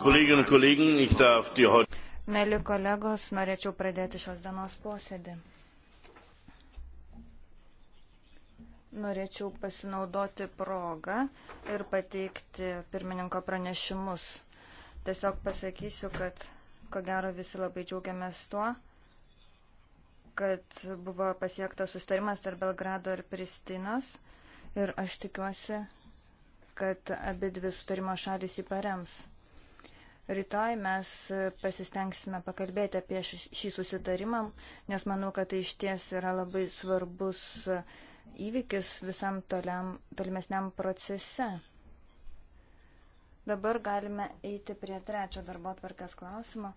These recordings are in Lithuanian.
Kolleginnen und Kollegen, ich darf die heute. Mėly kolegos, norėčiau pradėti šios dienos posėdį. Norėčiau pasinaudoti progą ir pateikti pirmininko pranešimus. Tiesiog pasakysiu, kad ko gero visi labai džiaugiamės tuo, kad buvo pasiektas sustarimas tarp Belgrado ir Pristinos ir aš tikiuosi, kad abi dvi sustarimo šalis įparems. parems. Rytoj mes pasistengsime pakalbėti apie šį susitarimą, nes manau, kad tai iš ties yra labai svarbus įvykis visam toliam, tolimesniam procese. Dabar galime eiti prie trečio darbo tvarkės klausimo.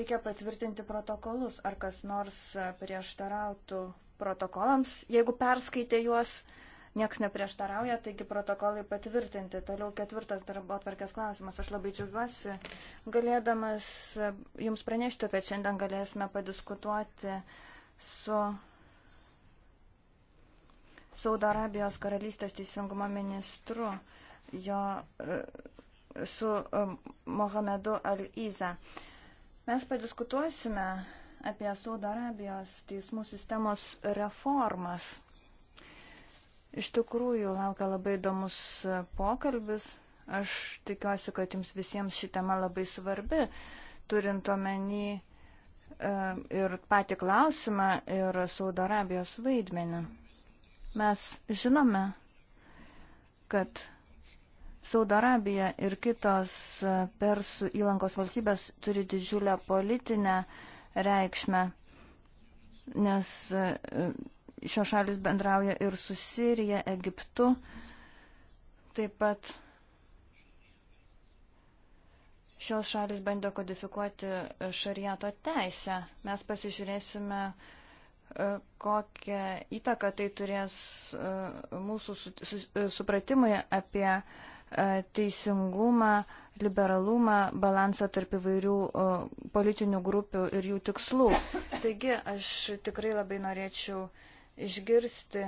reikia patvirtinti protokolus, ar kas nors prieštarautų protokolams, jeigu perskaitė juos. Niekas neprieštarauja, taigi protokolai patvirtinti. Toliau ketvirtas darbo atvarkės klausimas. Aš labai džiaugiuosi, galėdamas jums pranešti, kad šiandien galėsime padiskutuoti su Saudo Arabijos karalystės teisingumo ministru, jo, e, su e, Mohamedu Al-Iza. Mes padiskutuosime apie Saudo Arabijos teismų sistemos reformas. Iš tikrųjų, laukia labai įdomus e, pokalbis. Aš tikiuosi, kad jums visiems ši tema labai svarbi, turint omeny e, ir patį klausimą ir Saudo Arabijos vaidmenį. Mes žinome, kad Saudo Arabija ir kitos e, Persų įlankos valstybės turi didžiulę politinę reikšmę, nes šios šalis bendrauja ir su Sirija, Egiptu. Taip pat šios šalis bandė kodifikuoti šariato teisę. Mes pasižiūrėsime, e, kokią įtaką tai turės e, mūsų e, supratimui apie teisingumą, liberalumą, balansą tarp įvairių politinių grupių ir jų tikslų. Taigi aš tikrai labai norėčiau uh, išgirsti,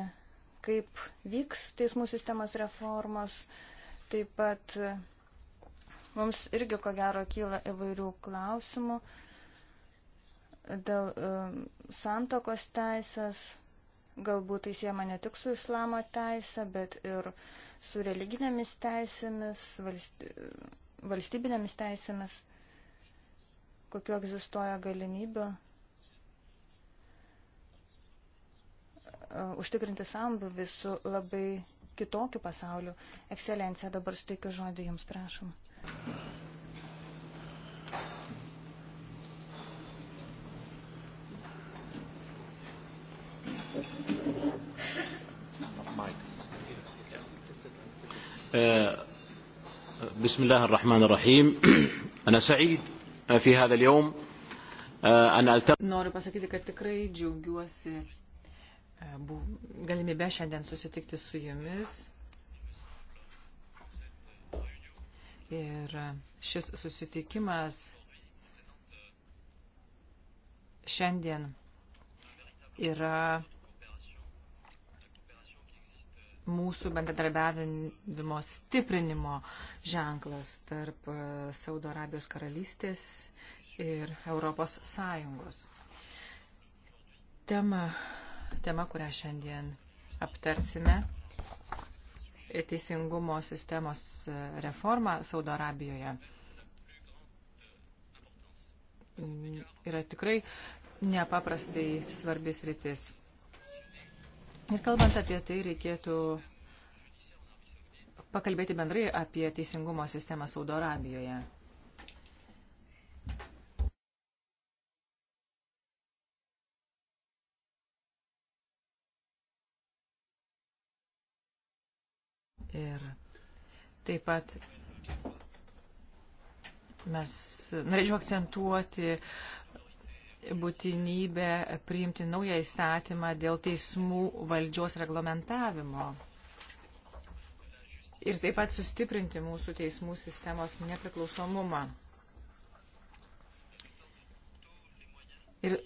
kaip vyks teismų sistemos reformos. Taip pat e, mums irgi, ko gero, kyla įvairių klausimų dėl e, santokos teisės. Galbūt tai siema ne tik su islamo teise, bet ir su religinėmis teisėmis, e, valstybinėmis teisėmis, kokiu egzistuoja galimybių E, užtikrinti sambuvi su labai kitokiu pasauliu. Ekscelencija, dabar suteikiu žodį Jums, prašom. بسم الله الرحمن الرحيم أنا سعيد في هذا اليوم أن ألتقي Noriu pasakyti, kad tikrai džiaugiuosi E, galimybę šiandien susitikti su jumis. Ir šis susitikimas šiandien yra mūsų bendradarbiavimo stiprinimo ženklas tarp Saudo Arabijos karalystės ir Europos Sąjungos. Tema tema, kurią šiandien aptarsime, teisingumo sistemos reforma Saudo Arabijoje yra tikrai nepaprastai svarbis rytis. Ir kalbant apie tai, reikėtų pakalbėti bendrai apie teisingumo sistemą Saudo Arabijoje. Ir taip pat mes norėčiau akcentuoti būtinybę priimti naują įstatymą dėl teismų valdžios reglamentavimo ir taip pat sustiprinti mūsų teismų sistemos nepriklausomumą. Ir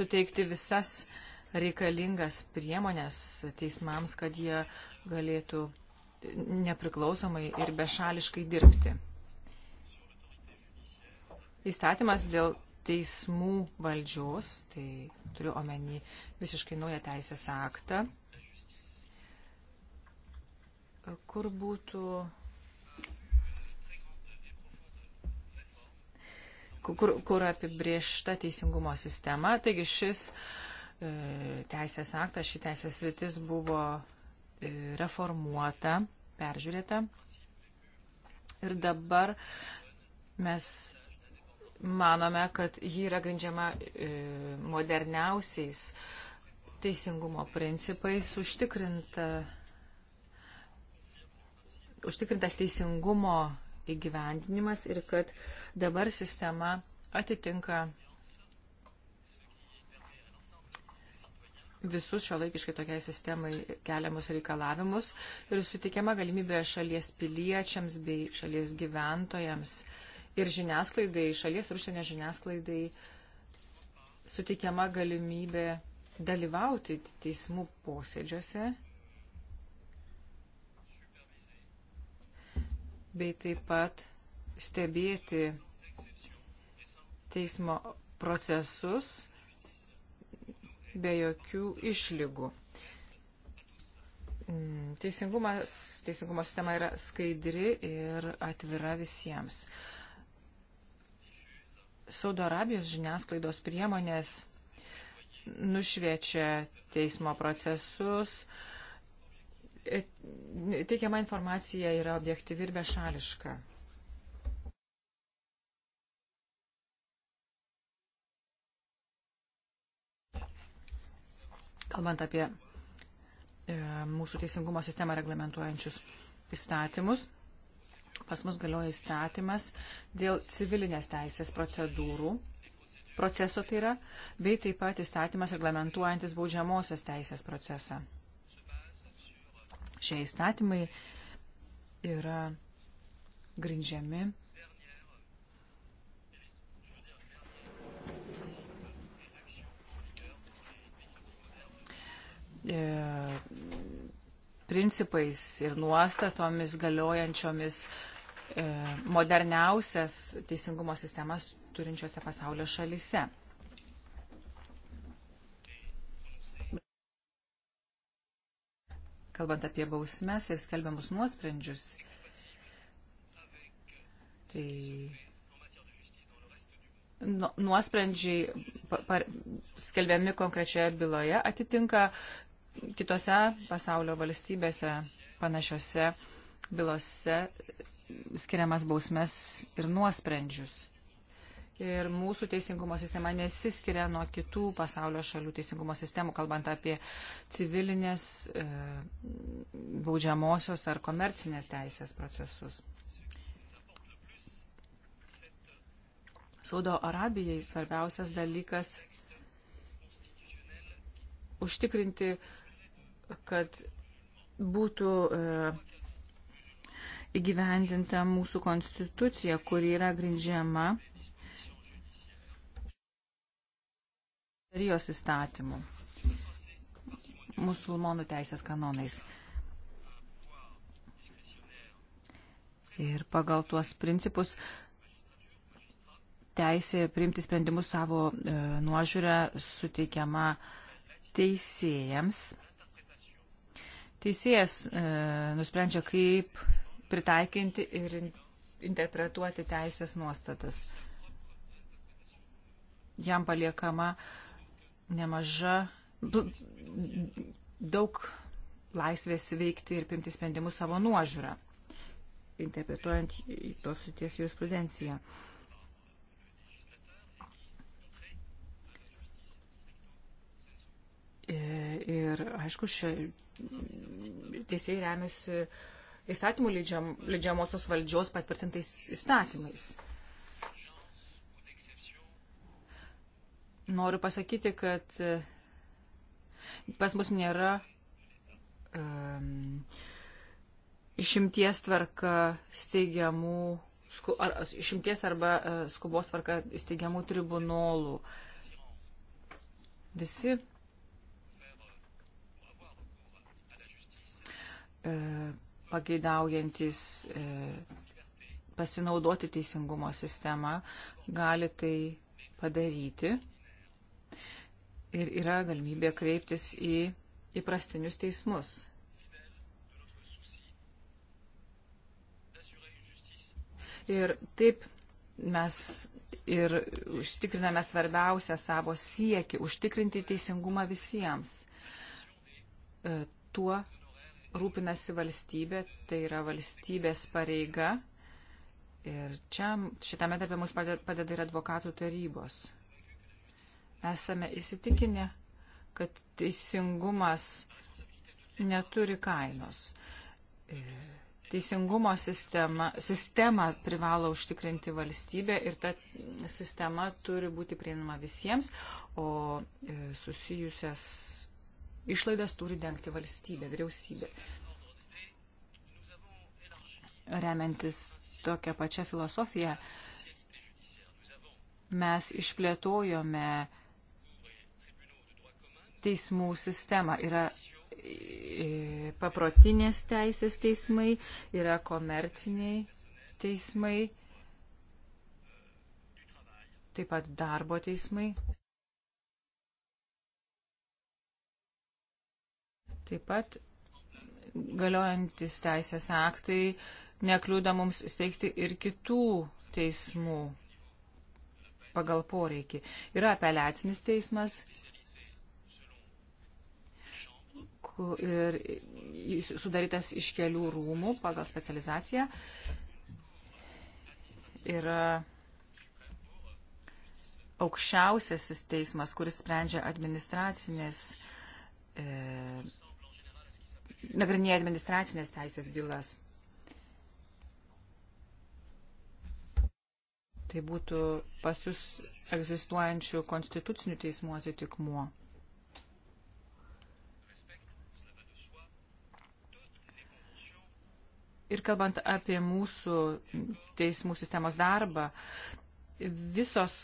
suteikti visas reikalingas priemonės teismams, kad jie galėtų nepriklausomai ir bešališkai dirbti. Įstatymas dėl teismų valdžios, tai turiu omeny visiškai naują teisės aktą, kur būtų kur, kur apibriešta teisingumo sistema. Taigi šis e, teisės aktas, ši teisės rytis buvo reformuota, peržiūrėta. Ir dabar mes manome, kad ji yra grindžiama e, moderniausiais teisingumo principais užtikrinta, užtikrintas teisingumo įgyvendinimas ir kad dabar sistema atitinka visus šio laikiškai tokiai sistemai keliamus reikalavimus ir sutikiama galimybė šalies piliečiams bei šalies gyventojams ir žiniasklaidai, šalies ir užsienio žiniasklaidai sutikiama galimybė dalyvauti teismų posėdžiuose bei taip pat stebėti teismo procesus be jokių išlygų. Mm, teisingumas, teisingumo sistema yra skaidri ir atvira visiems. Saudo Arabijos žiniasklaidos priemonės nušviečia teismo procesus. Teikiama informacija yra objektyvi ir bešališka. kalbant apie e, mūsų teisingumo sistemą reglamentuojančius įstatymus. Pas mus galioja įstatymas dėl civilinės teisės procedūrų, proceso tai yra, bei taip pat įstatymas reglamentuojantis baudžiamosios teisės procesą. Šie įstatymai yra grindžiami e, principais ir nuostatomis galiojančiomis e, moderniausias teisingumo sistemas turinčiose pasaulio šalise. Kalbant apie bausmes ir skelbiamus nuosprendžius, tai nu, nuosprendžiai skelbiami konkrečioje byloje atitinka kitose pasaulio valstybėse panašiose bylose skiriamas bausmes ir nuosprendžius. Ir mūsų teisingumo sistema nesiskiria nuo kitų pasaulio šalių teisingumo sistemų, kalbant apie civilinės, e, baudžiamosios ar komercinės teisės procesus. Saudo Arabijai svarbiausias dalykas užtikrinti, kad būtų e, įgyvendinta mūsų konstitucija, kuri yra grindžiama Rijos įstatymų, musulmonų teisės kanonais. Ir pagal tuos principus teisė priimti sprendimus savo e, nuožiūrę suteikiama e, teisėjams. Teisėjas e, nusprendžia, kaip pritaikinti ir interpretuoti teisės nuostatas. Jam paliekama nemaža, daug laisvės veikti ir pimti sprendimus savo nuožiūrą, interpretuojant tos suties jurisprudenciją. E, E, ir, aišku, šia, teisėjai remiasi įstatymų leidžiam, leidžiamosios valdžios patvirtintais įstatymais. Noriu pasakyti, kad e, pas mus nėra um, išimties tvarka steigiamų, sku, ar, išimties arba uh, skubos tvarka steigiamų tribunolų. Visi E, pageidaujantis e, pasinaudoti teisingumo sistemą gali tai padaryti. Ir yra galimybė kreiptis į įprastinius teismus. Ir taip mes ir užtikriname svarbiausią savo siekį - užtikrinti teisingumą visiems. E, tuo rūpinasi valstybė, tai yra valstybės pareiga. Ir čia šitame etape mums padeda ir advokatų tarybos. Esame įsitikinę, kad teisingumas neturi kainos. Teisingumo sistema, sistema privalo užtikrinti valstybė ir ta sistema turi būti prieinama visiems, o e, susijusias Išlaidas turi dengti valstybė, vyriausybė. Remiantis tokią pačią filosofiją, mes išplėtojome teismų sistemą. Yra e, paprotinės teisės teismai, yra komerciniai teismai, taip pat darbo teismai. Taip pat galiojantis teisės aktai nekliūda mums steigti ir kitų teismų pagal poreikį. Yra apeliacinis teismas ir sudarytas iš kelių rūmų pagal specializaciją. Yra aukščiausiasis teismas, kuris sprendžia administracinės e, nagrinėja administracinės teisės bylas. Tai būtų pas jūs egzistuojančių konstitucinių teismų atitikmuo. Ir kalbant apie mūsų teismų sistemos darbą, visos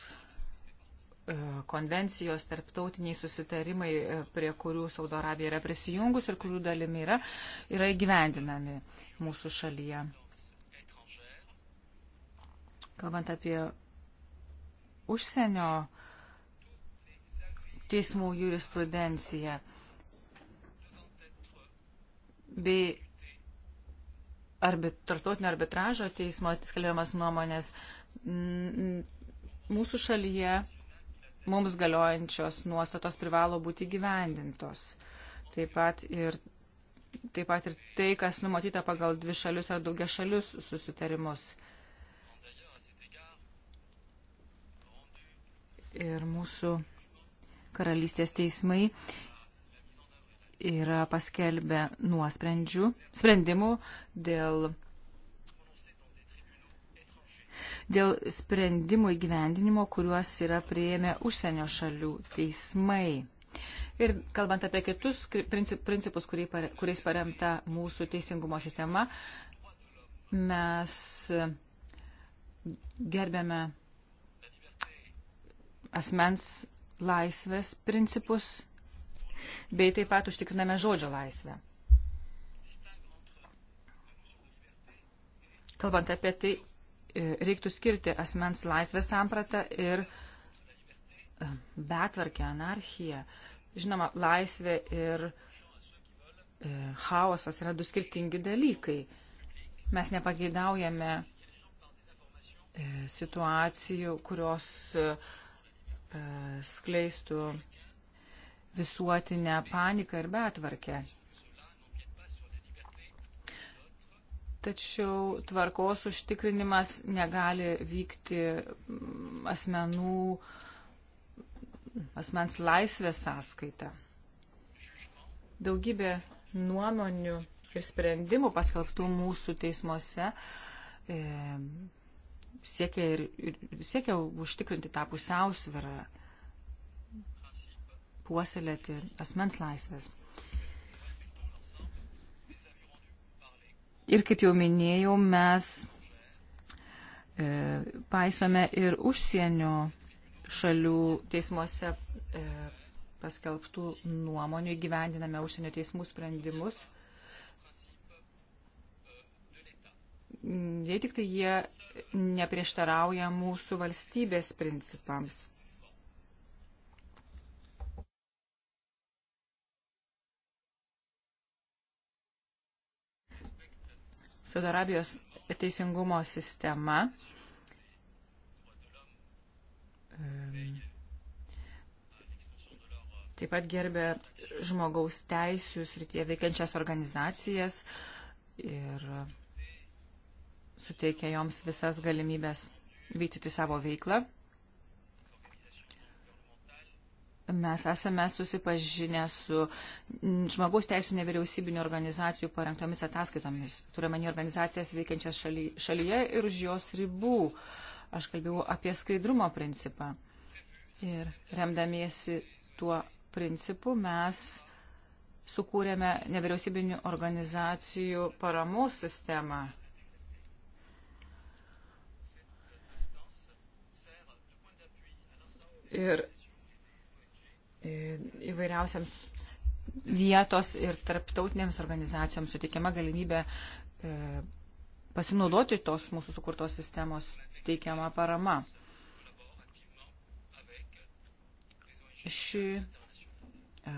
konvencijos, tarptautiniai susitarimai, e, prie kurių Saudo Arabija yra prisijungus ir kurių dalimi yra, yra įgyvendinami mūsų šalyje. Kalbant apie užsienio teismų jurisprudenciją bei arbit, tarptautinio arbitražo teismo atskelbiamas nuomonės, mūsų šalyje mums galiojančios nuostatos privalo būti gyvendintos. Taip pat ir, taip pat ir tai, kas numatyta pagal dvi šalius ar daugia šalius susitarimus. Ir mūsų karalystės teismai yra paskelbę nuosprendžių, sprendimų dėl dėl sprendimų įgyvendinimo, kuriuos yra prieėmę užsienio šalių teismai. Ir kalbant apie kitus principus, kuriais paremta mūsų teisingumo sistema, mes gerbėme asmens laisvės principus bei taip pat užtikriname žodžio laisvę. Kalbant apie tai, E, reiktų skirti asmens laisvės sampratą ir e, betvarkę, anarchiją. Žinoma, laisvė ir e, chaosas yra du skirtingi dalykai. Mes nepageidaujame situacijų, kurios skleistų visuotinę paniką ir betvarkę. tačiau tvarkos užtikrinimas negali vykti mm, asmenų, asmens laisvės sąskaita. Daugybė nuomonių ir sprendimų paskelbtų mūsų teismuose e, siekia, ir, ir, siekia užtikrinti tą pusiausvirą, puoselėti asmens laisvės. Ir kaip jau minėjau, mes e, paisome ir užsienio šalių teismuose e, paskelbtų nuomonių, įgyvendiname užsienio teismų sprendimus. Jei tik tai jie neprieštarauja mūsų valstybės principams. Saudarabijos teisingumo sistema taip pat gerbė žmogaus teisų srityje veikiančias organizacijas ir suteikė joms visas galimybės vykdyti savo veiklą. Mes esame susipažinę su žmogaus teisų nevyriausybinio organizacijų parengtomis ataskaitomis. Turime ne organizacijas veikiančias šaly, šalyje ir už jos ribų. Aš kalbėjau apie skaidrumo principą. Ir remdamiesi tuo principu mes sukūrėme nevyriausybinių organizacijų paramos sistemą. Ir E, įvairiausiams vietos ir tarptautinėms organizacijoms suteikiama galimybė e, pasinaudoti tos mūsų sukurtos sistemos teikiama parama. Ši, e,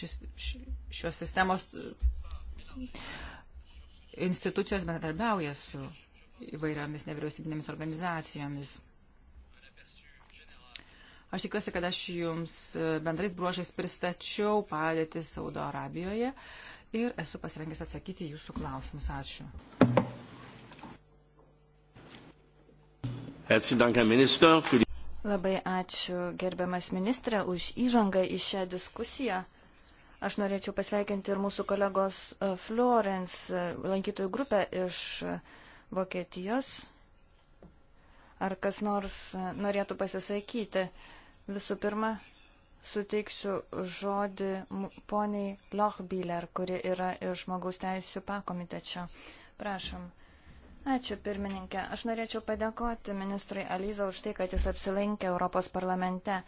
šis, šios sistemos institucijos bendradarbiauja su įvairiomis nevyriausybinėmis organizacijomis. Aš tikiuosi, kad aš jums e, bendrais bruožais pristačiau padėtį Saudo Arabijoje ir esu pasirengęs atsakyti jūsų klausimus. Ačiū. Labai ačiū gerbiamas ministrė už įžangą į šią diskusiją. Aš norėčiau pasveikinti ir mūsų kolegos e, Florence e, lankytojų grupę iš Vokietijos. Ar kas nors norėtų pasisakyti? Visų pirma, suteiksiu žodį poniai Lochbiler, kuri yra iš žmogaus teisų pakomitečio. Prašom. Ačiū, pirmininkė. Aš norėčiau padėkoti ministrui Aliza už tai, kad jis apsilankė Europos parlamente.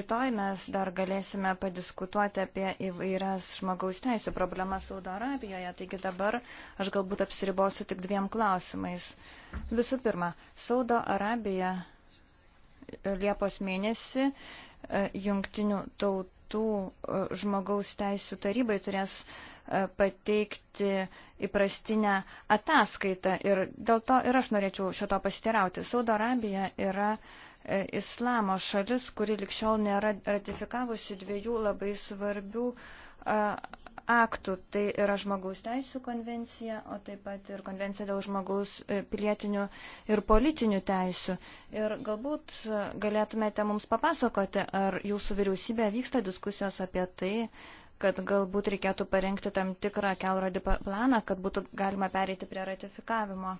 Rytoj mes dar galėsime padiskutuoti apie įvairias žmogaus teisų problemas Saudo Arabijoje, taigi dabar aš galbūt apsiribosiu tik dviem klausimais. Visų pirma, Saudo Arabija Liepos mėnesį e, jungtinių tautų e, žmogaus teisų tarybai turės e, pateikti įprastinę ataskaitą. Ir dėl to ir aš norėčiau šito pasiteirauti. Saudo Arabija yra islamo šalis, kuri likščiau nėra ratifikavusi dviejų labai svarbių aktų. Tai yra žmogaus teisų konvencija, o taip pat ir konvencija dėl žmogaus e, pilietinių ir politinių teisų. Ir galbūt e, galėtumėte mums papasakoti, ar jūsų vyriausybė vyksta diskusijos apie tai, kad galbūt reikėtų parengti tam tikrą kelrodį planą, kad būtų galima pereiti prie ratifikavimo.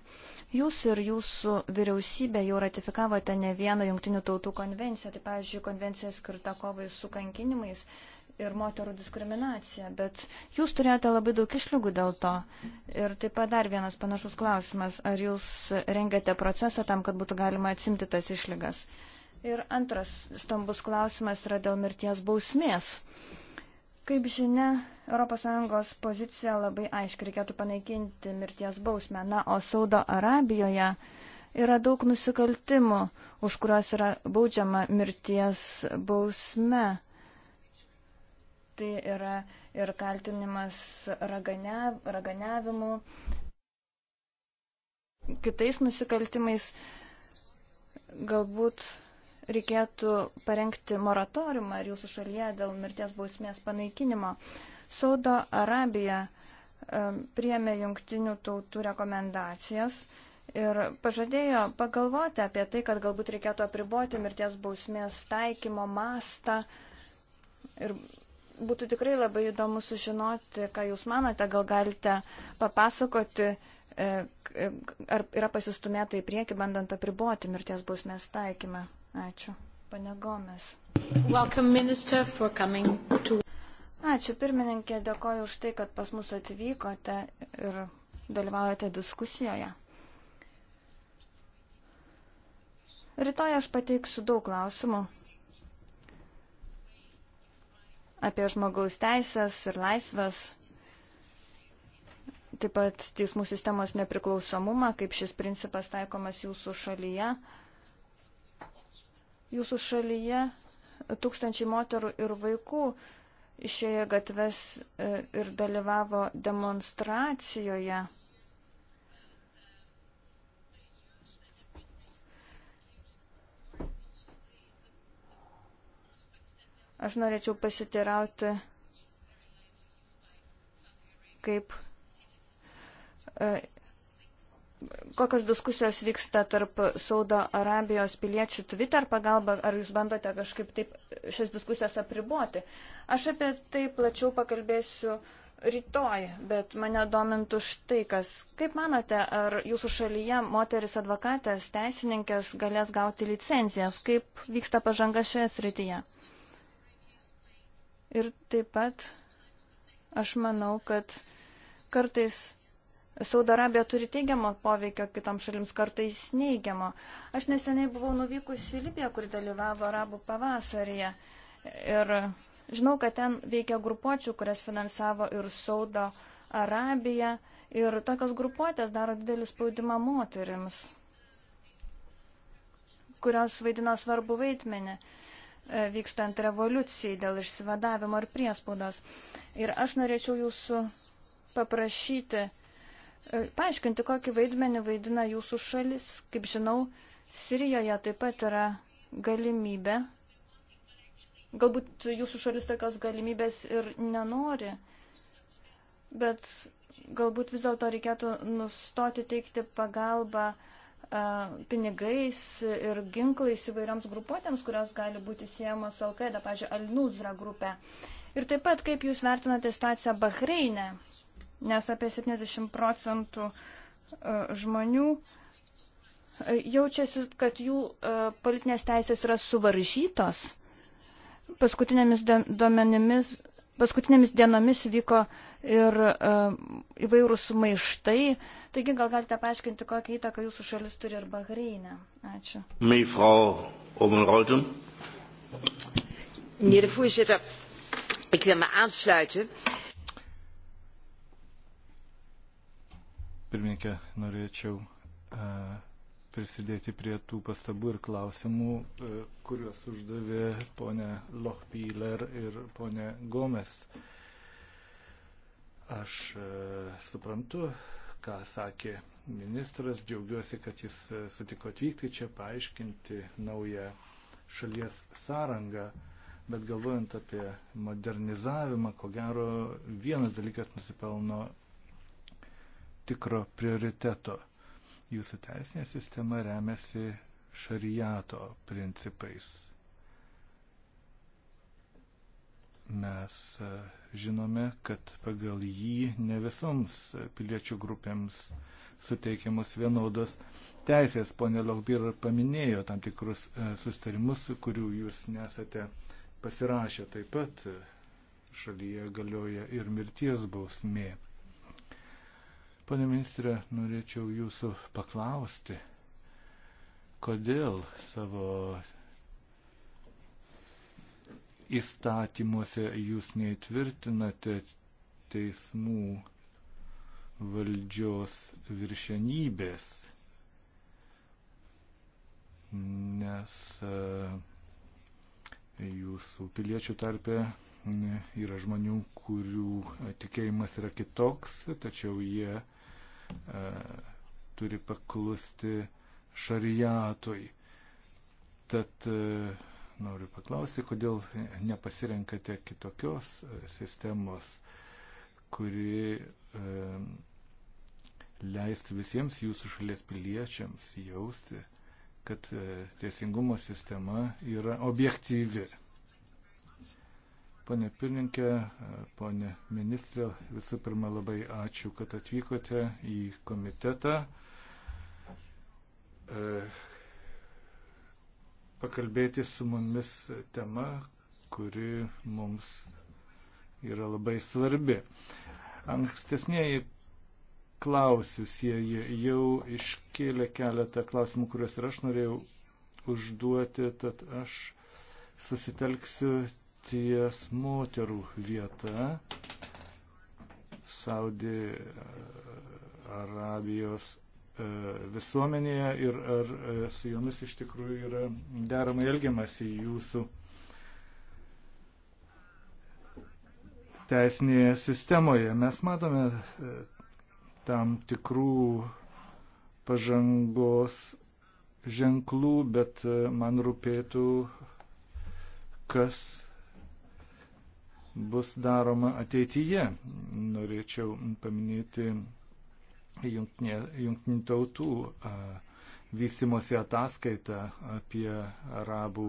Jūs ir jūsų vyriausybė jau ratifikavote ne vieną jungtinių tautų konvenciją, tai pavyzdžiui, konvencija skirta kovai su kankinimais, ir moterų diskriminacija, bet jūs turėjote labai daug išlygų dėl to. Ir taip pat dar vienas panašus klausimas, ar jūs rengiate procesą tam, kad būtų galima atsimti tas išlygas. Ir antras stambus klausimas yra dėl mirties bausmės. Kaip žinia, ES pozicija labai aiškiai reikėtų panaikinti mirties bausmę. Na, o Saudo Arabijoje yra daug nusikaltimų, už kuriuos yra baudžiama mirties bausme tai yra ir kaltinimas ragane, raganiavimu, kitais nusikaltimais. Galbūt reikėtų parengti moratoriumą ar jūsų šalyje dėl mirties bausmės panaikinimo. Saudo Arabija priemė jungtinių tautų rekomendacijas ir pažadėjo pagalvoti apie tai, kad galbūt reikėtų apriboti mirties bausmės taikymo mastą ir būtų tikrai labai įdomu sužinoti, ką Jūs manote, gal galite papasakoti, e, e, ar yra pasistumėta į priekį, bandant apriboti mirties bausmės taikymą. Ačiū. Pane Gomes. To... Ačiū pirmininkė, dėkoju už tai, kad pas mus atvykote ir dalyvaujate diskusijoje. Rytoj aš pateiksiu daug klausimų apie žmogaus teisės ir laisvės, taip pat teismų sistemos nepriklausomumą, kaip šis principas taikomas jūsų šalyje. Jūsų šalyje tūkstančiai moterų ir vaikų išėjo gatves e, ir dalyvavo demonstracijoje. Aš norėčiau pasitirauti, kaip, e, kokios diskusijos vyksta tarp Saudo Arabijos piliečių Twitter pagalba, ar jūs bandote kažkaip taip šias diskusijas apriboti. Aš apie tai plačiau pakalbėsiu rytoj, bet mane domintų štai kas. Kaip manote, ar jūsų šalyje moteris advokatės, teisininkės galės gauti licencijas? Kaip vyksta pažanga šioje srityje? Ir taip pat aš manau, kad kartais Saudo Arabija turi teigiamo poveikio kitoms šalims, kartais neigiamo. Aš neseniai buvau nuvykusi į Libiją, kur dalyvavo arabų pavasaryje. Ir žinau, kad ten veikia grupuočių, kurias finansavo ir Saudo Arabija. Ir tokios grupuotės daro didelį spaudimą moterims, kurios vaidina svarbu vaidmenį. E, vykstant revoliucijai dėl išsivadavimo ir priespaudos. Ir aš norėčiau jūsų paprašyti, e, paaiškinti, kokį vaidmenį vaidina jūsų šalis. Kaip žinau, Sirijoje taip pat yra galimybė. Galbūt jūsų šalis tokios galimybės ir nenori, bet galbūt vis dėlto reikėtų nustoti teikti pagalbą uh, pinigais ir ginklais įvairioms grupuotėms, kurios gali būti siejamos su Al-Qaeda, pažiūrėjau, Al-Nuzra grupė. Ir taip pat, kaip Jūs vertinate situaciją Bahreinė, nes apie 70 procentų žmonių jaučiasi, kad jų politinės teisės yra suvaržytos. Paskutinėmis duomenimis paskutinėmis dienomis vyko ir uh, įvairūs maištai. Taigi gal galite paaiškinti, kokią įtaką jūsų šalis turi ir Bahreinė. Ačiū. Mei, Frau Omenrolten. Meneer de voorzitter, ik wil me aansluiten. Pirmininkė, norėčiau uh, prisidėti prie tų pastabų ir klausimų, e, kuriuos uždavė ponė Lochpiler ir ponė Gomes. Aš e, suprantu, ką sakė ministras, džiaugiuosi, kad jis e, sutiko atvykti čia paaiškinti naują šalies sąrangą, bet galvojant apie modernizavimą, ko gero vienas dalykas nusipelno tikro prioriteto – jūsų teisinė sistema remiasi šariato principais. Mes e, žinome, kad pagal jį ne visoms piliečių grupėms suteikiamos vienodos teisės. Pone Lokbir paminėjo tam tikrus e, sustarimus, kurių jūs nesate pasirašę. Taip pat e, šalyje galioja ir mirties bausmė. Pane ministrė, norėčiau jūsų paklausti, kodėl savo įstatymuose jūs neįtvirtinate teismų valdžios viršenybės, nes e, jūsų piliečių tarpe yra žmonių, kurių tikėjimas yra kitoks, tačiau jie E, turi paklusti šarijatui. Tad e, noriu paklausti, kodėl nepasirenkate kitokios e, sistemos, kuri leistų visiems jūsų šalies piliečiams jausti, kad teisingumo sistema yra objektyvi. Pone pirmininkė, pone ministrė, visų pirma labai ačiū, kad atvykote į komitetą. E, pakalbėti su mumis tema, kuri mums yra labai svarbi. Ankstesnėji klausiusieji jau iškėlė keletą klausimų, kuriuos ir aš norėjau užduoti, tad aš susitelksiu ties moterų vieta Saudi e, Arabijos e, visuomenėje ir ar e, su jomis iš tikrųjų yra deramai elgiamasi jūsų teisinėje sistemoje. Mes matome tam tikrų pažangos ženklų, bet man rūpėtų, kas bus daroma ateityje. Norėčiau paminėti jungtinė, jungtinių tautų vystimosi ataskaitą apie arabų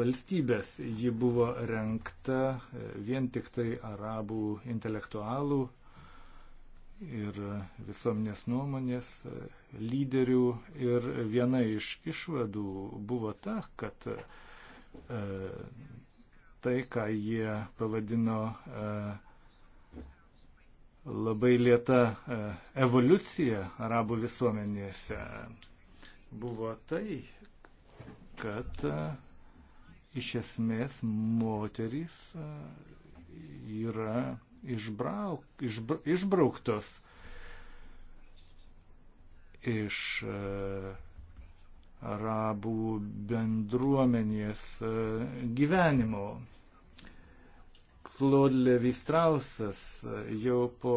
valstybės. Ji buvo renkta e, vien tik tai arabų intelektualų ir visuomenės nuomonės e, lyderių. Ir viena iš išvadų buvo ta, kad e, tai, ką jie pavadino e, labai lieta e, evoliucija arabų visuomenėse, buvo tai, kad e, iš esmės moterys yra išbrauk, išbra, išbrauktos iš arabų bendruomenės e, gyvenimo. Claude Levi-Strausas e, jau po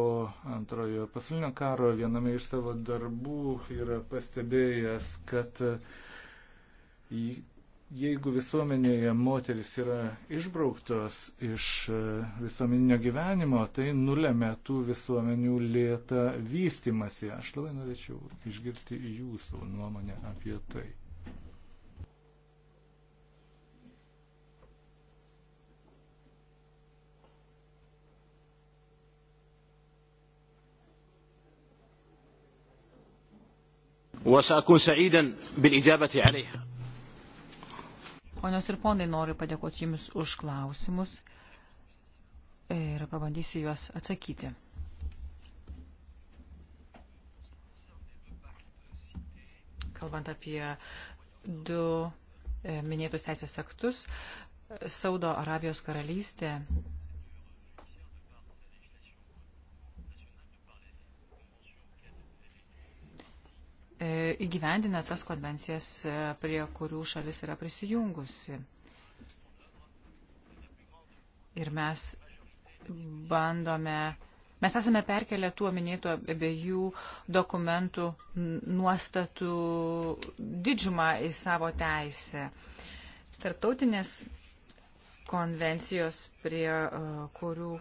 antrojo pasaulinio karo viename iš savo darbų yra pastebėjęs, kad e, Jeigu visuomenėje moteris yra išbrauktos iš e, visuomeninio gyvenimo, tai nulėmė tų visuomenių lėtą vystimasi. Aš labai norėčiau išgirsti jūsų nuomonę apie tai. وسأكون سعيدا بالإجابة عليها Ponios ir ponai, noriu padėkoti Jums už klausimus ir pabandysiu juos atsakyti. Kalbant apie du e, minėtus teisės aktus, Saudo Arabijos karalystė E, įgyvendina tas konvencijas, e, prie kurių šalis yra prisijungusi. Ir mes bandome, mes esame perkelę tuo minėto abiejų dokumentų nuostatų didžiumą į savo teisę. Tartautinės konvencijos, prie e, kurių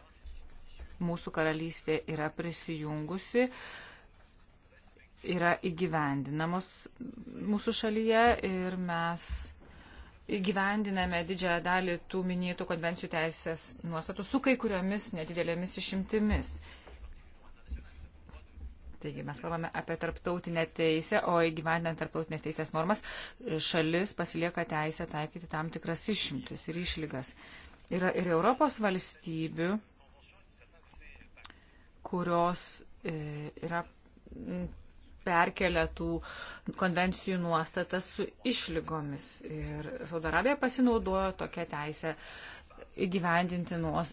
mūsų karalystė yra prisijungusi, uh, yra įgyvendinamos mūsų šalyje ir mes įgyvendiname didžiąją dalį tų minėtų konvencijų teisės nuostatų su kai kuriomis nedidelėmis išimtimis. Taigi mes kalbame apie tarptautinę teisę, o įgyvendinant tarptautinės teisės normas šalis pasilieka teisę taikyti tam tikras išimtis ir išlygas. Yra ir Europos valstybių, kurios e, yra perkelia tų konvencijų nuostatas su išlygomis. Ir Saudo Arabija pasinaudojo tokią teisę įgyvendinti nuos,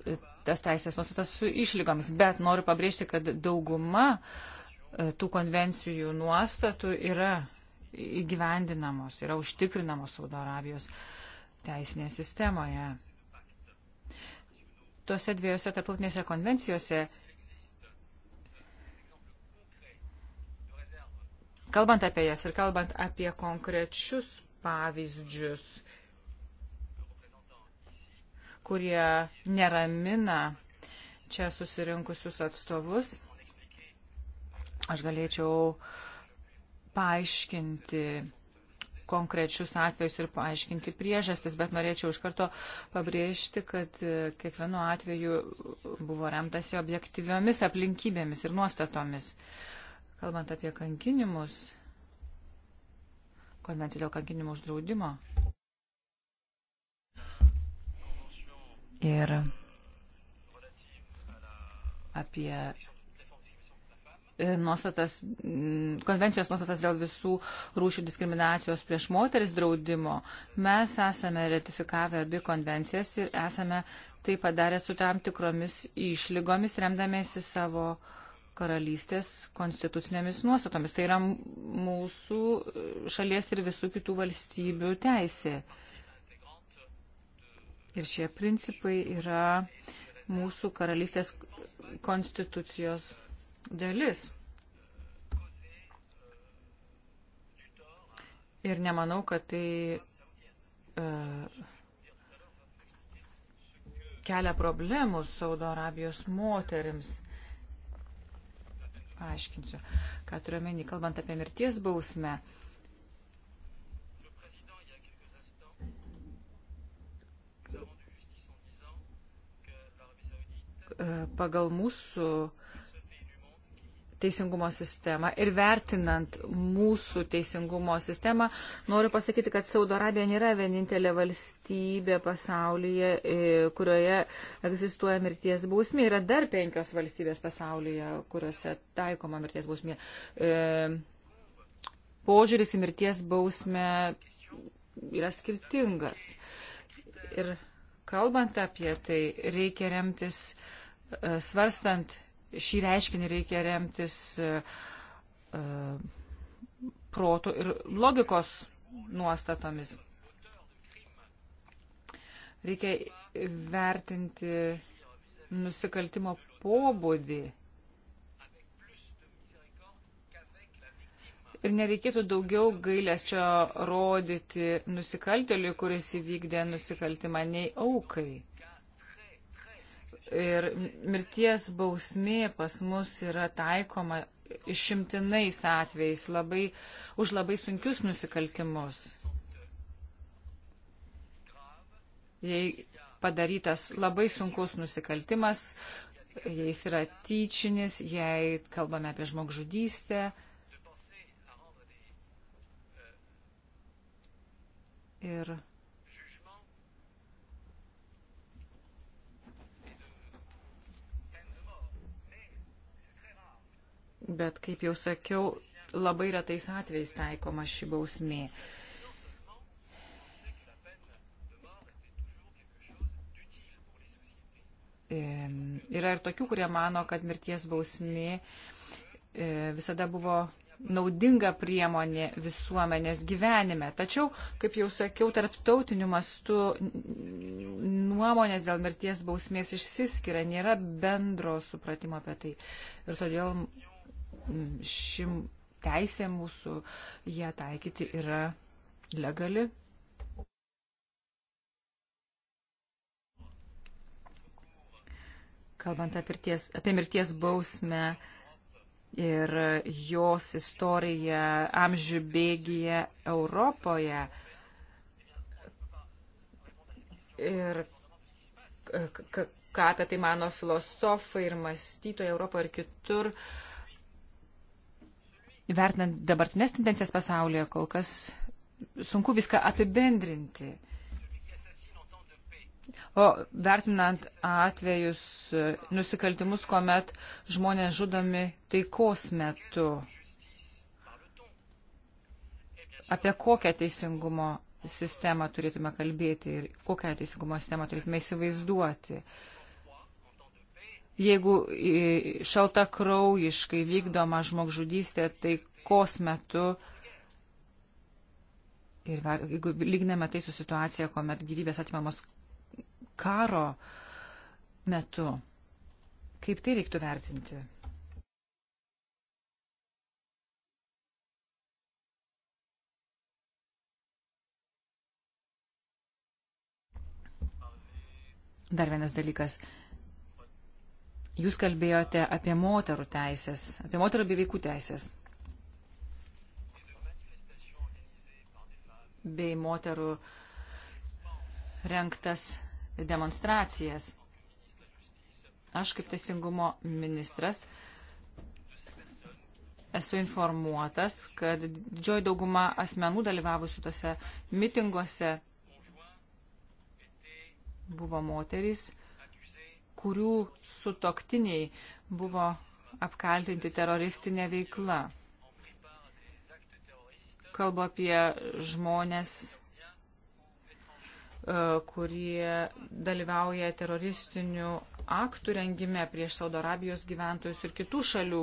tas teisės nuostatas su išlygomis. Bet noriu pabrėžti, kad dauguma e, tų konvencijų nuostatų yra įgyvendinamos, yra užtikrinamos Saudo Arabijos teisinėje sistemoje. Tuose dviejose tarptautinėse konvencijose kalbant apie jas ir kalbant apie konkrečius pavyzdžius, kurie neramina čia susirinkusius atstovus, aš galėčiau paaiškinti konkrečius atvejus ir paaiškinti priežastis, bet norėčiau iš karto pabrėžti, kad e, kiekvienu atveju buvo remtasi objektyviomis aplinkybėmis ir nuostatomis. Uh, Kalbant apie kankinimus, konvenciją dėl kankinimo uždraudimo. Ir apie e, nuostatas, konvencijos nuostatas dėl visų rūšių diskriminacijos prieš moteris draudimo. Mes esame ratifikavę abi konvencijas ir esame tai padarę su tam tikromis išlygomis, remdamėsi savo uh, karalystės konstitucinėmis nuostatomis. Tai yra mūsų e, šalies ir visų kitų valstybių teisė. Ir šie principai yra mūsų karalystės konstitucijos dalis. Ir nemanau, kad tai uh, kelia problemų Saudo Arabijos moterims. Uh, Paaiškinsiu, ką turiuomenį, kalbant apie mirties bausmę. Pagal mūsų teisingumo sistemą ir vertinant mūsų teisingumo sistemą, noriu pasakyti, kad Saudo Arabija nėra vienintelė valstybė pasaulyje, e, kurioje egzistuoja mirties bausmė. Yra dar penkios valstybės pasaulyje, kuriuose taikoma mirties bausmė. E, požiūris į mirties bausmę yra skirtingas. Ir kalbant apie tai, reikia remtis e, svarstant šį reiškinį reikia remtis e, e, proto ir logikos nuostatomis. Reikia vertinti nusikaltimo pobūdį. Ir nereikėtų daugiau gailesčio rodyti nusikalteliui, kuris įvykdė nusikaltimą, nei aukai. Ir mirties bausmė pas mus yra taikoma išimtinais atvejais labai, už labai sunkius nusikaltimus. Jei padarytas labai sunkus nusikaltimas, jei jis yra tyčinis, jei kalbame apie žmogžudystę. Ir bet, kaip jau sakiau, labai retais atvejais taikoma ši bausmė. Yra ir tokių, kurie mano, kad mirties bausmė e, visada buvo naudinga priemonė visuomenės gyvenime. Tačiau, kaip jau sakiau, tarptautiniu mastu nuomonės dėl mirties bausmės išsiskiria, nėra bendro supratimo apie tai. Ir todėl šim teisė mūsų ją taikyti yra legali. Kalbant apie mirties, apie mirties bausmę ir jos istoriją amžių bėgyje Europoje. Ir ką apie tai mano filosofai ir mąstytojai Europoje ir kitur. Uh, Įvertinant dabartinės tendencijas pasaulyje, kol kas sunku viską apibendrinti. O vertinant atvejus, nusikaltimus, kuomet žmonės žudomi taikos metu, apie kokią teisingumo sistemą turėtume kalbėti ir kokią teisingumo sistemą turėtume įsivaizduoti. Uh, jeigu šalta kraujiškai vykdoma žmogžudystė taikos metu ir jeigu lygname tai su situacija, kuomet gyvybės atimamos karo metu, kaip tai reiktų vertinti? Dar vienas dalykas. Jūs kalbėjote apie moterų teisės, apie moterų bei vaikų teisės. Bei moterų renktas demonstracijas. Aš kaip teisingumo ministras esu informuotas, kad didžioji dauguma asmenų dalyvavusių tose mitinguose buvo moterys kurių sutoktiniai buvo apkaltinti teroristinė veikla. Kalbu apie žmonės, e, kurie dalyvauja teroristinių aktų rengime prieš Saudo Arabijos gyventojus ir kitų šalių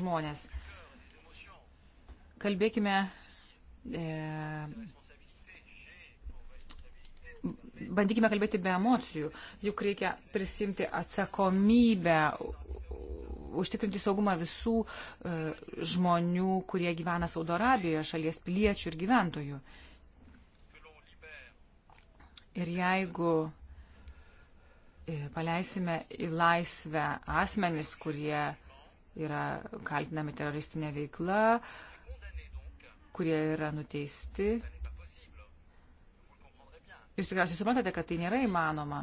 žmonės. Kalbėkime e, bandykime kalbėti be emocijų, juk reikia prisimti atsakomybę, užtikrinti saugumą visų e, žmonių, kurie gyvena Saudo Arabijoje, šalies piliečių ir gyventojų. Ir jeigu e, paleisime į laisvę asmenis, kurie yra kaltinami teroristinė veikla, kurie yra nuteisti, Jūs tikriausiai suprantate, kad tai nėra įmanoma.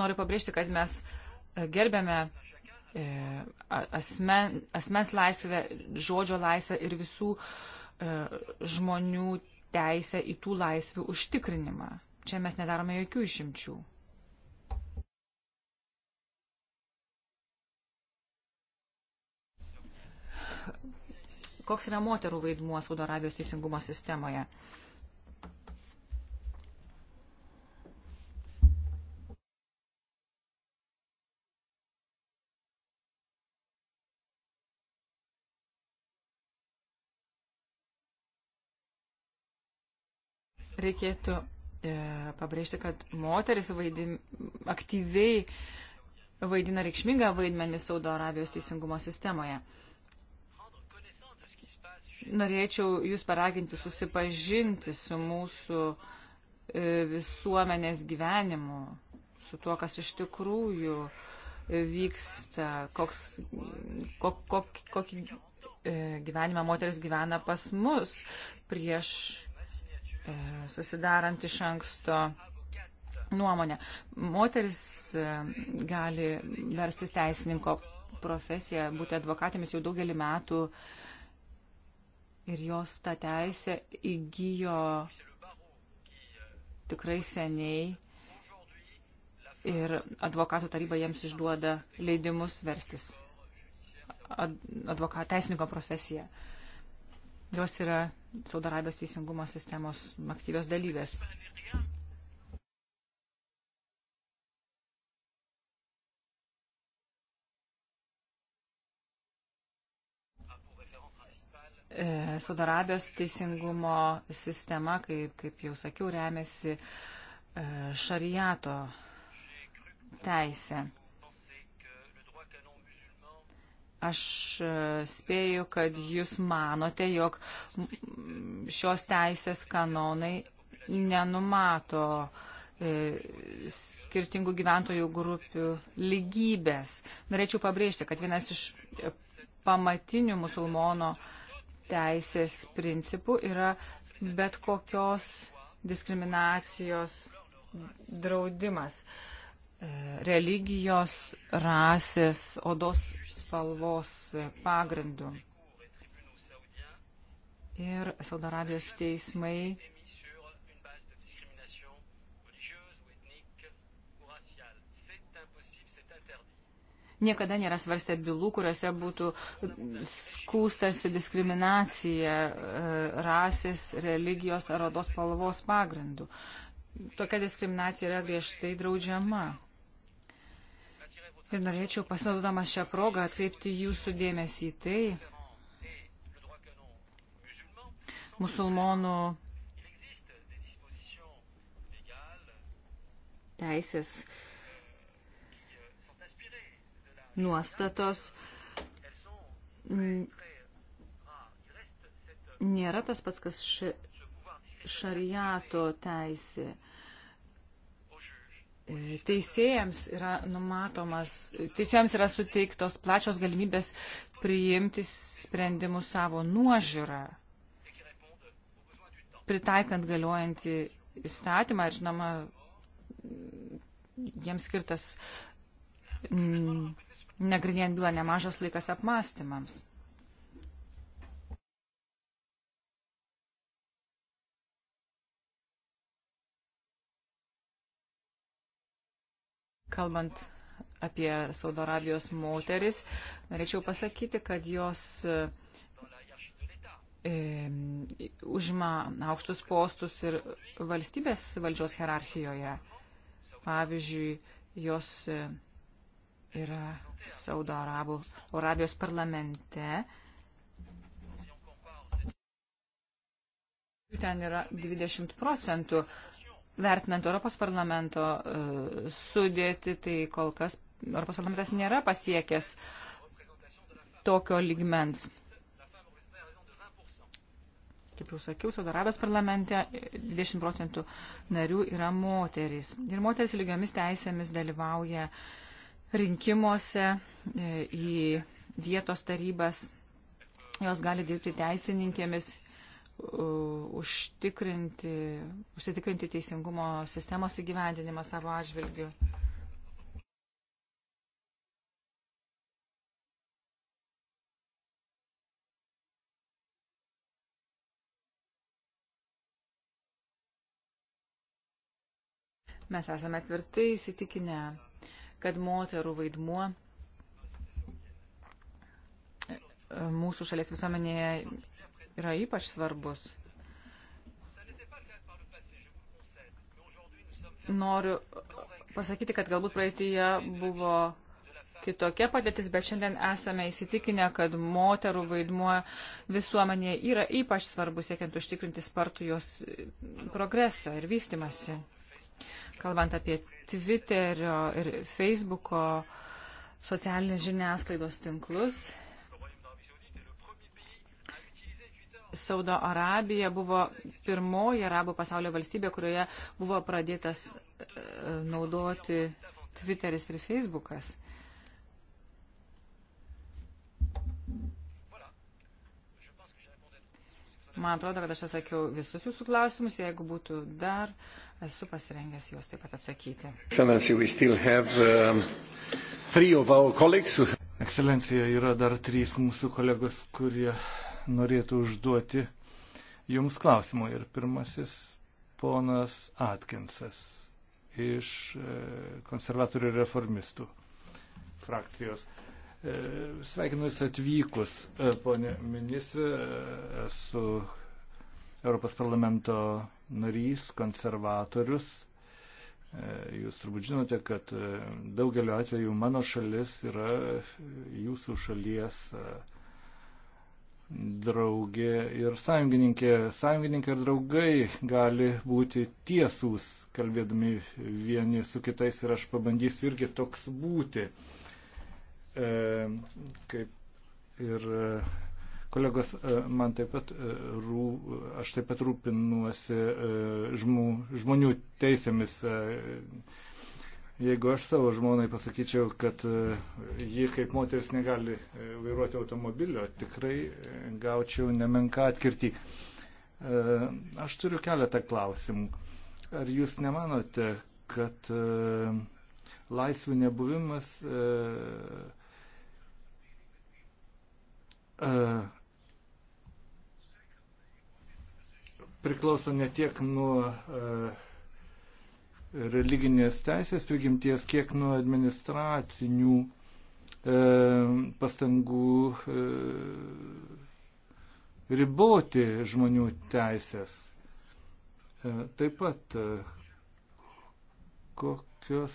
Noriu pabrėžti, kad mes e, gerbėme e, asmen, asmens laisvę, žodžio laisvę ir visų e, žmonių teisę į tų laisvių užtikrinimą. Čia mes nedarome jokių išimčių koks yra moterų vaidmuo Saudo Arabijos teisingumo sistemoje. Reikėtų e, pabrėžti, kad moteris vaidim, aktyviai vaidina reikšmingą vaidmenį Saudo Arabijos teisingumo sistemoje. E, norėčiau Jūs paraginti susipažinti su mūsų e, visuomenės gyvenimu, su tuo, kas iš tikrųjų e, vyksta, koks, kok, kok, kokį e, gyvenimą moteris gyvena pas mus prieš susidarant iš anksto nuomonę. Moteris gali verstis teisininko profesiją, būti advokatėmis jau daugelį metų uh, ir jos tą teisę įgyjo tikrai seniai ir advokatų taryba jiems išduoda leidimus verstis advokato teisininko profesiją. Jos yra Saudarabijos teisingumo sistemos aktyvios dalyvės. E, Saudarabijos teisingumo sistema, kaip, kaip jau sakiau, remiasi e, šariato teisė. Aš e, spėju, kad jūs manote, jog šios teisės kanonai nenumato skirtingų gyventojų grupių lygybės. Norėčiau pabrėžti, kad vienas iš pamatinių musulmono uh, teisės principų yra bet kokios diskriminacijos draudimas e, religijos, rasės, odos spalvos pagrindų. Ir Saudarabijos teismai niekada nėra svarstę bylų, kuriuose būtų skūstasi diskriminacija e, rasės, religijos ar odos spalvos pagrindų. Tokia diskriminacija yra griežtai draudžiama. Ir norėčiau pasinaudodamas šią progą atkreipti jūsų dėmesį į tai, musulmonų teisės nuostatos nėra tas pats, kas š, šariato teisė. Teisėjams yra numatomas, teisėjams yra suteiktos plačios galimybės priimti sprendimus savo nuožiūrą, pritaikant galiojantį įstatymą ir, žinoma, jiems skirtas uh, Mm, nagrinėjant bylą nemažas laikas apmąstymams. Kalbant apie Saudo Arabijos moteris, norėčiau pasakyti, kad jos e, užima aukštus postus ir valstybės valdžios hierarchijoje. Pavyzdžiui, jos e, yra Saudo Arabų, Arabijos parlamente. Ten yra 20 procentų. Vertinant Europos parlamento uh, e, sudėti, tai kol kas Europos parlamentas nėra pasiekęs tokio ligmens. Kaip jau sakiau, Saudo Arabijos parlamente 20 procentų narių yra moteris. Ir moteris lygiomis teisėmis dalyvauja uh, rinkimuose e, į vietos tarybas. Jos gali dirbti teisininkėmis, užtikrinti, užsitikrinti teisingumo sistemos įgyvendinimą savo atžvilgiu. Mes esame tvirtai įsitikinę kad moterų vaidmuo e, mūsų šalies visuomenėje yra ypač svarbus. Noriu pasakyti, kad galbūt praeitįje buvo kitokia padėtis, bet šiandien esame įsitikinę, kad moterų vaidmuo visuomenėje yra ypač svarbus, siekiant užtikrinti spartų jos progresą ir vystimasi kalbant apie Twitterio ir Facebooko socialinės žiniasklaidos tinklus. Saudo Arabija buvo pirmoji arabų pasaulio valstybė, kurioje buvo pradėtas e, naudoti Twitteris ir Facebookas. Man atrodo, kad aš atsakiau visus jūsų klausimus. Jeigu būtų dar Esu pasirengęs juos taip pat atsakyti. Um, Ekscelencija, yra dar trys mūsų kolegos, kurie norėtų užduoti jums klausimų. Ir pirmasis ponas Atkinsas iš e, konservatorių reformistų frakcijos. E, Sveikinus atvykus, e, ponė ministrė, esu Europos parlamento narys, konservatorius. E, jūs turbūt žinote, kad e, daugeliu atveju mano šalis yra jūsų šalies e, draugė ir sąjungininkė. Sąjungininkai ir draugai gali būti tiesūs, kalbėdami vieni su kitais ir aš pabandysiu irgi toks būti. E, kaip ir Kolegos, e, man taip pat, e, rū, aš taip pat rūpinuosi e, žmų, žmonių teisėmis. Jeigu aš savo žmonai pasakyčiau, kad ji kaip moteris negali vairuoti automobilio, tikrai gaučiau nemenką atkirtį. Aš turiu keletą klausimų. Ar jūs nemanote, kad laisvių nebuvimas priklauso ne tiek nuo e, religinės teisės prigimties, kiek nuo administracinių e, pastangų e, riboti žmonių teisės. Taip pat kokios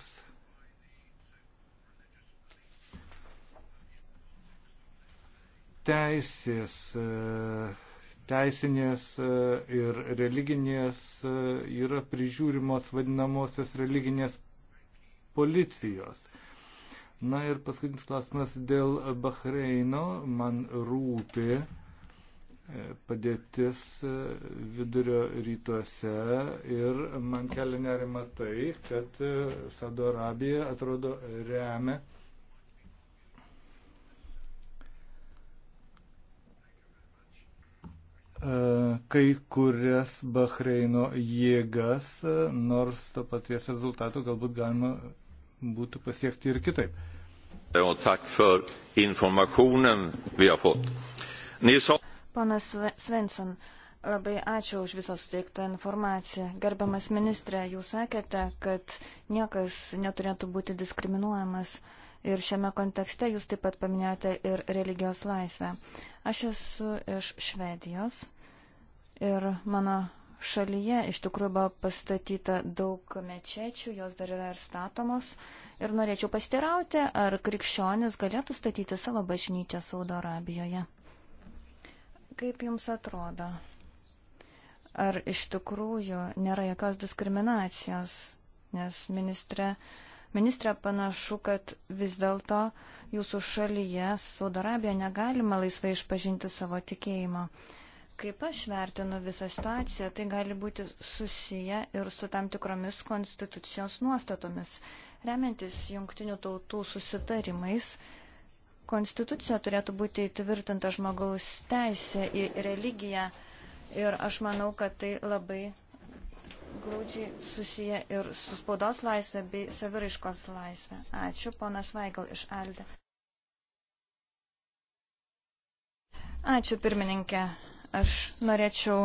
teisės uh, teisinės e, ir religinės e, yra prižiūrimos vadinamosios religinės policijos. Na ir paskutinis klausimas dėl Bahreino. Man rūpi e, padėtis vidurio rytuose ir man kelia nerima tai, kad Saudo Arabija atrodo remia E, kai kurias Bahreino jėgas, e, nors to paties rezultato galbūt galima būtų pasiekti ir kitaip. Ponas Svensson, Labai ačiū už visą suteiktą informaciją. Gerbiamas ministrė, jūs sakėte, kad niekas neturėtų būti diskriminuojamas. Uh, Ir šiame kontekste jūs taip pat paminėjote ir religijos laisvę. Aš esu iš Švedijos ir mano šalyje iš tikrųjų buvo pastatyta daug mečečių, jos dar yra ir statomos. Ir norėčiau pastirauti, ar krikščionis galėtų statyti savo bažnyčią Saudo Arabijoje. Kaip jums atrodo? Ar iš tikrųjų nėra jokios diskriminacijos? Nes ministrė uh, Ministrė, panašu, kad vis dėlto jūsų šalyje, Saudarabija, negalima laisvai išpažinti savo tikėjimo. Kaip aš vertinu visą situaciją, tai gali būti susiję ir su tam tikromis konstitucijos nuostatomis. Remiantis jungtinių tautų susitarimais, konstitucija turėtų būti įtvirtinta žmogaus teisė į religiją. Ir aš manau, kad tai labai glaudžiai susiję ir su spaudos laisvė bei saviraiškos laisvė. Ačiū, ponas Vaigal iš Aldė. Ačiū, pirmininkė. Aš norėčiau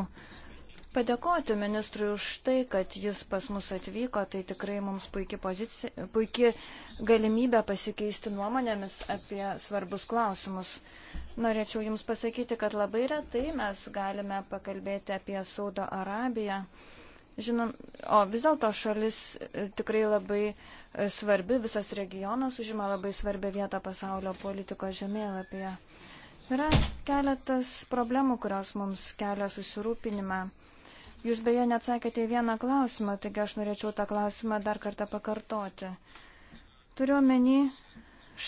padėkoti ministrui už tai, kad jis pas mus atvyko. Tai tikrai mums puikia, pozicija, puikia galimybė pasikeisti nuomonėmis apie svarbus klausimus. Norėčiau Jums pasakyti, kad labai retai mes galime pakalbėti apie Saudo Arabiją. Žinom, o vis dėlto šalis e, tikrai labai e, svarbi, visas regionas užima labai svarbią vietą pasaulio politikos žemėlapyje. Yra keletas problemų, kurios mums kelia susirūpinimą. Jūs beje neatsakėte į vieną klausimą, taigi aš norėčiau tą klausimą dar kartą pakartoti. Turiu omeny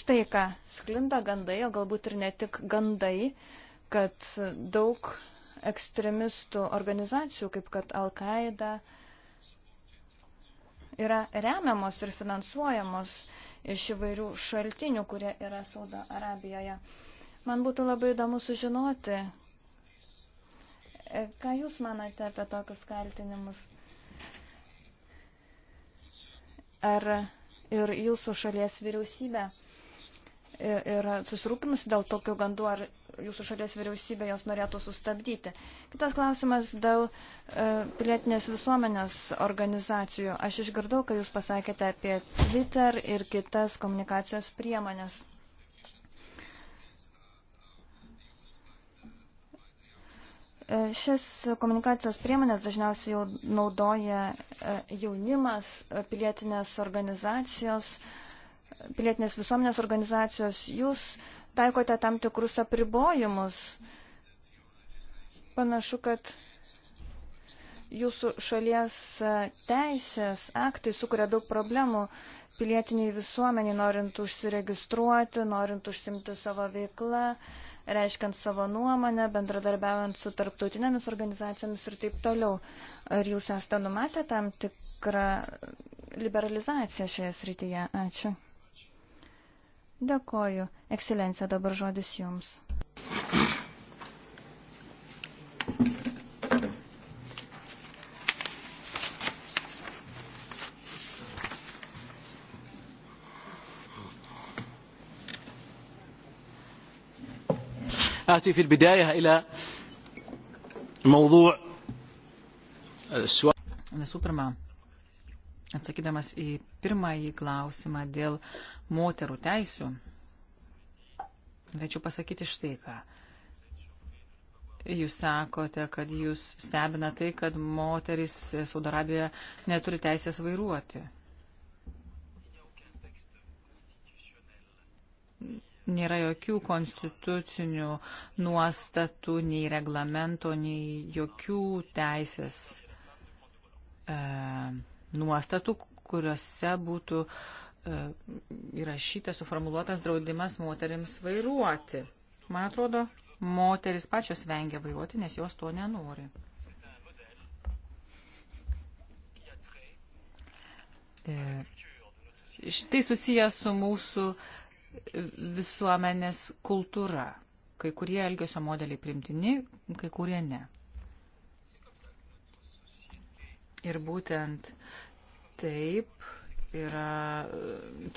štai ką, sklinda gandai, o galbūt ir ne tik gandai, kad daug ekstremistų organizacijų, kaip kad Al-Qaeda, yra remiamos ir finansuojamos iš įvairių šaltinių, kurie yra Saudo Arabijoje. Man būtų labai įdomu sužinoti, ką Jūs manate apie tokius kaltinimus. Ar ir Jūsų šalies vyriausybė yra susirūpinusi dėl tokių gandų, ar jūsų šalies vyriausybė jos norėtų sustabdyti. Kitas klausimas dėl e, pilietinės visuomenės organizacijų. Aš išgirdau, kad jūs pasakėte apie Twitter ir kitas komunikacijos priemonės. E, šias komunikacijos priemonės dažniausiai jau naudoja e, jaunimas, pilietinės organizacijos pilietinės visuomenės organizacijos, jūs taikote tam tikrus apribojimus. Panašu, kad jūsų šalies e, teisės aktai sukuria daug problemų pilietiniai visuomeniai, norint užsiregistruoti, norint užsimti savo veiklą, reiškiant savo nuomonę, bendradarbiaujant su tarptautinėmis organizacijomis ir taip toliau. Ar jūs esate numatę tam tikrą liberalizaciją šioje srityje? Ačiū. Dėkoju. Ekscelencija, dabar žodis Jums. آتي في البداية إلى موضوع السؤال. Visų pirma, Atsakydamas į pirmąjį klausimą dėl moterų teisių, norėčiau pasakyti štai ką. Jūs sakote, kad jūs stebina tai, kad moteris Saudarabijoje neturi teisės vairuoti. Nėra jokių konstitucinių nuostatų, nei reglamento, nei jokių teisės. E, nuostatų, kuriuose būtų e, įrašytas, suformuluotas draudimas moteriams vairuoti. Man atrodo, moteris pačios vengia vairuoti, nes jos to nenori. E, štai susijęs su mūsų visuomenės kultūra. Kai kurie elgesio modeliai primtini, kai kurie ne. Ir būtent taip yra,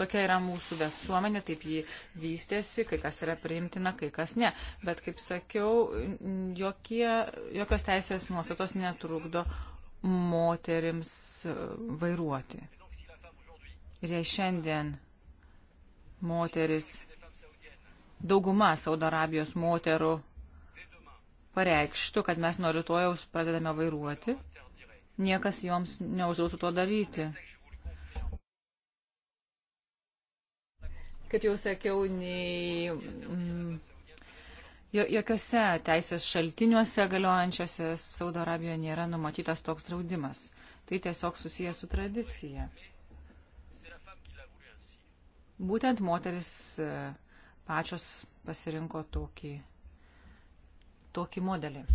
tokia yra mūsų visuomenė, taip ji vystėsi, kai kas yra priimtina, kai kas ne. Bet, kaip sakiau, jokie, jokios teisės nuostatos netrukdo moterims e, vairuoti. Ir jei šiandien moteris, dauguma Saudo Arabijos moterų pareikštų, kad mes nuo rytojaus pradedame vairuoti, niekas joms neuždrausų to daryti. Kaip jau sakiau, nei mm, jokiuose teisės šaltiniuose galiojančiuose Saudo Arabijoje nėra numatytas toks draudimas. Tai tiesiog susijęs su tradicija. Būtent moteris e, pačios pasirinko tokį, tokį modelį.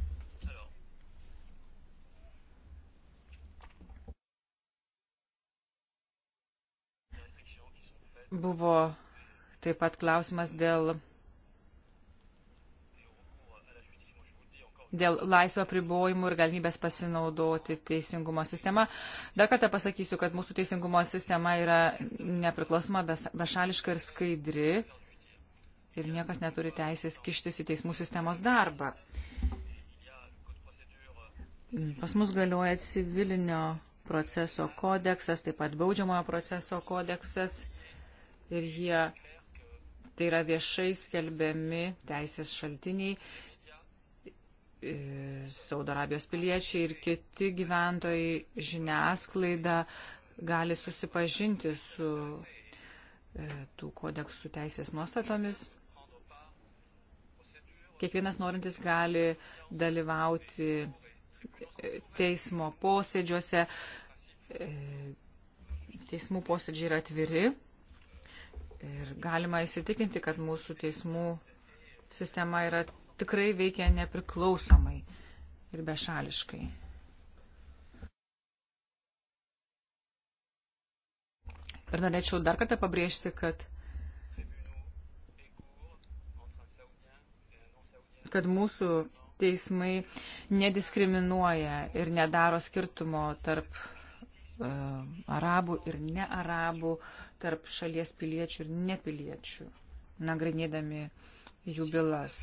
Buvo taip pat klausimas dėl, dėl laisvą pribojimų ir galimybės pasinaudoti teisingumo sistema. Dar kartą pasakysiu, kad mūsų teisingumo sistema yra nepriklausoma, bešališka ir skaidri. Ir niekas neturi teisės kištis į teismų sistemos darbą. Pas mus galioja civilinio proceso kodeksas, taip pat baudžiamojo proceso kodeksas ir jie, tai yra viešai skelbiami teisės šaltiniai, e, Saudo Arabijos piliečiai ir kiti gyventojai žiniasklaida gali susipažinti su e, tų kodeksų teisės nuostatomis. Kiekvienas norintis gali dalyvauti e, teismo posėdžiuose. Teismų posėdžiai yra atviri Ir galima įsitikinti, kad mūsų teismų sistema yra tikrai veikia nepriklausomai ir bešališkai. Ir norėčiau dar kartą pabrėžti, kad, kad mūsų teismai nediskriminuoja ir nedaro skirtumo tarp E, arabų ir ne arabų, tarp šalies piliečių ir nepiliečių, nagrinėdami jų bylas.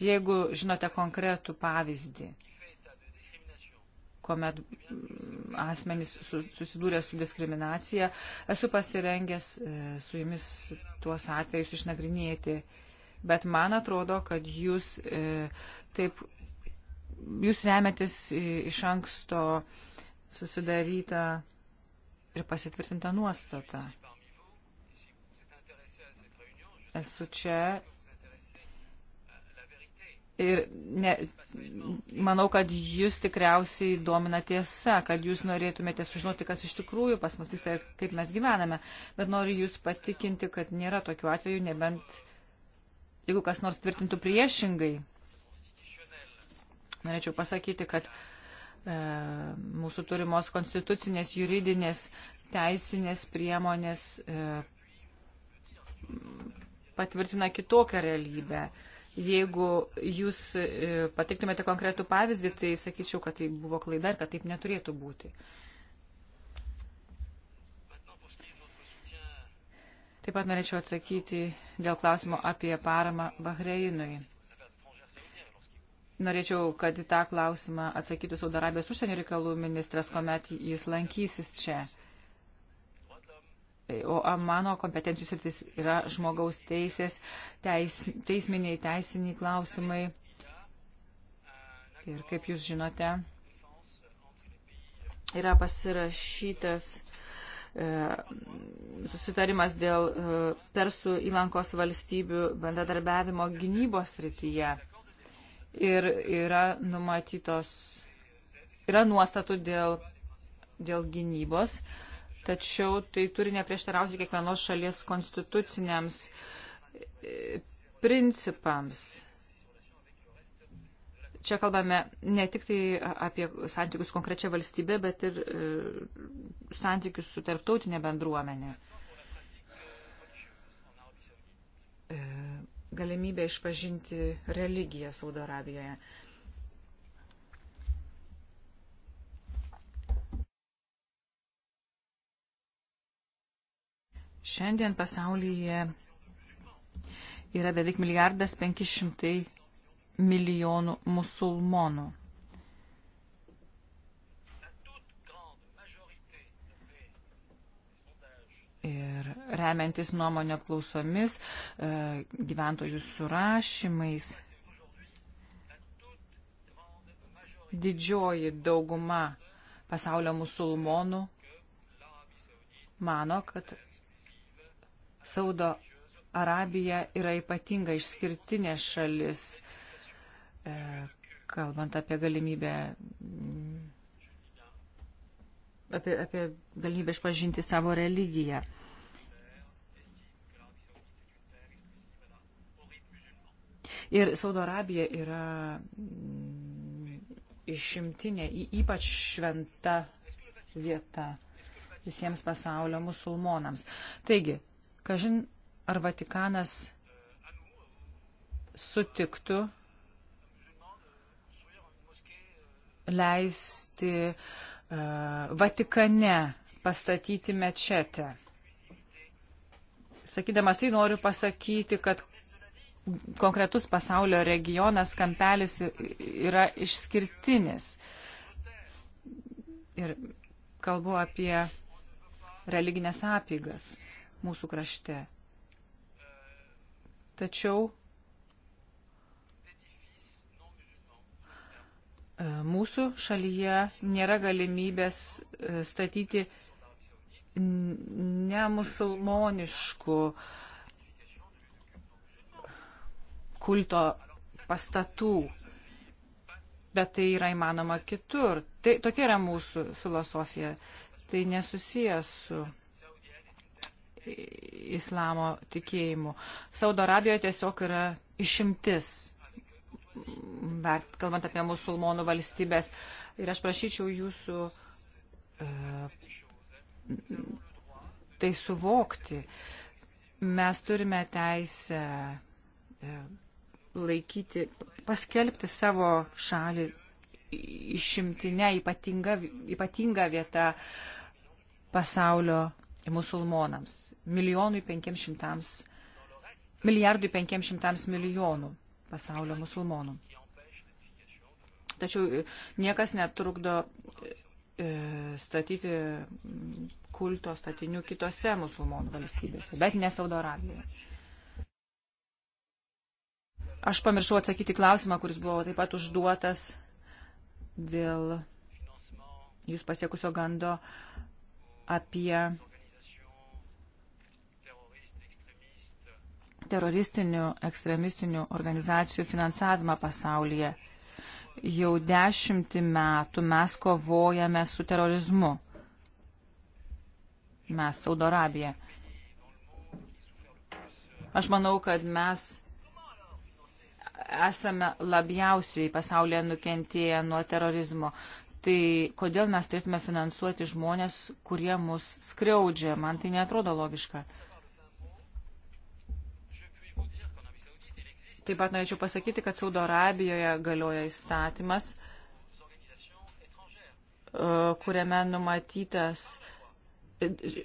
Jeigu žinote konkretų pavyzdį, kuomet asmenys susidūrė su diskriminacija, esu pasirengęs e, su jumis tuos atvejus išnagrinėti. Bet man atrodo, kad jūs e, taip, jūs remiatės e, iš anksto e, susidarytą ir pasitvirtintą nuostatą. Esu čia ir ne, manau, kad jūs tikriausiai domina tiesa, kad jūs norėtumėte sužinoti, kas iš tikrųjų pas mus vyksta ir kaip mes gyvename, bet noriu jūs patikinti, kad nėra tokių atvejų, nebent jeigu kas nors tvirtintų priešingai. Norėčiau pasakyti, kad uh, E, mūsų turimos konstitucinės, juridinės, teisinės priemonės e, patvirtina kitokią realybę. Jeigu jūs e, patiktumėte konkretų pavyzdį, tai sakyčiau, kad tai buvo klaida ir kad taip neturėtų būti. Taip pat norėčiau atsakyti dėl klausimo apie paramą Bahreinui. Norėčiau, kad į tą klausimą atsakytų Saudarabijos užsienio reikalų ministras, kuomet jis lankysis čia. O mano kompetencijų sritis yra žmogaus teisės, teis, teisminiai, teisiniai klausimai. Ir kaip jūs žinote, yra pasirašytas e, susitarimas dėl e, Persų įlankos valstybių bendradarbiavimo gynybos rytyje ir yra numatytos, yra nuostatų dėl, dėl gynybos, tačiau tai turi neprieštarauti kiekvienos šalies konstituciniams e, principams. Čia kalbame ne tik tai apie santykius konkrečią valstybę, bet ir e, santykius su tarptautinė bendruomenė. E galimybę išpažinti religiją Saudo Arabijoje. Šiandien pasaulyje yra beveik milijardas penkišimtai milijonų musulmonų. remiantis nuomonio apklausomis, e, gyventojų surašymais. Didžioji dauguma pasaulio musulmonų mano, kad Saudo Arabija yra ypatinga išskirtinė šalis, e, kalbant apie galimybę apie, apie galimybę išpažinti savo religiją. Ir Saudo Arabija yra mm, išimtinė, ypač šventa vieta visiems pasaulio musulmonams. Taigi, kažin, ar Vatikanas sutiktų leisti uh, Vatikane pastatyti mečetę. Sakydamas tai noriu pasakyti, kad konkretus pasaulio regionas, kampelis yra išskirtinis. Ir kalbu apie religinės apygas mūsų krašte. Tačiau e, mūsų šalyje nėra galimybės e, statyti nemusulmoniškų uh, kulto pastatų, bet tai yra įmanoma kitur. Tai, tokia yra mūsų filosofija. Tai nesusijęs su islamo tikėjimu. Saudo Arabijoje tiesiog yra išimtis dar kalbant apie musulmonų valstybės. Ir aš prašyčiau jūsų e, tai suvokti. Mes turime teisę e, laikyti, paskelbti savo šalį išimtinę ypatingą, ypatingą vietą pasaulio musulmonams. Milijonui penkiems šimtams, milijardui penkiems šimtams milijonų pasaulio musulmonų. Tačiau e, niekas netrukdo e, statyti kulto statinių kitose musulmonų valstybėse, bet ne Saudo Arabijoje. Aš pamiršau atsakyti klausimą, kuris buvo taip pat užduotas dėl jūs pasiekusio gando apie teroristinių, ekstremistinių organizacijų finansavimą pasaulyje. Jau dešimtį metų mes kovojame su terorizmu. Mes, Saudo Arabija. Aš manau, kad mes esame labiausiai pasaulyje nukentėję nuo terorizmo. Tai kodėl mes turėtume finansuoti žmonės, kurie mus skriaudžia? Man tai netrodo logiška. Taip pat norėčiau pasakyti, kad Saudo Arabijoje galioja įstatymas, e, kuriame numatytas e,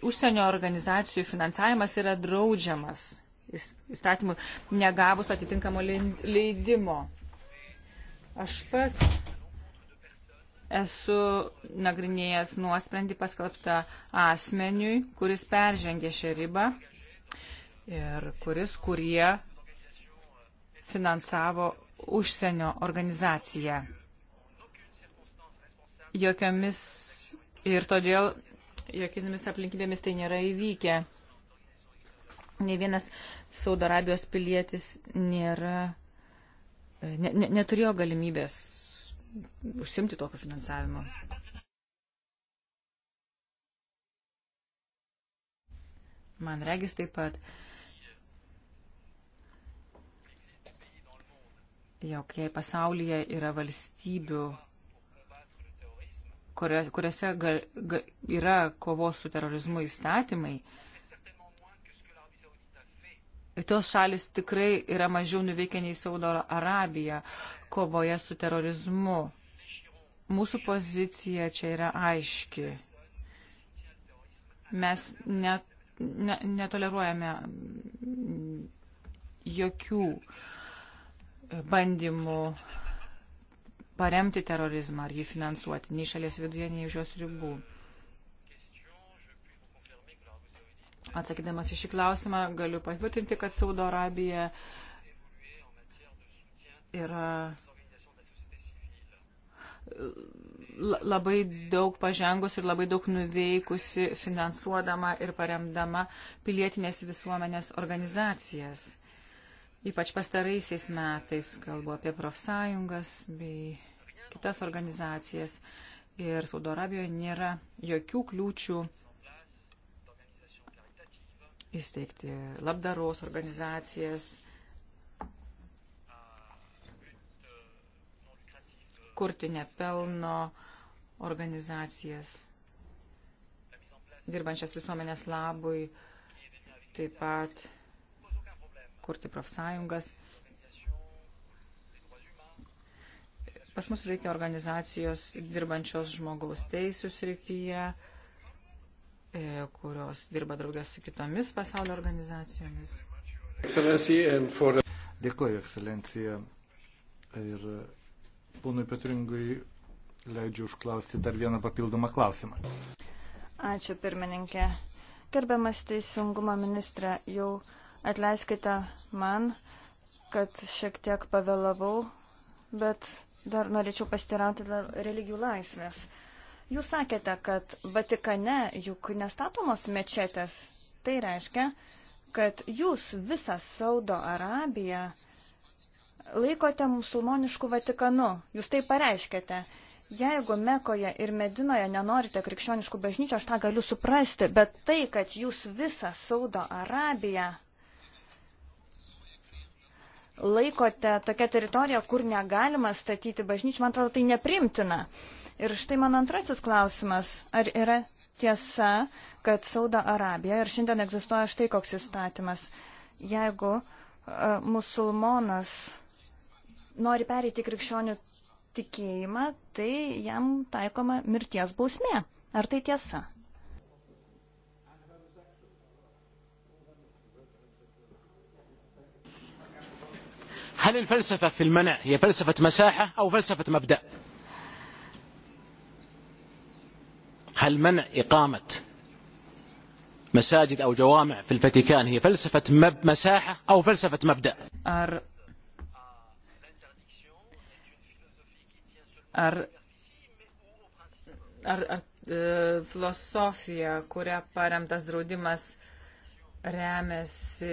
užsienio organizacijų finansavimas yra draudžiamas įstatymų, negavus atitinkamo leidimo. Aš pats esu nagrinėjęs nuosprendį paskelbtą asmeniui, kuris peržengė šią ribą ir kuris, kurie finansavo užsienio organizaciją. Jokiamis ir todėl jokiamis aplinkybėmis tai nėra įvykę. Ne vienas Saudo Arabijos pilietis nėra, e, ne, ne, neturėjo galimybės užsimti tokio finansavimo. Man regis taip pat, jog jei pasaulyje yra valstybių, kuriuose gal, gal, yra kovos su terorizmu įstatymai, tos šalis tikrai yra mažiau nuveikę nei Saudo Arabija kovoje su terorizmu. Mūsų pozicija čia yra aiški. Mes net, ne, netoleruojame jokių bandymų paremti terorizmą ar jį finansuoti, nei šalies viduje, nei už jos ribų. Atsakydamas į šį klausimą, galiu patvirtinti, kad Saudo Arabija yra labai daug pažengus ir labai daug nuveikusi, finansuodama ir paremdama pilietinės visuomenės organizacijas. Ypač pastaraisiais metais kalbu apie profsąjungas bei kitas organizacijas. Ir Saudo Arabijoje nėra jokių kliūčių įsteigti labdaros organizacijas, kurti nepelno organizacijas, dirbančias visuomenės labui, taip pat kurti profsąjungas. Pas mus reikia organizacijos dirbančios žmogaus teisų srityje, E, kurios dirba draugės su kitomis pasaulio organizacijomis. Dėkuoju, ekscelencija. Ir ponui Petringui leidžiu užklausti dar vieną papildomą klausimą. Ačiū, pirmininkė. Gerbiamas teisingumo ministrė, jau atleiskite man, kad šiek tiek pavėlavau, bet dar norėčiau pastirauti dėl religijų laisvės. Uh, Jūs sakėte, kad Vatikane juk nestatomos mečetės. Tai reiškia, kad jūs visą Saudo Arabiją laikote musulmonišku Vatikanu. Jūs tai pareiškėte. Jeigu Mekoje ir Medinoje nenorite krikščioniškų bažnyčių, aš tą galiu suprasti, bet tai, kad jūs visą Saudo Arabiją laikote tokia teritorija, kur negalima statyti bažnyčių, man atrodo, tai neprimtina. Uh, Ir štai mano antrasis klausimas. Ar yra tiesa, kad Saudo Arabija ir šiandien egzistuoja štai koks įstatymas? Jeigu uh, musulmonas nori pereiti krikščionių tikėjimą, tai jam taikoma mirties bausmė. Ar tai tiesa? هل الفلسفة في المنع هي فلسفة مساحة أو فلسفة مبدأ؟ هل منع إقامة مساجد أو جوامع في الفاتيكان هي فلسفة مب مساحة أو فلسفة مبدأ؟ أر... أر... Ar, ar e, filosofija, kuria paremtas draudimas remiasi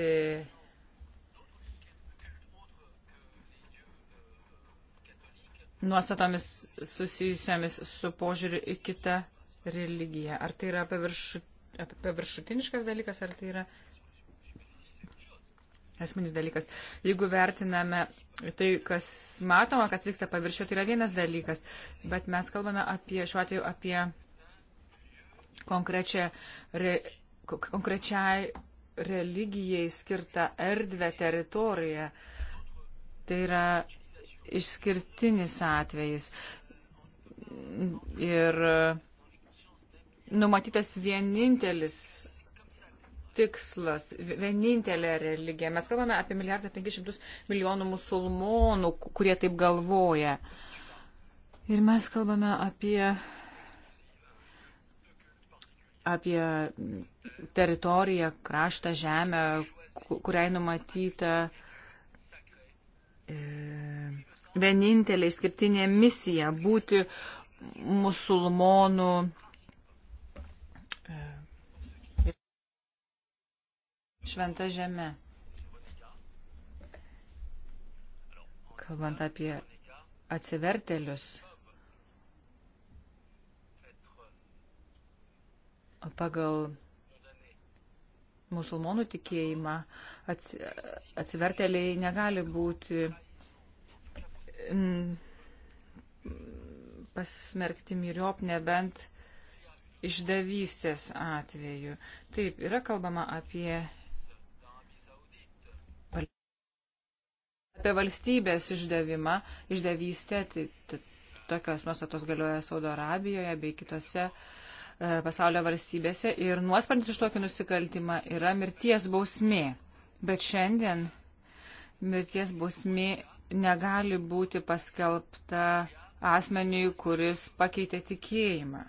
nuostatomis susijusiamis su požiūriu į kitą religiją. Ar tai yra apie, viršu, apie viršutiniškas dalykas, ar tai yra esminis dalykas. Jeigu vertiname tai, kas matoma, kas vyksta paviršiu, tai yra vienas dalykas, bet mes kalbame apie, šiuo atveju apie konkrečią, re, konkrečiai religijai skirtą erdvę, teritoriją. Tai yra išskirtinis atvejis. Ir numatytas vienintelis tikslas, vienintelė religija. Mes kalbame apie milijardą penkišimtus milijonų musulmonų, kurie taip galvoja. Ir mes kalbame apie, apie teritoriją, kraštą, žemę, kuriai numatyta e, vienintelė išskirtinė misija būti musulmonų šventa žemė. Kalbant apie atsivertelius, pagal musulmonų tikėjimą atsiverteliai negali būti pasmerkti myriop nebent išdavystės atveju. Taip, yra kalbama apie Apie valstybės išdavimą, išdavystę, tai, tai tokios nuostatos galioja Saudo Arabijoje bei kitose e, pasaulio valstybėse ir nuosprendis už tokį nusikaltimą yra mirties bausmė. Bet šiandien mirties bausmė negali būti paskelbta asmeniui, kuris pakeitė tikėjimą.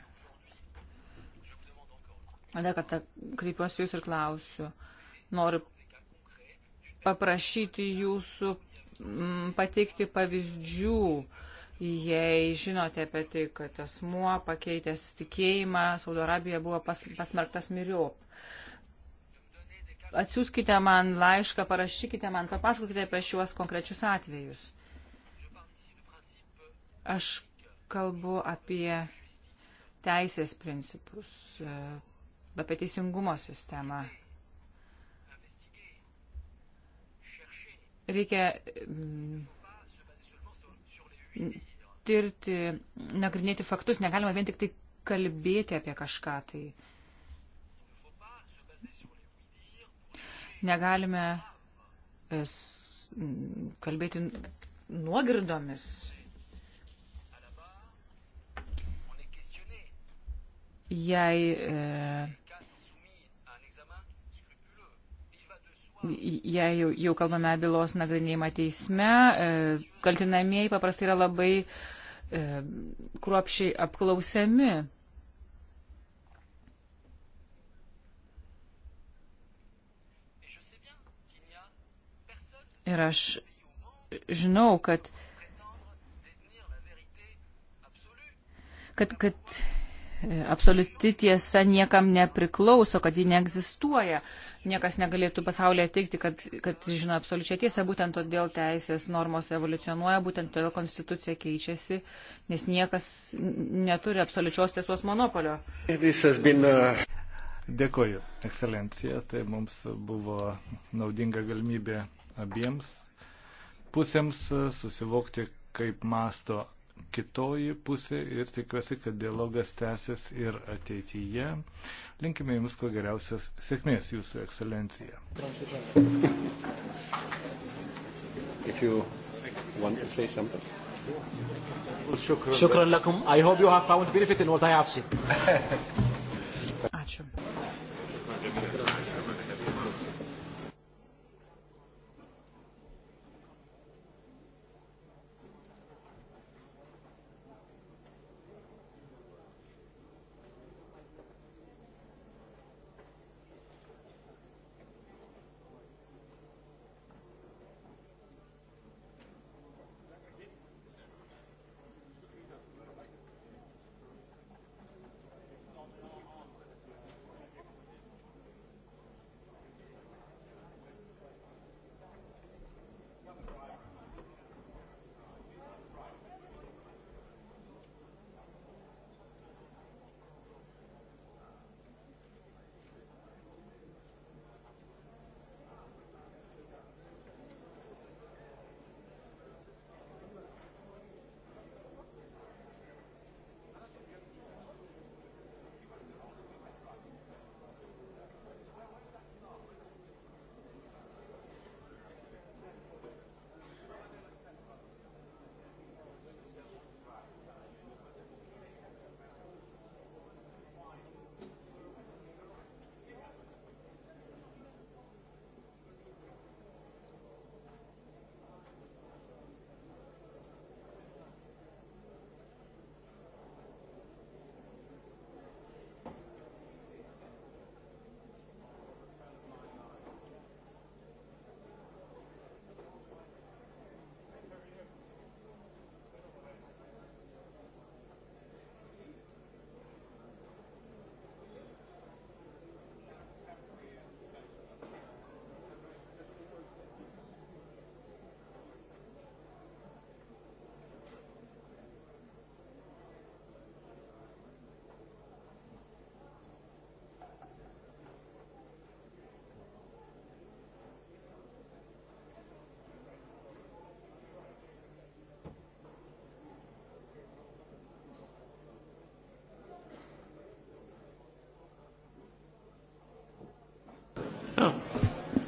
Dar kartą kreipiuosi jūs ir klausiu. Noriu paprašyti jūsų Mm, pateikti pavyzdžių, jei žinote apie tai, kad asmuo pakeitęs tikėjimą Saudo Arabija buvo pas, pasmerktas miriop. Atsiųskite man laišką, parašykite man, papasakokite apie šiuos konkrečius atvejus. Aš kalbu apie teisės principus, e, apie teisingumo sistemą, Reikia mm, tirti, nagrinėti faktus, negalima vien tik tai kalbėti apie kažką. Tai negalime e, kalbėti nuogirdomis. Jei e, jei jau, jau kalbame bylos nagrinėjimą teisme, e, kaltinamieji paprastai yra labai e, kruopšiai apklausiami. Ir aš žinau, kad, kad, kad E, absoliuti tiesa niekam nepriklauso, kad ji neegzistuoja. Niekas negalėtų pasaulyje teikti, kad, kad žino absoliučią tiesą, būtent todėl teisės normos evoliucionuoja, būtent todėl konstitucija keičiasi, nes niekas neturi absoliučios tiesos monopolio. Been, uh... Dėkoju, ekscelencija, tai mums buvo naudinga galimybė abiems pusėms uh, susivokti, kaip masto kitoji pusė ir tikiuosi, kad dialogas tęsis ir ateityje. Linkime Jums kuo geriausios sėkmės, Jūsų ekscelencija. Ačiū.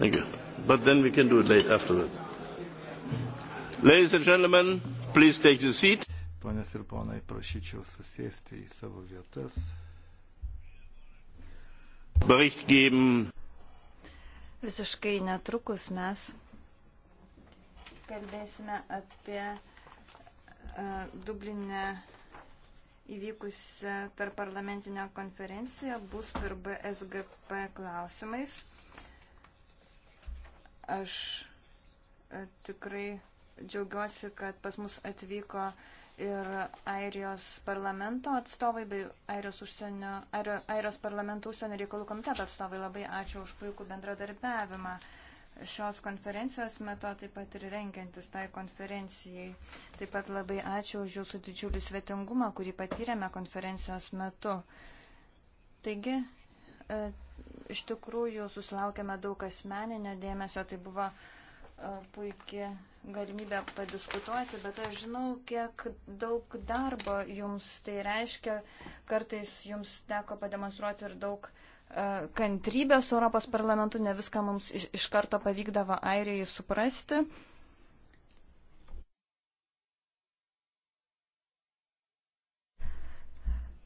Thank you. But then we can do it late afterwards. Ladies and gentlemen, please take the seat. Ponės ir ponai, prašyčiau susėsti į savo vietas. Bericht geben. Visiškai netrukus mes kalbėsime apie uh, e, Dublinę įvykusią tarp parlamentinę konferenciją bus per BSGP klausimais. Aš e, tikrai džiaugiuosi, kad pas mus atvyko ir Airijos parlamento atstovai bei Airijos, užsienio, Airijos parlamento užsienio reikalų komiteto atstovai. Labai ačiū už puikų bendradarbiavimą šios konferencijos metu, taip pat ir rengiantis tai konferencijai. Taip pat labai ačiū už jūsų didžiulį svetingumą, kurį patyrėme konferencijos metu. Taigi, e, iš tikrųjų susilaukėme daug asmeninio dėmesio, tai buvo e, puikia galimybė padiskutuoti, bet aš žinau, kiek daug darbo jums tai reiškia. Kartais jums teko pademonstruoti ir daug e, kantrybės Europos parlamentu, ne viską mums iš karto pavykdavo Airijai suprasti. Uh,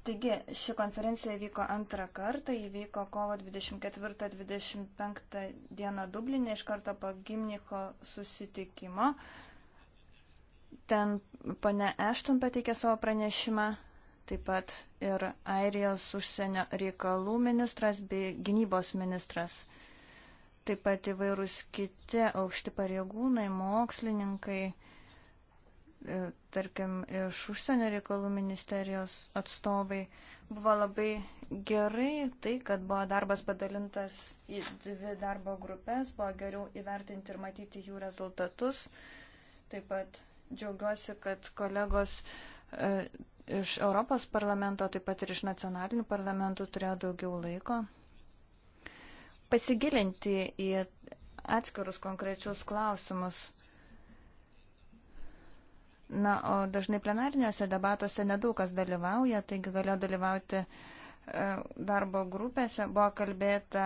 Taigi, ši konferencija vyko antrą kartą, įvyko kovo 24-25 dieną Dublinė iš karto po Gimnicho susitikimo. Ten pane Ešton pateikė savo pranešimą, taip pat ir Airijos užsienio reikalų ministras bei gynybos ministras. Taip pat įvairūs kiti aukšti pareigūnai, mokslininkai E, tarkim, iš užsienio reikalų ministerijos atstovai. Buvo labai gerai tai, kad buvo darbas padalintas į dvi darbo grupės, buvo geriau įvertinti ir matyti jų rezultatus. Taip pat džiaugiuosi, kad kolegos e, iš Europos parlamento, taip pat ir iš nacionalinių parlamentų turėjo daugiau laiko pasigilinti į atskirus konkrečius klausimus Na, o dažnai plenariniuose debatuose nedaug kas dalyvauja, taigi galėjo dalyvauti e, darbo grupėse. Buvo kalbėta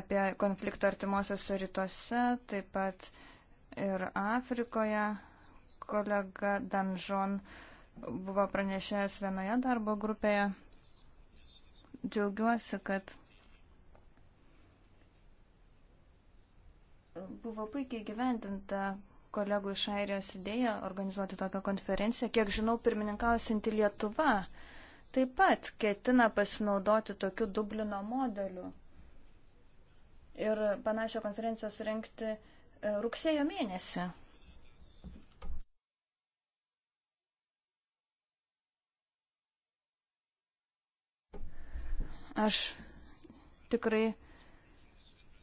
apie konfliktą artimuosiuose rytuose, taip pat ir Afrikoje. Kolega Danžon buvo pranešęs vienoje darbo grupėje. Džiaugiuosi, kad buvo puikiai gyventinta kolegų iš Airijos idėją organizuoti tokią konferenciją. Kiek žinau, pirmininkausinti Lietuva taip pat ketina pasinaudoti tokiu Dublino modeliu ir panašią konferenciją surenkti e, rugsėjo mėnesį. Aš tikrai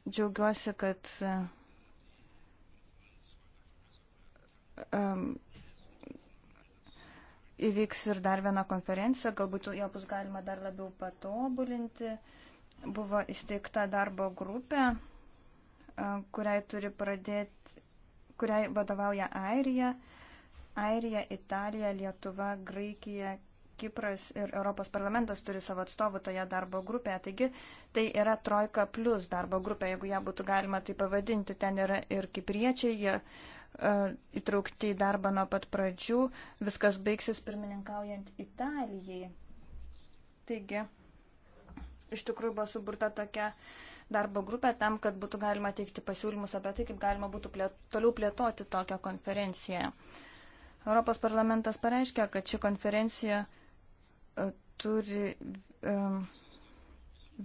džiaugiuosi, kad e, um, įvyks ir dar viena konferencija, galbūt ją bus galima dar labiau patobulinti. Buvo įsteigta darbo grupė, e, kuriai turi pradėti, kuriai vadovauja Airija, Airija, Italija, Lietuva, Graikija, Kipras ir Europos parlamentas turi savo atstovų toje darbo grupėje. Taigi tai yra Trojka plus darbo grupė, jeigu ją būtų galima tai pavadinti. Ten yra ir kipriečiai, jie E, įtraukti į darbą nuo pat pradžių, viskas baigsis pirmininkaujant Italijai. Taigi, iš tikrųjų buvo suburta tokia darbo grupė tam, kad būtų galima teikti pasiūlymus apie tai, kaip galima būtų plėt, toliau plėtoti tokią konferenciją. Europos parlamentas pareiškia, kad ši konferencija e, turi um,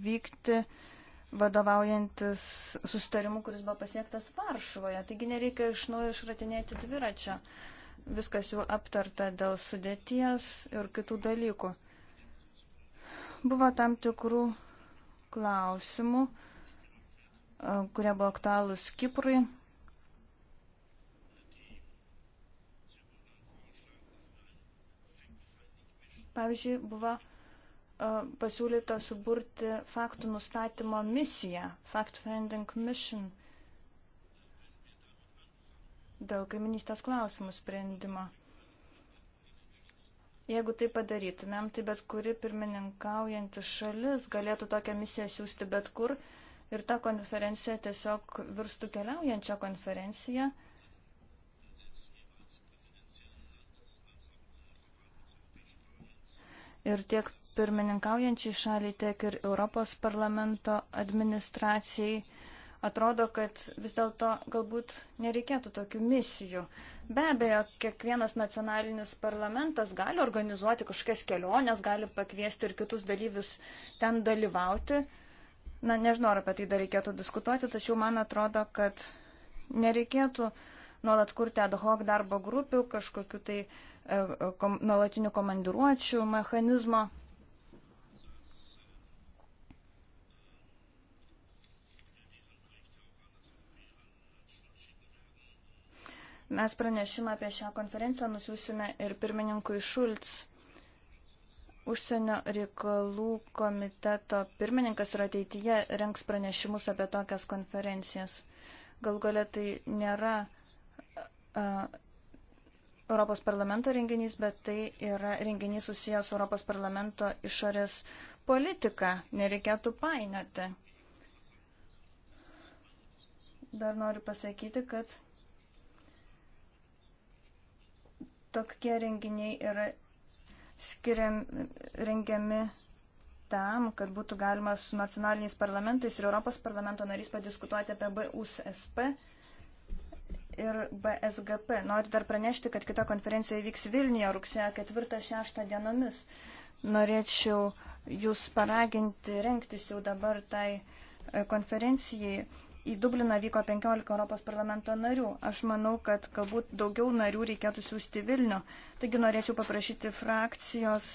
vykti uh, vadovaujantis sustarimu, kuris buvo pasiektas Varšuvoje. Taigi nereikia iš naujo išratinėti dviračio. Viskas jau aptarta dėl sudėties ir kitų dalykų. Buvo tam tikrų klausimų, e, kurie buvo aktualūs Kiprui. Pavyzdžiui, buvo pasiūlyta suburti faktų nustatymo misiją, fact finding mission, dėl kaiminystės klausimų sprendimo. Jeigu tai padarytumėm, tai bet kuri pirmininkaujanti šalis galėtų tokią misiją siūsti bet kur ir ta konferencija tiesiog virstų keliaujančią konferenciją. Ir tiek pirmininkaujančiai šaliai, tiek ir Europos parlamento administracijai atrodo, kad vis dėlto galbūt nereikėtų tokių misijų. Be abejo, kiekvienas nacionalinis parlamentas gali organizuoti kažkokias keliones, gali pakviesti ir kitus dalyvius ten dalyvauti. Na, nežinau, ar apie tai dar reikėtų diskutuoti, tačiau man atrodo, kad nereikėtų nuolat kurti ad hoc darbo grupių, kažkokiu tai e, e, kom, nuolatinių komandiruočių mechanizmo. Mes pranešimą apie šią konferenciją nusiusime ir pirmininkui Šulc. Užsienio reikalų komiteto pirmininkas ir ateityje renks pranešimus apie tokias konferencijas. Gal galia tai nėra uh, Europos parlamento renginys, bet tai yra renginys susijęs su Europos parlamento išorės politika. Nereikėtų painioti. Dar noriu pasakyti, kad tokie renginiai yra skiriam, rengiami tam, kad būtų galima su nacionaliniais parlamentais ir Europos parlamento narys padiskutuoti apie BUSSP ir BSGP. Noriu dar pranešti, kad kita konferencija vyks Vilniuje rugsėjo 4-6 dienomis. Norėčiau jūs paraginti rengtis jau dabar tai konferencijai į Dubliną vyko 15 Europos parlamento narių. Aš manau, kad galbūt daugiau narių reikėtų siūsti Vilnių. Taigi norėčiau paprašyti frakcijos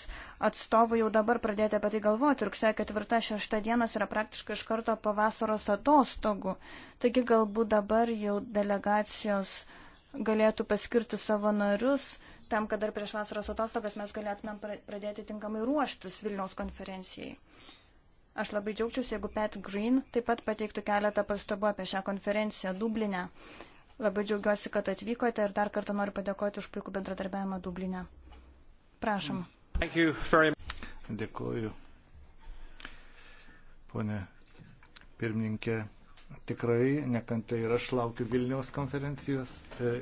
atstovų jau dabar pradėti apie tai galvoti. Rugsėjo 4-6 dienas yra praktiškai iš karto po vasaros atostogų. Taigi galbūt dabar jau delegacijos galėtų paskirti savo narius tam, kad dar prieš vasaros atostogas mes galėtumėm pradėti tinkamai ruoštis Vilniaus konferencijai. Aš labai džiaugčiausi, jeigu Pat Green taip pat pateiktų keletą pastabų apie šią konferenciją Dublinę. Labai džiaugiuosi, kad atvykote ir dar kartą noriu padėkoti už puikų bendradarbiavimą Dublinę. Prašom. Dėkuoju. Pone pirmininkė, tikrai nekantai ir aš laukiu Vilniaus konferencijos. E,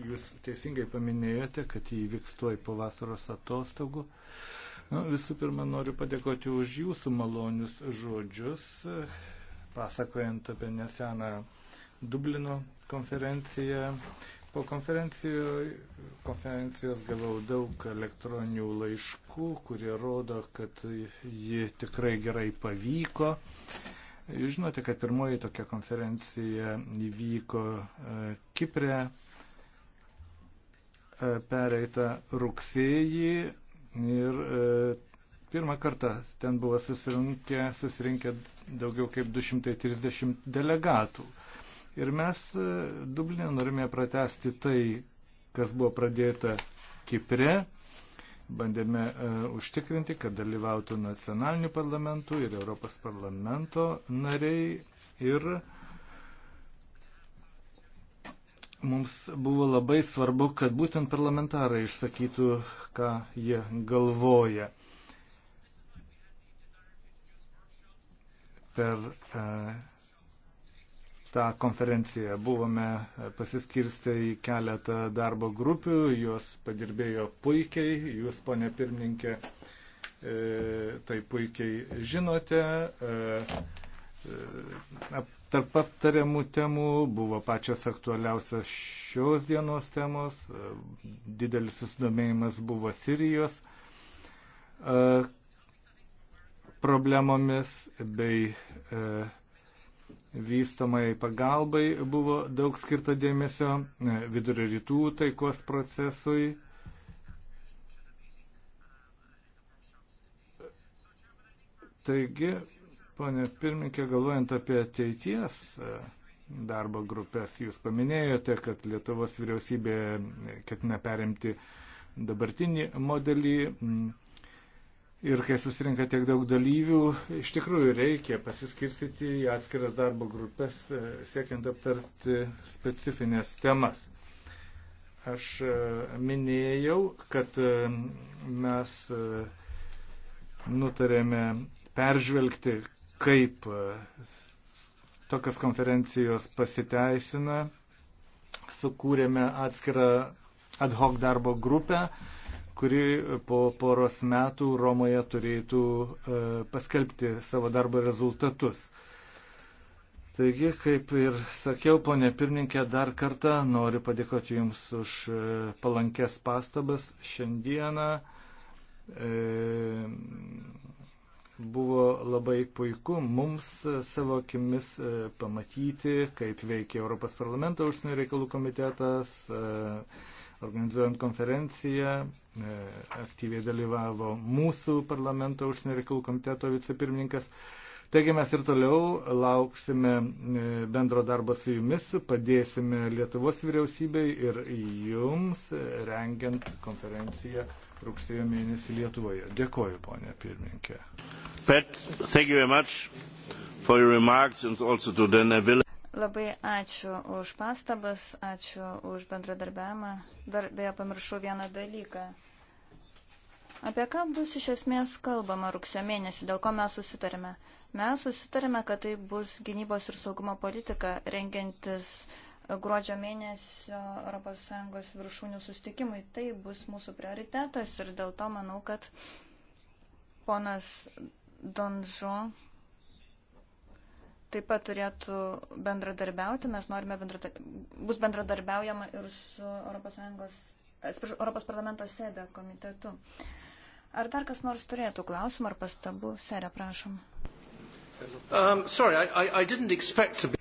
jūs teisingai paminėjote, kad jį vyks tuoj po vasaros atostogų. Nu, visų pirma, noriu padėkoti už jūsų malonius žodžius, pasakojant apie neseną Dublino konferenciją. Po konferencijos gavau daug elektroninių laiškų, kurie rodo, kad ji tikrai gerai pavyko. Žinote, kad pirmoji tokia konferencija įvyko e, Kiprė e, pereitą rugsėjį Ir e, pirmą kartą ten buvo susirinkę, susirinkę daugiau kaip 230 delegatų. Ir mes e, Dublinė norime pratesti tai, kas buvo pradėta Kipre. Bandėme uh, užtikrinti, kad dalyvautų nacionalinių parlamentų ir Europos parlamento nariai. Ir mums buvo labai svarbu, kad būtent parlamentarai išsakytų ką jie galvoja. Per e, tą konferenciją buvome pasiskirstę į keletą darbo grupių, jos padirbėjo puikiai, jūs, ponė pirmininkė, e, tai puikiai žinote e, Tarp aptariamų temų buvo pačios aktualiausios šios dienos temos, didelis susidomėjimas buvo Sirijos e, problemomis bei e, vystomai pagalbai buvo daug skirta dėmesio e, vidurio rytų taikos procesui. Taigi, Pone pirmininkė, galvojant apie ateities e, darbo grupės, jūs paminėjote, kad Lietuvos vyriausybė ketina perimti dabartinį modelį. Mm. Ir kai susirinka tiek daug dalyvių, iš tikrųjų reikia pasiskirstyti į atskiras darbo grupės, e, siekiant aptarti specifines temas. Aš e, minėjau, kad mes nutarėme peržvelgti, kaip e, tokios konferencijos pasiteisina. Sukūrėme atskirą ad hoc darbo grupę, kuri po poros metų Romoje turėtų e, paskelbti savo darbo rezultatus. Taigi, kaip ir sakiau, ponė pirmininkė, dar kartą noriu padėkoti Jums už e, palankės pastabas šiandieną. E, Buvo labai puiku mums savo akimis e, pamatyti, kaip veikia Europos parlamento užsienio reikalų komitetas, e, organizuojant konferenciją, e, aktyviai dalyvavo mūsų parlamento užsienio reikalų komiteto vicepirmininkas. Taigi mes ir toliau lauksime e, bendro darbo su jumis, padėsime Lietuvos vyriausybei ir jums rengiant konferenciją rugsėjo mėnesį Lietuvoje. Dėkoju, ponė pirmininkė. Labai ačiū už pastabas, ačiū už bendradarbiavimą. Dar beje pamiršau vieną dalyką. Apie ką bus iš esmės kalbama rugsėjo mėnesį, dėl ko mes susitarėme? Mes susitarėme, kad tai bus gynybos ir saugumo politika rengiantis gruodžio mėnesio ES viršūnių sustikimui. Tai bus mūsų prioritetas ir dėl to manau, kad ponas Donžo taip pat turėtų bendradarbiauti. Mes norime bendradarbiauti, bus bendradarbiaujama ir su ES, atsiprašau, Europos parlamento sėdė komitetu. Ar dar kas nors turėtų klausimą ar pastabų? Serė, prašom. Um, sorry, I, I didn't expect to be.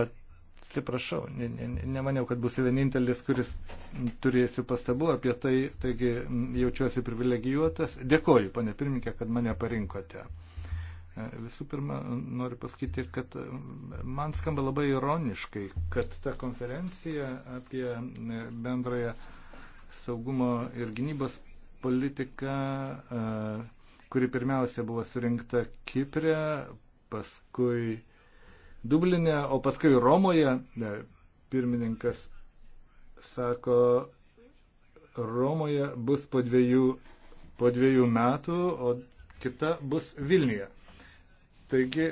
Atsiprašau, ne, ne, nemaniau, kad bus vienintelis, kuris turėsiu pastabų apie tai, taigi jaučiuosi privilegijuotas. Dėkoju, pane pirmininkė, kad mane parinkote. E, visų pirma, noriu pasakyti, kad man skamba labai ironiškai, kad ta konferencija apie bendrąją saugumo ir gynybos politiką uh, kuri pirmiausia buvo surinkta Kiprė, paskui Dublinė, o paskui Romoje. Ne, pirmininkas sako, Romoje bus po dviejų, po dviejų metų, o kita bus Vilniuje. Taigi,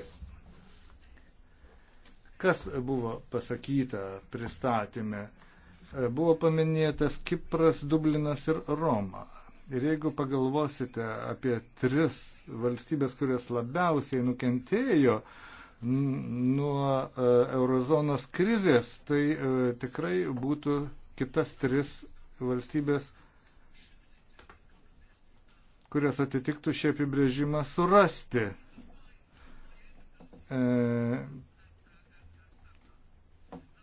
kas buvo pasakyta pristatymė? Buvo paminėtas Kipras, Dublinas ir Roma. Ir jeigu pagalvosite apie tris valstybės, kurios labiausiai nukentėjo nuo e, eurozonos krizės, tai e, tikrai būtų kitas tris valstybės, kurias atitiktų šį apibrėžimą surasti. E,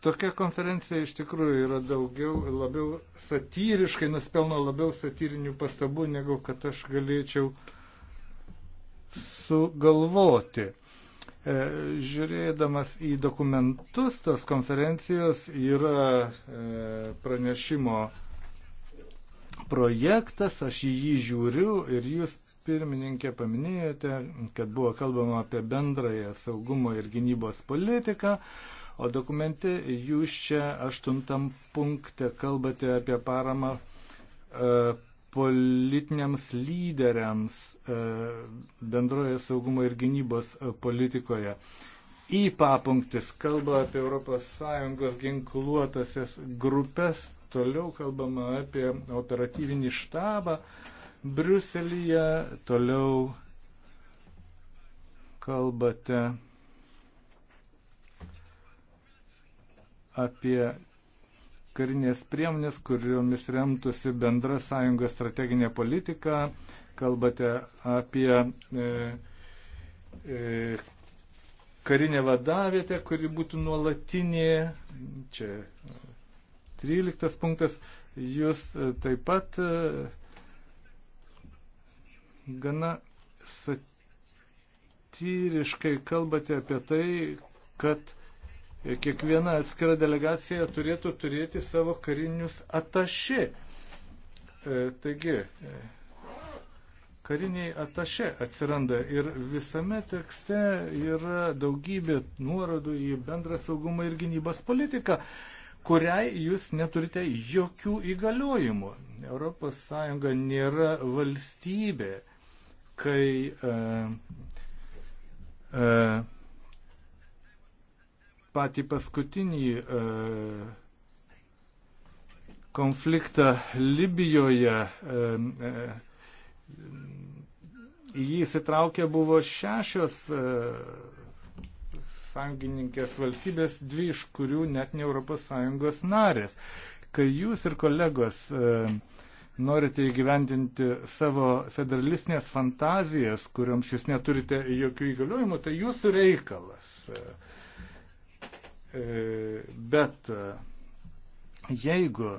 Tokia konferencija iš tikrųjų yra daugiau, labiau satyriškai, nuspelno labiau satyrinių pastabų, negu kad aš galėčiau sugalvoti. E, žiūrėdamas į dokumentus tos konferencijos yra e, pranešimo projektas, aš į jį žiūriu ir jūs pirmininkė paminėjote, kad buvo kalbama apie bendrąją saugumo ir gynybos politiką. O dokumente jūs čia aštuntam punkte kalbate apie paramą e, politiniams lyderiams e, bendroje saugumo ir gynybos e, politikoje. Įpa punktis kalba apie ES ginkluotasias grupės, toliau kalbama apie operatyvinį štabą Briuselyje, toliau kalbate apie karinės priemonės, kuriomis remtųsi bendra sąjungos strateginė politika, kalbate apie e, e, karinę vadavietę, kuri būtų nuolatinė. Čia 13 punktas. Jūs e, taip pat e, gana satyriškai kalbate apie tai, kad e, kiekviena atskira delegacija turėtų turėti savo karinius atašė. E, taigi, e, kariniai atašė atsiranda ir visame tekste yra daugybė nuorodų į bendrą saugumą ir gynybos politiką, kuriai jūs neturite jokių įgaliojimų. ES nėra valstybė, kai e, e, patį paskutinį e, konfliktą Libijoje. E, e, jį įsitraukė buvo šešios e, sąjungininkės valstybės, dvi iš kurių net ne ES narės. Kai jūs ir kolegos e, norite įgyvendinti savo federalistinės fantazijas, kuriuoms jūs neturite jokių įgaliojimų, tai jūsų reikalas. E, E, bet e, jeigu e,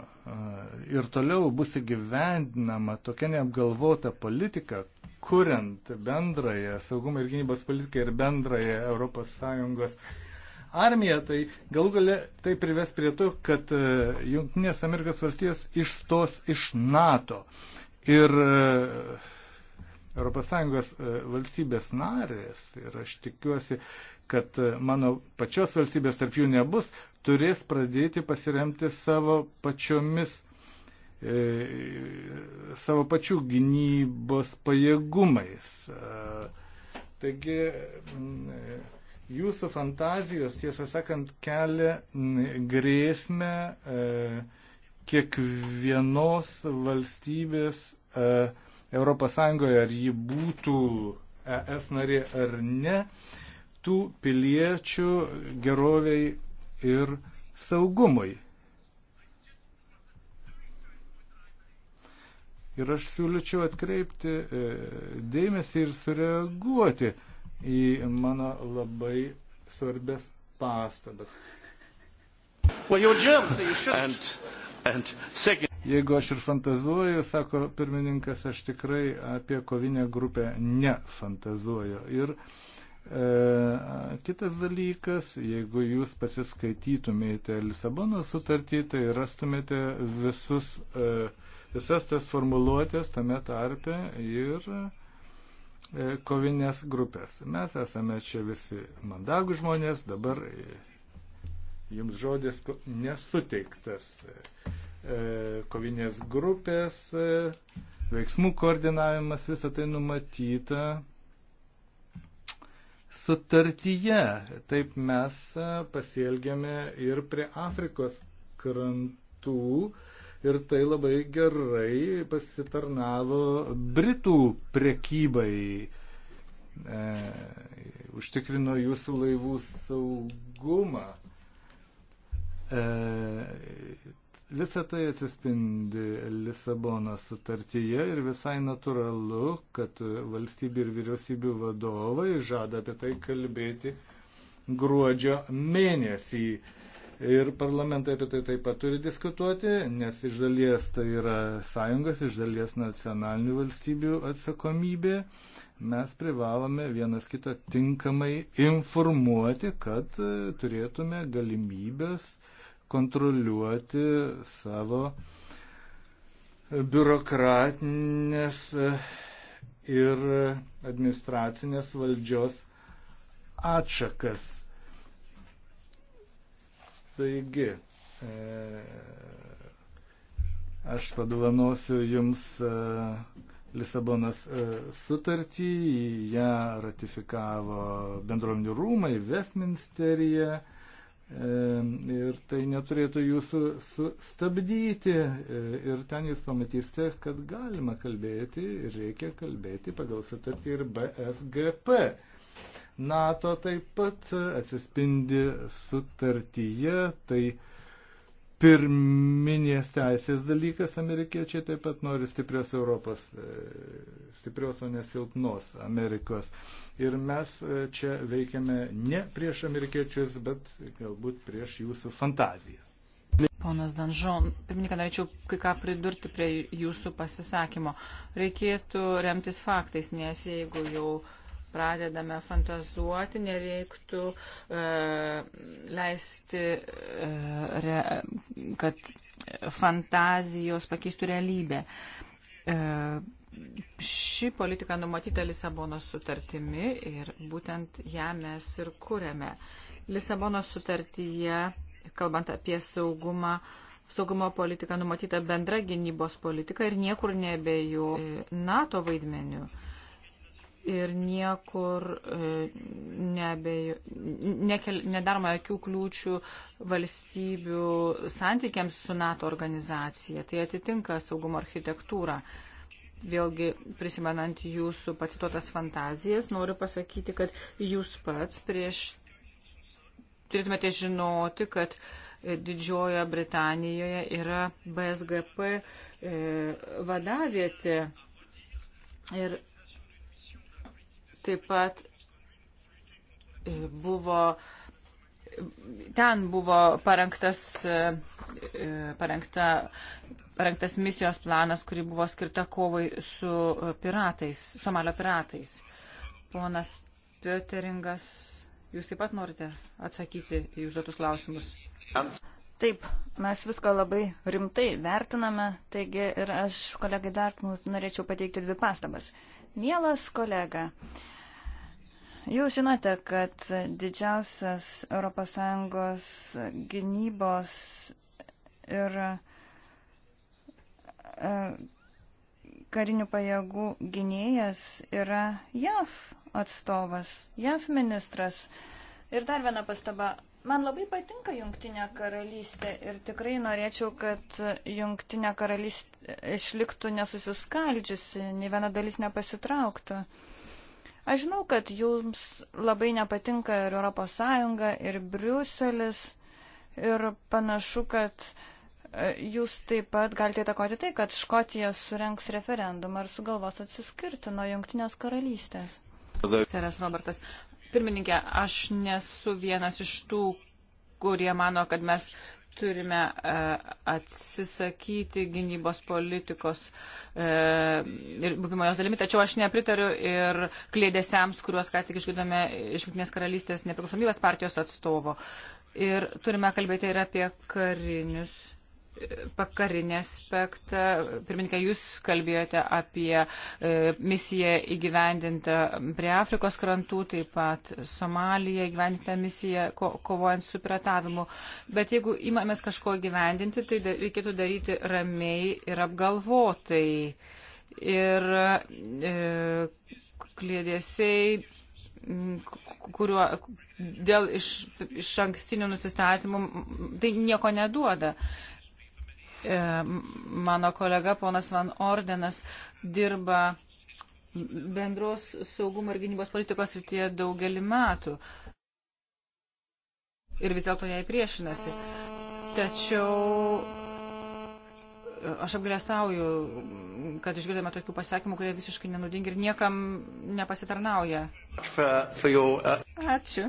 ir toliau bus įgyvendinama tokia neapgalvota politika, kuriant bendrąją saugumą ir gynybos politiką ir bendrąją ES armiją, tai galų gale tai prives prie to, kad Junktinės Amerikos valstijos išstos iš NATO. Ir ES valstybės narės, ir aš tikiuosi, kad mano pačios valstybės tarp jų nebus, turės pradėti pasiremti savo pačiomis, e, savo pačių gynybos pajėgumais. E, taigi, e, jūsų fantazijos, tiesą sakant, kelia mm, grėsmę e, kiekvienos valstybės e, ES, ar ji būtų ES narė ar ne, tų piliečių geroviai ir saugumui. Ir aš siūlyčiau atkreipti e, dėmesį ir sureaguoti į mano labai svarbės pastabas. Well, German, so and, and second... Jeigu aš ir fantazuoju, sako pirmininkas, aš tikrai apie kovinę grupę nefantazuoju. Ir uh, E, kitas dalykas, jeigu jūs pasiskaitytumėte Lisabono sutartį, tai rastumėte visus, e, visas tas formuluotės tame tarpe ir e, kovinės grupės. Mes esame čia visi mandagų žmonės, dabar jums žodis nesuteiktas. Kovinės grupės, veiksmų koordinavimas, visą tai numatyta sutartyje. Taip mes e, pasielgėme ir prie Afrikos krantų ir tai labai gerai pasitarnavo Britų prekybai. E, užtikrino jūsų laivų saugumą. E, Visą tai atsispindi Lisabonos sutartyje ir visai natūralu, kad valstybių ir vyriausybių vadovai žada apie tai kalbėti gruodžio mėnesį. Ir parlamentai apie tai taip pat turi diskutuoti, nes iš dalies tai yra sąjungos, iš dalies nacionalinių valstybių atsakomybė. Mes privalome vienas kitą tinkamai informuoti, kad turėtume galimybės kontroliuoti savo biurokratinės ir administracinės valdžios atšakas. Taigi, e, aš padovanosiu Jums e, Lisabonas e, sutartį, ją ratifikavo bendruomenių rūmai, Westminsterija Ir tai neturėtų jūsų stabdyti. E, ir ten jūs pamatysite, kad galima kalbėti ir reikia kalbėti pagal sutartį ir BSGP. NATO taip pat atsispindi sutartyje, tai pirminės teisės dalykas. Amerikiečiai taip pat nori stiprios Europos, e, stiprios, o nesilpnos Amerikos. Ir mes e, čia veikiame ne prieš amerikiečius, bet galbūt prieš jūsų fantazijas. Ponas Danžon, pirmininką, norėčiau kai ką pridurti prie jūsų pasisakymo. Reikėtų remtis faktais, nes jeigu jau uh, pradedame fantazuoti, nereiktų e, leisti, e, re, kad fantazijos pakeistų realybę. E, ši politika numatyta Lisabonos sutartimi ir būtent ją mes ir kūrėme. Lisabonos sutartyje, kalbant apie saugumą, saugumo politika numatyta bendra gynybos politika ir niekur nebejo NATO vaidmeniu ir niekur e, nebejo, nekel, nedaroma jokių kliūčių valstybių santykiams su NATO organizacija. Tai atitinka saugumo architektūrą. Vėlgi, prisimenant jūsų pacituotas fantazijas, noriu pasakyti, kad jūs pats prieš turėtumėte žinoti, kad e, Didžiojoje Britanijoje yra BSGP e, vadavietė. Ir Taip pat e, buvo, ten buvo parengtas, e, e, parengta, parengtas misijos planas, kuri buvo skirta kovai su piratais, Somalio piratais. Ponas Pioteringas, jūs taip pat norite atsakyti į užduotus klausimus? Taip, mes viską labai rimtai vertiname, taigi ir aš kolegai Dartmouth norėčiau pateikti dvi pastabas. Mielas kolega, uh, Jūs žinote, kad didžiausias ES gynybos ir e, karinių pajėgų gynėjas yra JAF atstovas, JAF ministras. Ir dar viena pastaba. Man labai patinka Junktinė karalystė ir tikrai norėčiau, kad Junktinė karalystė išliktų nesusiskaldžiusi, nei viena dalis nepasitrauktų. Uh, Aš žinau, kad jums labai nepatinka ir ES, ir Briuselis, ir panašu, kad e, jūs taip pat galite įtakoti tai, kad Škotija surenks referendumą ir sugalvos atsiskirti nuo Junktinės karalystės. Seras Robertas, pirmininkė, aš nesu vienas iš tų, kurie mano, kad mes turime e, atsisakyti gynybos politikos e, ir buvimo jos dalimi, tačiau aš nepritariu ir klėdėsiams, kuriuos ką tik išgirdome iš Junktinės karalystės nepriklausomybės partijos atstovo. Ir turime kalbėti ir apie karinius pakarinį aspektą. Pirmininkai, jūs kalbėjote apie e, misiją įgyvendintą prie Afrikos krantų, taip pat Somalija įgyvendintą misiją ko, kovojant su piratavimu. Bet jeigu imamės kažko įgyvendinti, tai da, reikėtų daryti ramiai ir apgalvotai. Ir e, klėdėsiai kuriuo dėl iš, iš ankstinių nusistatymų tai nieko neduoda. E, E, mano kolega ponas Van Ordenas dirba bendros saugumo ir gynybos politikos rytyje daugelį metų. Ir vis dėlto jai priešinasi. Tačiau e, aš apgrėstauju, kad išgirdome tokių pasakymų, kurie visiškai nenudingi ir niekam nepasitarnauja. Uh, Ačiū.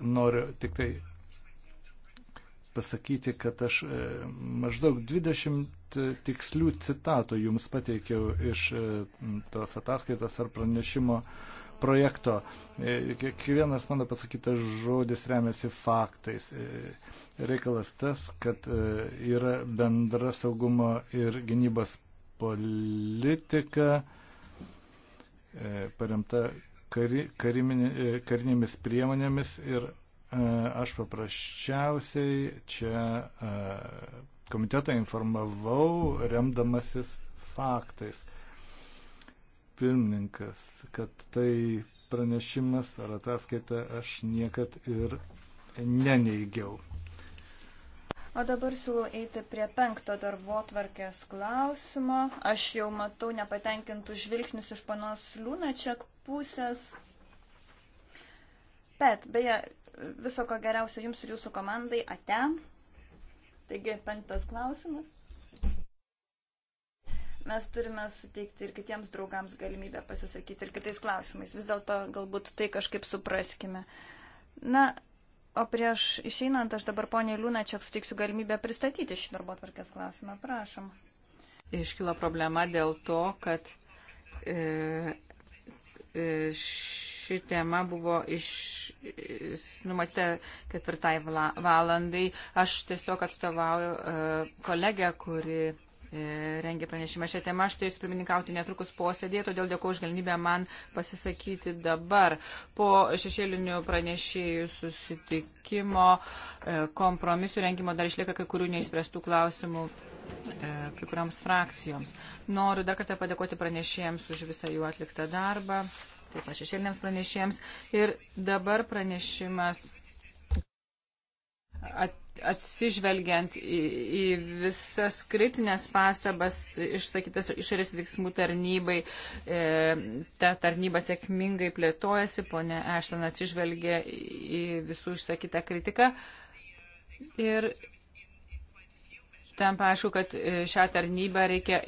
Noriu tik tai pasakyti, kad aš e, maždaug 20 tikslių citatų jums pateikiau iš e, tos ataskaitos ar pranešimo projekto. E, kiekvienas mano pasakytas žodis remiasi faktais. Reikalas tas, kad yra bendra saugumo ir gynybos politika paremta kari, kariminė, karinėmis priemonėmis ir E, aš paprasčiausiai čia e, komitetą informavau, remdamasis faktais. Pirmininkas, kad tai pranešimas ar ataskaita aš niekad ir neneigiau. O dabar siūlau eiti prie penkto darbo tvarkės klausimo. Aš jau matau nepatenkintų žvilgsnius iš panos Liūnačiak pusės. Bet, beje, Viso ko geriausio jums ir jūsų komandai. Ate. Taigi, penktas klausimas. Mes turime suteikti ir kitiems draugams galimybę pasisakyti ir kitais klausimais. Vis dėlto galbūt tai kažkaip supraskime. Na, o prieš išeinant aš dabar poniai Liūna čia suteiksiu galimybę pristatyti šį darbo tvarkės klausimą. Prašom. Iškilo problema dėl to, kad e, E, ši tema buvo iš, numatyta ketvirtai valandai. Aš tiesiog atstovauju e, kolegę, kuri e, rengė pranešimą šią temą. Aš turėsiu pirmininkauti netrukus posėdėje, todėl dėkuoju už galimybę man pasisakyti dabar. Po šešėlinių pranešėjų susitikimo kompromisų rengimo dar išlieka kai kurių neįspręstų klausimų. E, kai kurioms frakcijoms. Noriu dar kartą padėkoti pranešėjams už visą jų atliktą darbą, taip pat šešėliniams pranešėjams. Ir dabar pranešimas at, atsižvelgiant į, į visas kritinės pastabas išsakytas išorės veiksmų tarnybai, e, ta tarnyba sėkmingai plėtojasi, ponė Ešton atsižvelgia į visų išsakytą kritiką. Ir tampa aišku, kad e, šią tarnybą reikia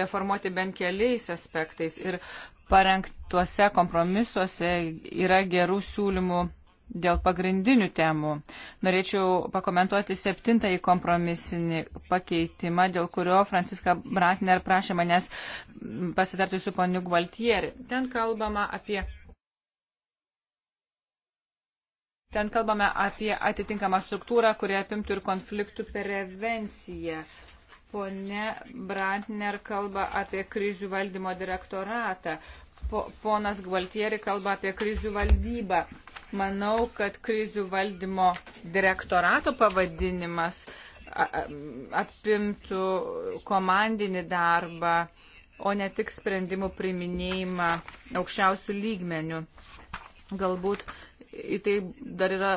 reformuoti bent keliais aspektais ir parengtuose kompromisuose yra gerų siūlymų dėl pagrindinių temų. Norėčiau pakomentuoti septintąjį kompromisinį pakeitimą, dėl kurio Franciska Brantner prašė manęs pasitarti su poniu Gualtieri. Ten kalbama apie Ten kalbame apie atitinkamą struktūrą, kurie apimtų ir konfliktų prevenciją. Pone Brantner kalba apie krizių valdymo direktoratą. Po, ponas Gvaltieri kalba apie krizių valdybą. Manau, kad krizių valdymo direktorato pavadinimas apimtų komandinį darbą, o ne tik sprendimų priminėjimą aukščiausių lygmenių. Galbūt į tai dar yra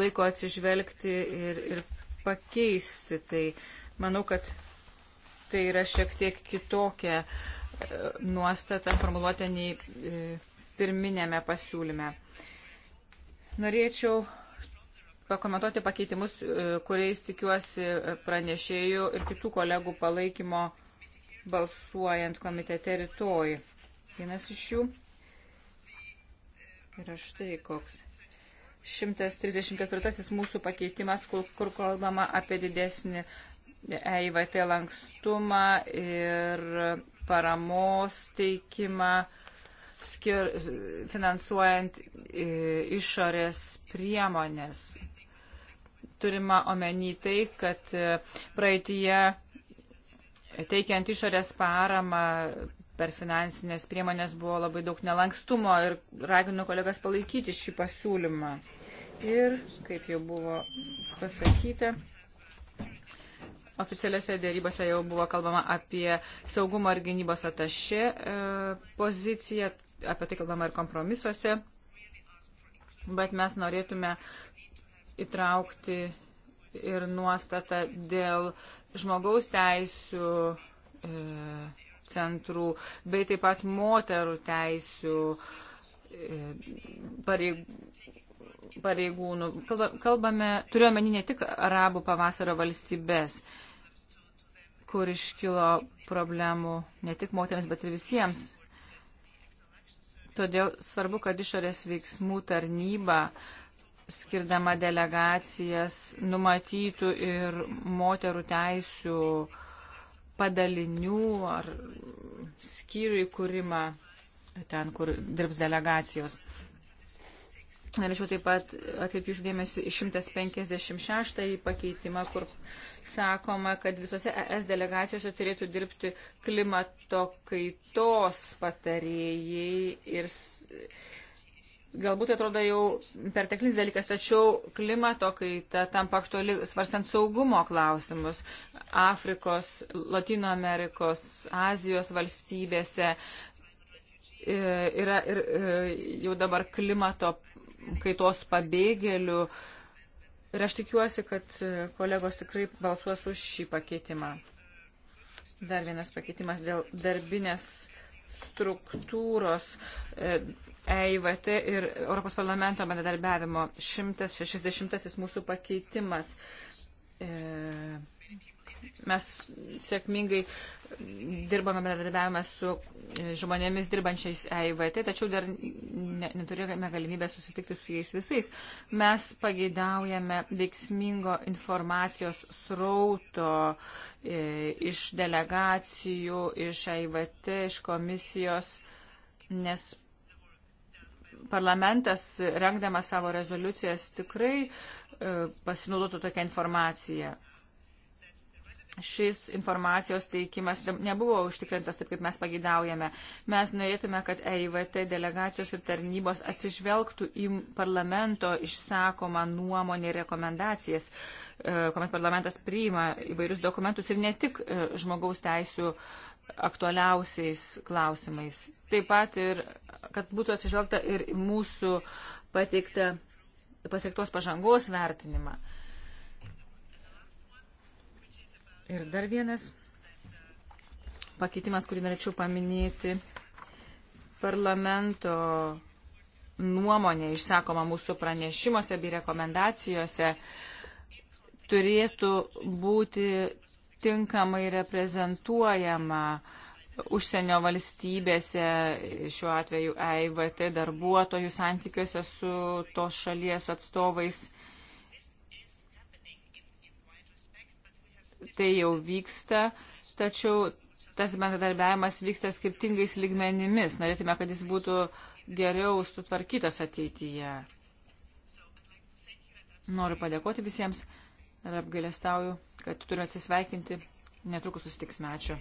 laiko atsižvelgti ir, ir pakeisti. Tai manau, kad tai yra šiek tiek kitokia e, nuostata formuluotė nei e, pirminėme pasiūlyme. Norėčiau pakomentuoti pakeitimus, e, kuriais tikiuosi pranešėjų ir kitų kolegų palaikymo balsuojant komitete rytoj. Vienas iš jų yra štai koks. 134 mūsų pakeitimas, kur, kur kalbama apie didesnį EIVT lankstumą ir paramos teikimą, skir, finansuojant e, išorės priemonės. Turima omeny tai, kad e, praeitie teikiant išorės paramą per finansinės priemonės buvo labai daug nelankstumo ir raginu kolegas palaikyti šį pasiūlymą. Ir, kaip jau buvo pasakyta, oficialiuose dėrybose jau buvo kalbama apie saugumo ir gynybos atašė e, poziciją, apie tai kalbama ir kompromisuose, bet mes norėtume įtraukti ir nuostatą dėl žmogaus teisų e, centrų, bei taip pat moterų teisių e, pareigūnų. Kalbame, turiuomenį ne tik arabų pavasario valstybės, kur iškilo problemų ne tik moteriams, bet ir visiems Todėl svarbu, kad išorės veiksmų tarnyba, skirdama delegacijas, numatytų ir moterų teisų padalinių ar skyrių įkūrimą ten, kur dirbs delegacijos. Norėčiau taip pat atkreipti išdėmėsi 156 pakeitimą, kur sakoma, kad visose ES delegacijose turėtų dirbti klimato kaitos patarėjai ir galbūt atrodo jau perteklinis dalykas, tačiau klimato kaita tampa aktuali svarstant saugumo klausimus Afrikos, Latino Amerikos, Azijos valstybėse. E, yra ir e, jau dabar klimato kaitos pabėgėlių. Ir aš tikiuosi, kad e, kolegos tikrai balsuos už šį pakeitimą. Dar vienas pakeitimas dėl darbinės struktūros EIVT ir Europos parlamento bendradarbiavimo 160 mūsų pakeitimas. E, mes sėkmingai dirbame bendradarbiavime su e, žmonėmis dirbančiais EIVT, tačiau dar ne, neturėjome galimybę susitikti su jais visais. Mes pageidaujame veiksmingo informacijos srauto e, iš delegacijų, iš EIVT, iš komisijos, nes parlamentas, rengdamas savo rezoliucijas, tikrai e, pasinaudotų tokią informaciją. Šis informacijos teikimas nebuvo užtikrintas taip, kaip mes pagidaujame. Mes norėtume, kad EIVT delegacijos ir tarnybos atsižvelgtų į parlamento išsakomą nuomonę ir rekomendacijas, e, kuomet parlamentas priima įvairius dokumentus ir ne tik e, žmogaus teisų aktualiausiais klausimais taip pat ir, kad būtų atsižvelgta ir mūsų pateiktą pasiektos pažangos vertinimą. Ir dar vienas pakeitimas, kurį norėčiau paminėti, parlamento nuomonė išsakoma mūsų pranešimuose bei rekomendacijose turėtų būti tinkamai reprezentuojama uh, užsienio valstybėse, šiuo atveju EIVT darbuotojų santykiuose su tos šalies atstovais. Tai jau vyksta, tačiau tas bendradarbiavimas vyksta skirtingais lygmenimis. Norėtume, kad jis būtų geriau sutvarkytas ateityje. Noriu padėkoti visiems ir apgailestauju, kad turiu atsisveikinti. Netrukus susitiksime. Ačiū.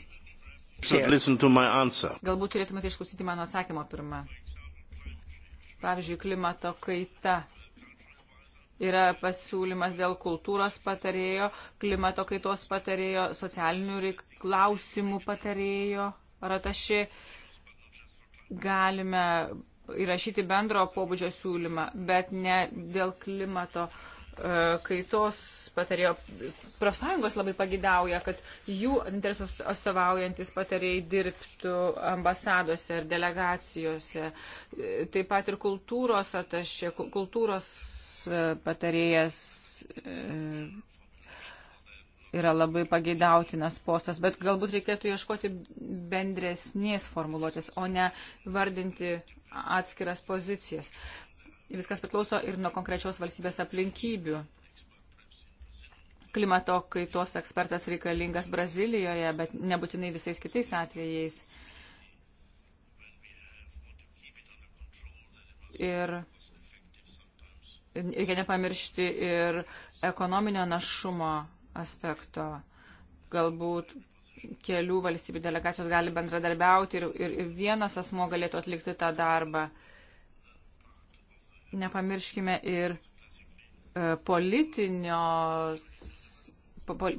Galbūt turėtumėte išklausyti mano atsakymą pirmą. Pavyzdžiui, klimato kaita. Yra pasiūlymas dėl kultūros patarėjo, klimato kaitos patarėjo, socialinių klausimų patarėjo ar atašė. Galime įrašyti bendro pobūdžio siūlymą, bet ne dėl klimato uh, E, kaitos patarėjo profsąjungos labai pagidauja, kad jų interesus atstovaujantis patarėjai dirbtų ambasadose ir delegacijose. E, taip pat ir kultūros atašė, kultūros e, patarėjas yra labai pageidautinas postas, bet galbūt reikėtų ieškoti bendresnės formuluotės, o ne vardinti atskiras pozicijas viskas priklauso ir nuo konkrečios valstybės aplinkybių. Klimato kaitos ekspertas reikalingas Brazilijoje, bet nebūtinai visais kitais atvejais. Ir reikia nepamiršti ir ekonominio našumo aspekto. Galbūt kelių valstybių delegacijos gali bendradarbiauti ir, ir, ir vienas asmo galėtų atlikti tą darbą nepamirškime ir e, politinios,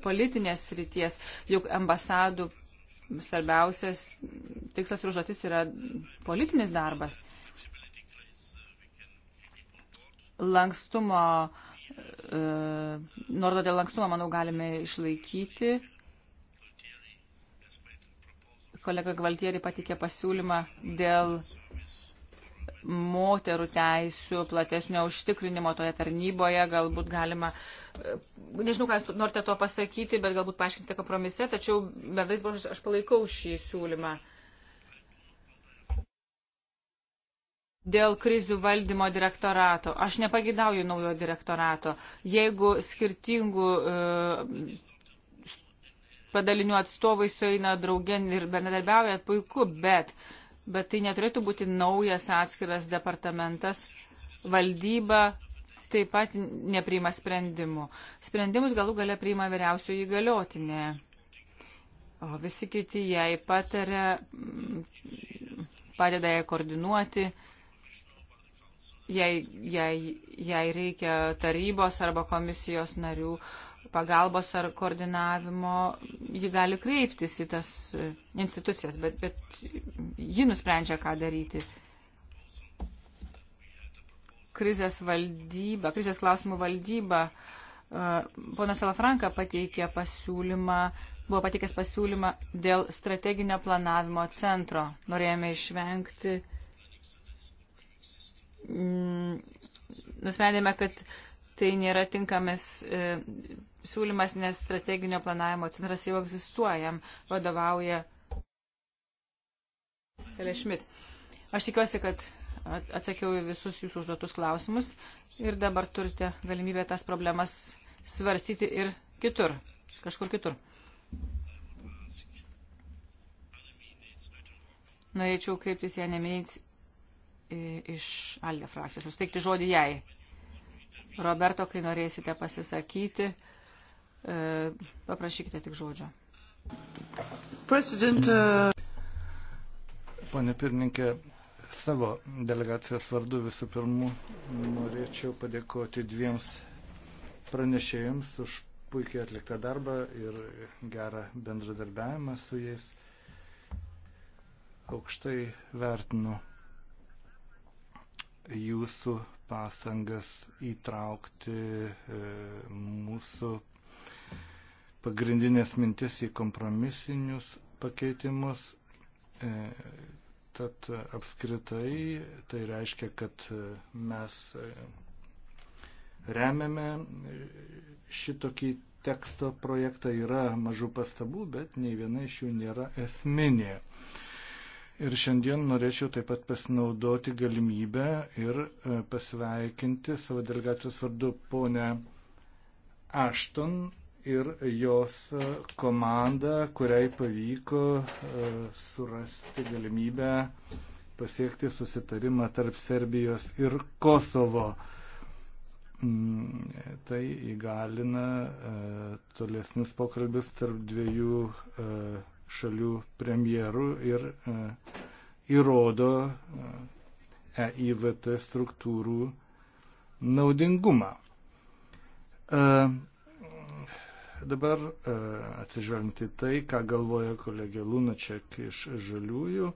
politinės ryties, juk ambasadų svarbiausias tikslas ir užduotis yra politinis darbas. Lankstumo, e, nuorodą dėl lankstumo, manau, galime išlaikyti. Kolega Gvaltieri patikė pasiūlymą dėl moterų teisų platesnio užtikrinimo toje tarnyboje, galbūt galima, e, nežinau, ką norite to pasakyti, bet galbūt paaiškinsite kompromise, tačiau bendrais brožais aš palaikau šį siūlymą. Dėl krizių valdymo direktorato. Aš nepagidauju naujo direktorato. Jeigu skirtingų uh, padalinių atstovai sueina draugien ir bendradarbiauja, puiku, bet uh, bet tai neturėtų būti naujas atskiras departamentas. Valdyba taip pat nepriima sprendimų. Sprendimus galų gale priima vyriausioji galiotinė. O visi kiti jai patarė, padeda jai koordinuoti, jei, jei, jei reikia tarybos arba komisijos narių uh, pagalbos ar koordinavimo, ji gali kreiptis į tas e, institucijas, bet, bet ji nusprendžia, ką daryti. Krizės valdyba, krizės klausimų valdyba, e, ponas Salafranka pateikė pasiūlymą, buvo pateikęs pasiūlymą dėl strateginio planavimo centro. Norėjome išvengti, mm, nusprendėme, kad tai nėra tinkamas e, siūlymas, nes strateginio planavimo centras jau egzistuoja, vadovauja Helė Šmit. Aš tikiuosi, kad atsakiau į visus jūsų užduotus klausimus ir dabar turite galimybę tas problemas svarstyti ir kitur, kažkur kitur. Norėčiau kreiptis į Aneminį iš Alde frakcijos, susteikti žodį jai. Roberto, kai norėsite pasisakyti, E, paprašykite tik žodžio. President. E, Pane pirmininkė, savo delegacijos vardu visų pirma norėčiau padėkoti dviems pranešėjams už puikiai atliktą darbą ir gerą bendradarbiavimą su jais. Aukštai vertinu jūsų pastangas įtraukti e, mūsų pagrindinės mintis į kompromisinius pakeitimus. E, tad apskritai tai reiškia, kad e, mes e, remiame šitokį teksto projektą. Yra mažų pastabų, bet nei viena iš jų nėra esminė. Ir šiandien norėčiau taip pat pasinaudoti galimybę ir pasveikinti savo delegacijos vardu ponę Ašton ir jos komanda, kuriai pavyko e, surasti galimybę pasiekti susitarimą tarp Serbijos ir Kosovo. Mm, tai įgalina e, tolesnius pokalbius tarp dviejų e, šalių premjerų ir įrodo EIVT struktūrų naudingumą. Dabar e, atsižvelgiant į tai, ką galvoja kolegė Lunačiak iš žaliųjų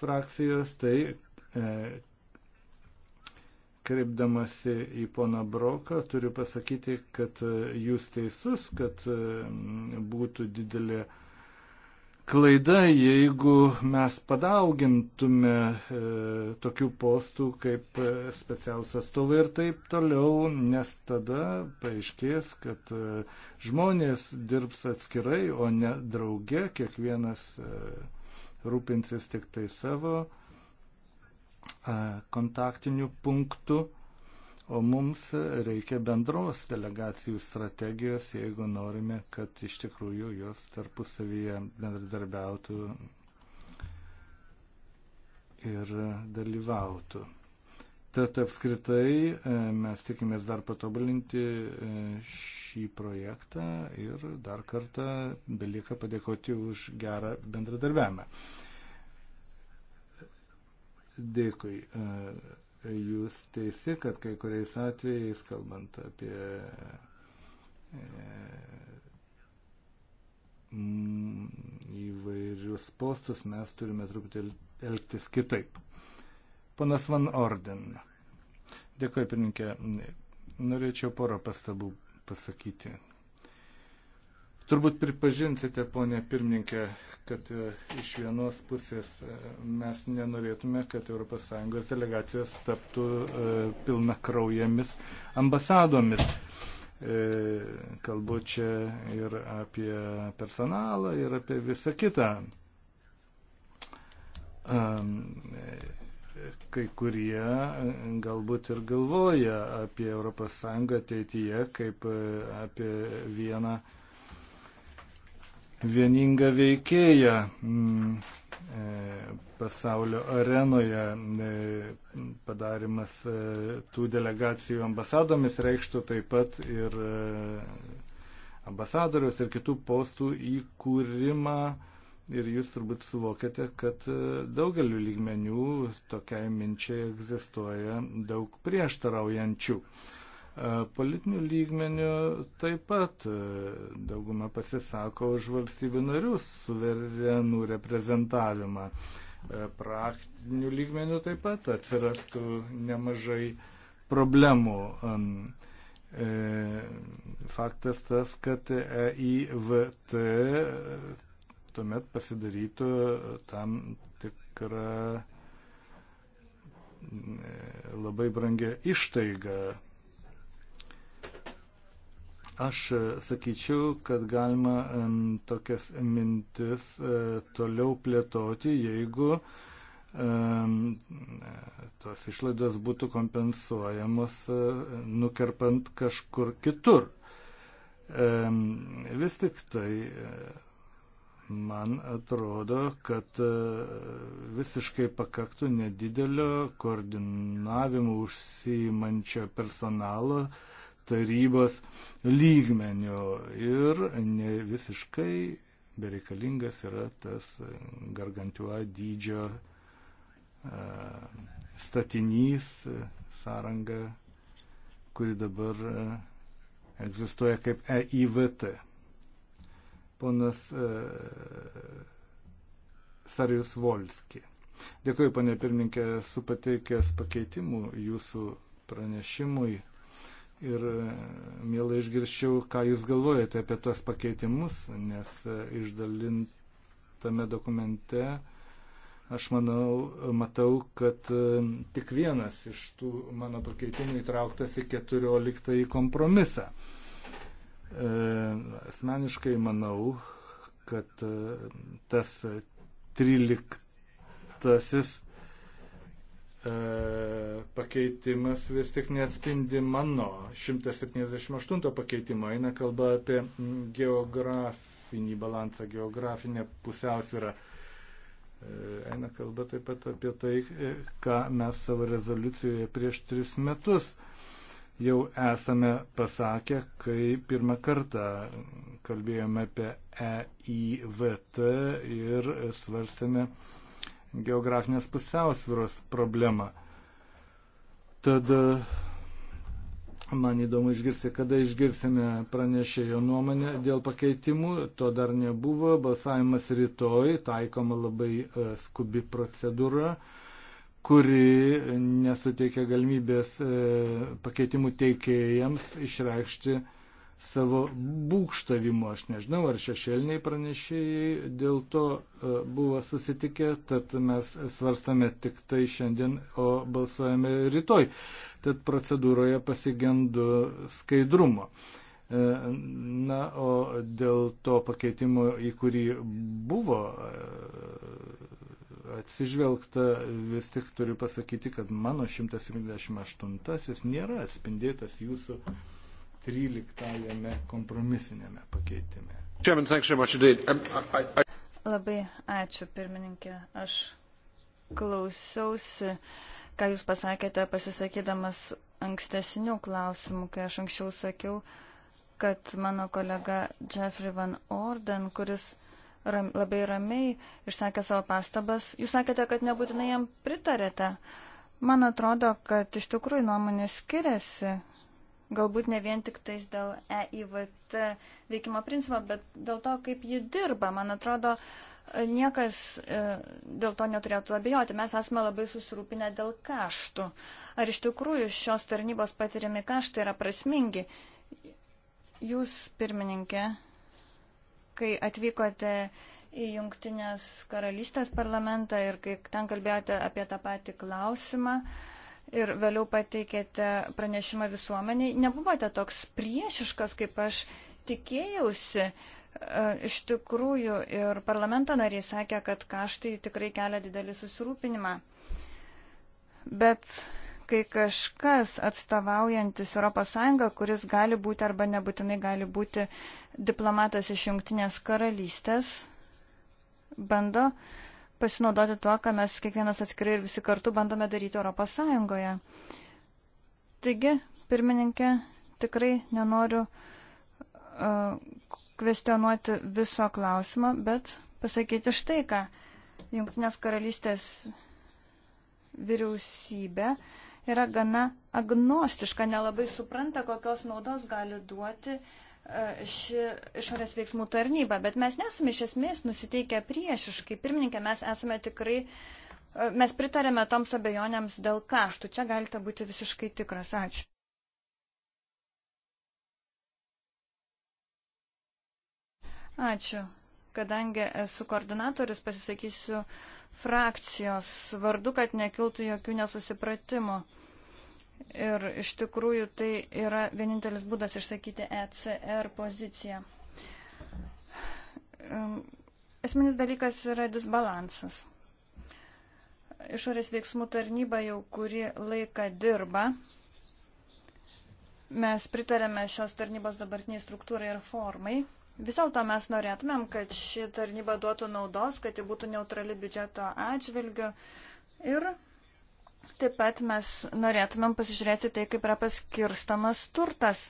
frakcijos, tai e, kreipdamasi į poną Broką turiu pasakyti, kad e, jūs teisus, kad e, būtų didelė e, klaida, jeigu mes padaugintume e, tokių postų kaip e, specialus atstovai ir taip toliau, nes tada paaiškės, kad e, žmonės dirbs atskirai, o ne drauge, kiekvienas e, rūpinsis tik tai savo e, kontaktinių punktų. O mums reikia bendros delegacijų strategijos, jeigu norime, kad iš tikrųjų jos tarpusavyje bendradarbiautų ir dalyvautų. Tad apskritai e, mes tikimės dar patobulinti e, šį projektą ir dar kartą belieka padėkoti už gerą bendradarbiavimą. Dėkui. E, jūs teisi, kad kai kuriais atvejais, kalbant apie e, mm, įvairius postus, mes turime truputį elgtis kitaip. Panas Van Orden. Dėkuoju, pirmininkė. Norėčiau porą pastabų pasakyti. Turbūt pripažinsite, ponė pirmininkė, kad e, iš vienos pusės e, mes nenorėtume, kad ES delegacijos taptų e, pilna kraujomis ambasadomis. Kalbu čia ir apie personalą, ir apie visą kitą. Kai kurie galbūt ir galvoja apie ES ateityje kaip apie vieną uh, vieningą veikėją mm, e, pasaulio arenoje e, padarimas e, tų delegacijų ambasadomis reikštų taip pat ir ambasadoriaus ir kitų postų įkūrimą. Ir jūs turbūt suvokėte, kad daugeliu lygmenių tokiai minčiai egzistuoja daug prieštaraujančių. E, Politinių lygmenių taip pat e, dauguma pasisako už valstybių narių suverenų reprezentavimą. E, praktinių lygmenių taip pat atsirastų nemažai problemų. E, faktas tas, kad EIVT tuomet pasidarytų tam tikrą labai brangia ištaiga Aš e, sakyčiau, kad galima tokias mintis e, toliau plėtoti, jeigu tos išlaidos būtų kompensuojamos e, nukerpant kažkur kitur. Vis tik tai man atrodo, kad visiškai pakaktų nedidelio koordinavimu užsiimančio personalo tarybos lygmenių ir ne visiškai bereikalingas yra tas gargantua dydžio e, statinys, sąranga, kuri dabar e, egzistuoja kaip EIVT. Ponas e, Sarijus Volski. Dėkuoju, panė pirmininkė, su pateikęs pakeitimų jūsų pranešimui ir e, mielai išgirščiau, ką Jūs galvojate apie tuos pakeitimus, nes e, išdalintame dokumente aš manau, matau, kad e, tik vienas iš tų mano pakeitimų įtrauktas į 14 kompromisą. Asmeniškai manau, kad tas 13 E, pakeitimas vis tik neatspindi mano 178 pakeitimo. Eina kalba apie geografinį balansą, geografinę pusiausvyrą. E, eina kalba taip pat apie tai, e, ką mes savo rezoliucijoje prieš tris metus jau esame pasakę, kai pirmą kartą kalbėjome apie EIVT ir svarstėme geografinės pusiausviros problemą. Tad e, man įdomu išgirsti, kada išgirsime pranešėjo nuomonę dėl pakeitimų. To dar nebuvo. Balsavimas rytoj taikoma labai e, skubi procedūra kuri nesuteikia galimybės e, pakeitimų teikėjams išreikšti savo būkštavimo. Aš nežinau, ar šešėliniai pranešėjai dėl to e, buvo susitikę, tad mes svarstame tik tai šiandien, o balsuojame rytoj. Tad procedūroje pasigendu skaidrumo. E, na, o dėl to pakeitimo, į kurį buvo e, atsižvelgta, vis tik turiu pasakyti, kad mano 178 nėra atspindėtas jūsų 13 kompromisinėme pakeitime. Um, labai ačiū, pirmininkė. Aš klausiausi, ką Jūs pasakėte, pasisakydamas ankstesnių klausimų, kai aš anksčiau sakiau, kad mano kolega Jeffrey Van Orden, kuris ram, labai ramiai išsakė savo pastabas, Jūs sakėte, kad nebūtinai jam pritarėte. Man atrodo, kad iš tikrųjų nuomonės skiriasi Galbūt ne vien tik tais dėl EIVT veikimo principo, bet dėl to, kaip ji dirba. Man atrodo, niekas e, dėl to neturėtų abejoti. Mes esame labai susirūpinę dėl kaštų. Ar iš tikrųjų šios tarnybos patiriami kaštai yra prasmingi? Jūs, pirmininkė, kai atvykote į Junktinės karalystės parlamentą ir kai ten kalbėjote apie tą patį klausimą, uh, ir vėliau pateikėte pranešimą visuomeniai, nebuvote toks priešiškas, kaip aš tikėjausi. E, iš tikrųjų ir parlamento nariai sakė, kad kaštai tikrai kelia didelį susirūpinimą. Bet kai kažkas atstovaujantis ES, kuris gali būti arba nebūtinai gali būti diplomatas iš Junktinės karalystės, bando uh, pasinaudoti tuo, ką mes kiekvienas atskirai ir visi kartu bandome daryti Europos Sąjungoje. Taigi, pirmininkė, tikrai nenoriu uh, kvestionuoti viso klausimo, bet pasakyti štai ką. Junktinės karalystės vyriausybė yra gana agnostiška, nelabai supranta, kokios naudos gali duoti uh, ši išorės veiksmų tarnyba, bet mes nesame iš esmės nusiteikę priešiškai. Pirmininkė, mes esame tikrai, e, mes pritarėme toms abejonėms dėl kaštų. Čia galite būti visiškai tikras. Ačiū. Ačiū. Kadangi esu koordinatorius, pasisakysiu frakcijos vardu, kad nekiltų jokių nesusipratimų. Ir iš tikrųjų tai yra vienintelis būdas išsakyti ECR poziciją. Esminis dalykas yra disbalansas. Išorės veiksmų tarnyba jau kurį laiką dirba. Mes pritarėme šios tarnybos dabartiniai struktūrai ir formai. Vis dėlto mes norėtumėm, kad ši tarnyba duotų naudos, kad ji būtų neutrali biudžeto atžvilgiu ir Taip pat mes norėtumėm pasižiūrėti tai, kaip yra paskirstamas turtas,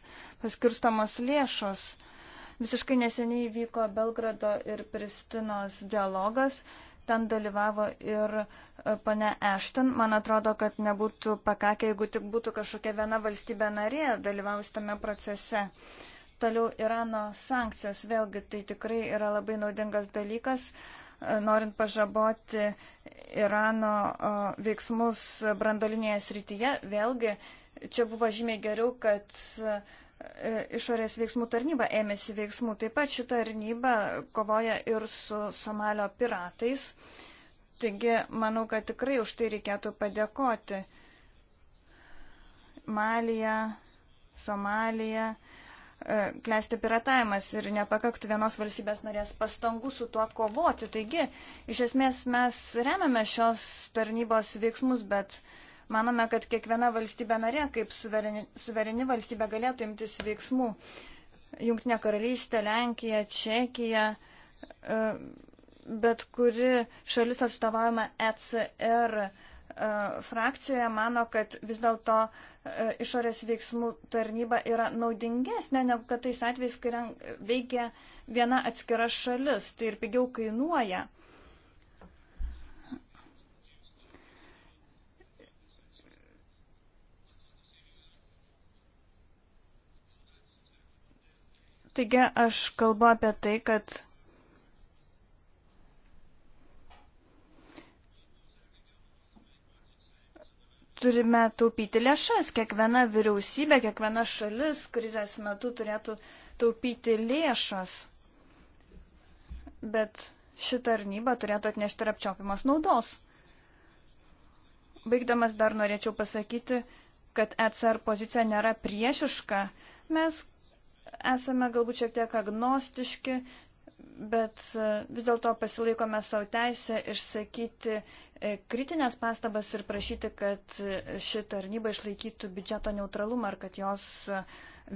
paskirstamos lėšos. Visiškai neseniai vyko Belgrado ir Pristinos dialogas, ten dalyvavo ir pane Ešten. Man atrodo, kad nebūtų pakakę, jeigu tik būtų kažkokia viena valstybė narė dalyvaus tame procese. Toliau Irano sankcijos, vėlgi tai tikrai yra labai naudingas dalykas. Uh, norint pažaboti Irano veiksmus brandolinėje srityje. Vėlgi, čia buvo žymiai geriau, kad e, išorės veiksmų tarnyba ėmėsi veiksmų. Taip pat ši tarnyba kovoja ir su Somalio piratais. Taigi, manau, kad tikrai už tai reikėtų padėkoti. Malija, Somalija. Somalija E, klesti piratavimas ir nepakaktų vienos valstybės narės pastangų su tuo kovoti. Taigi, iš esmės mes remiame šios tarnybos veiksmus, bet manome, kad kiekviena valstybė narė, kaip suvereni, suvereni valstybė, galėtų imtis veiksmų. Junktinė karalystė, Lenkija, Čekija, e, bet kuri šalis atstovaujama ECR E, frakcijoje mano, kad vis dėlto e, išorės veiksmų tarnyba yra naudingesnė negu kad tais atvejais, kai veikia viena atskira šalis, tai ir pigiau kainuoja. Taigi aš kalbu apie tai, kad turime taupyti lėšas. Kiekviena vyriausybė, kiekviena šalis krizės metu turėtų taupyti lėšas. Bet ši tarnyba turėtų atnešti ir apčiopimas naudos. Baigdamas dar norėčiau pasakyti, kad ECR pozicija nėra priešiška. Mes esame galbūt šiek tiek agnostiški, bet e, vis dėlto pasilaikome savo teisę išsakyti e, kritinės pastabas ir prašyti, kad e, ši tarnyba išlaikytų biudžeto neutralumą ar kad jos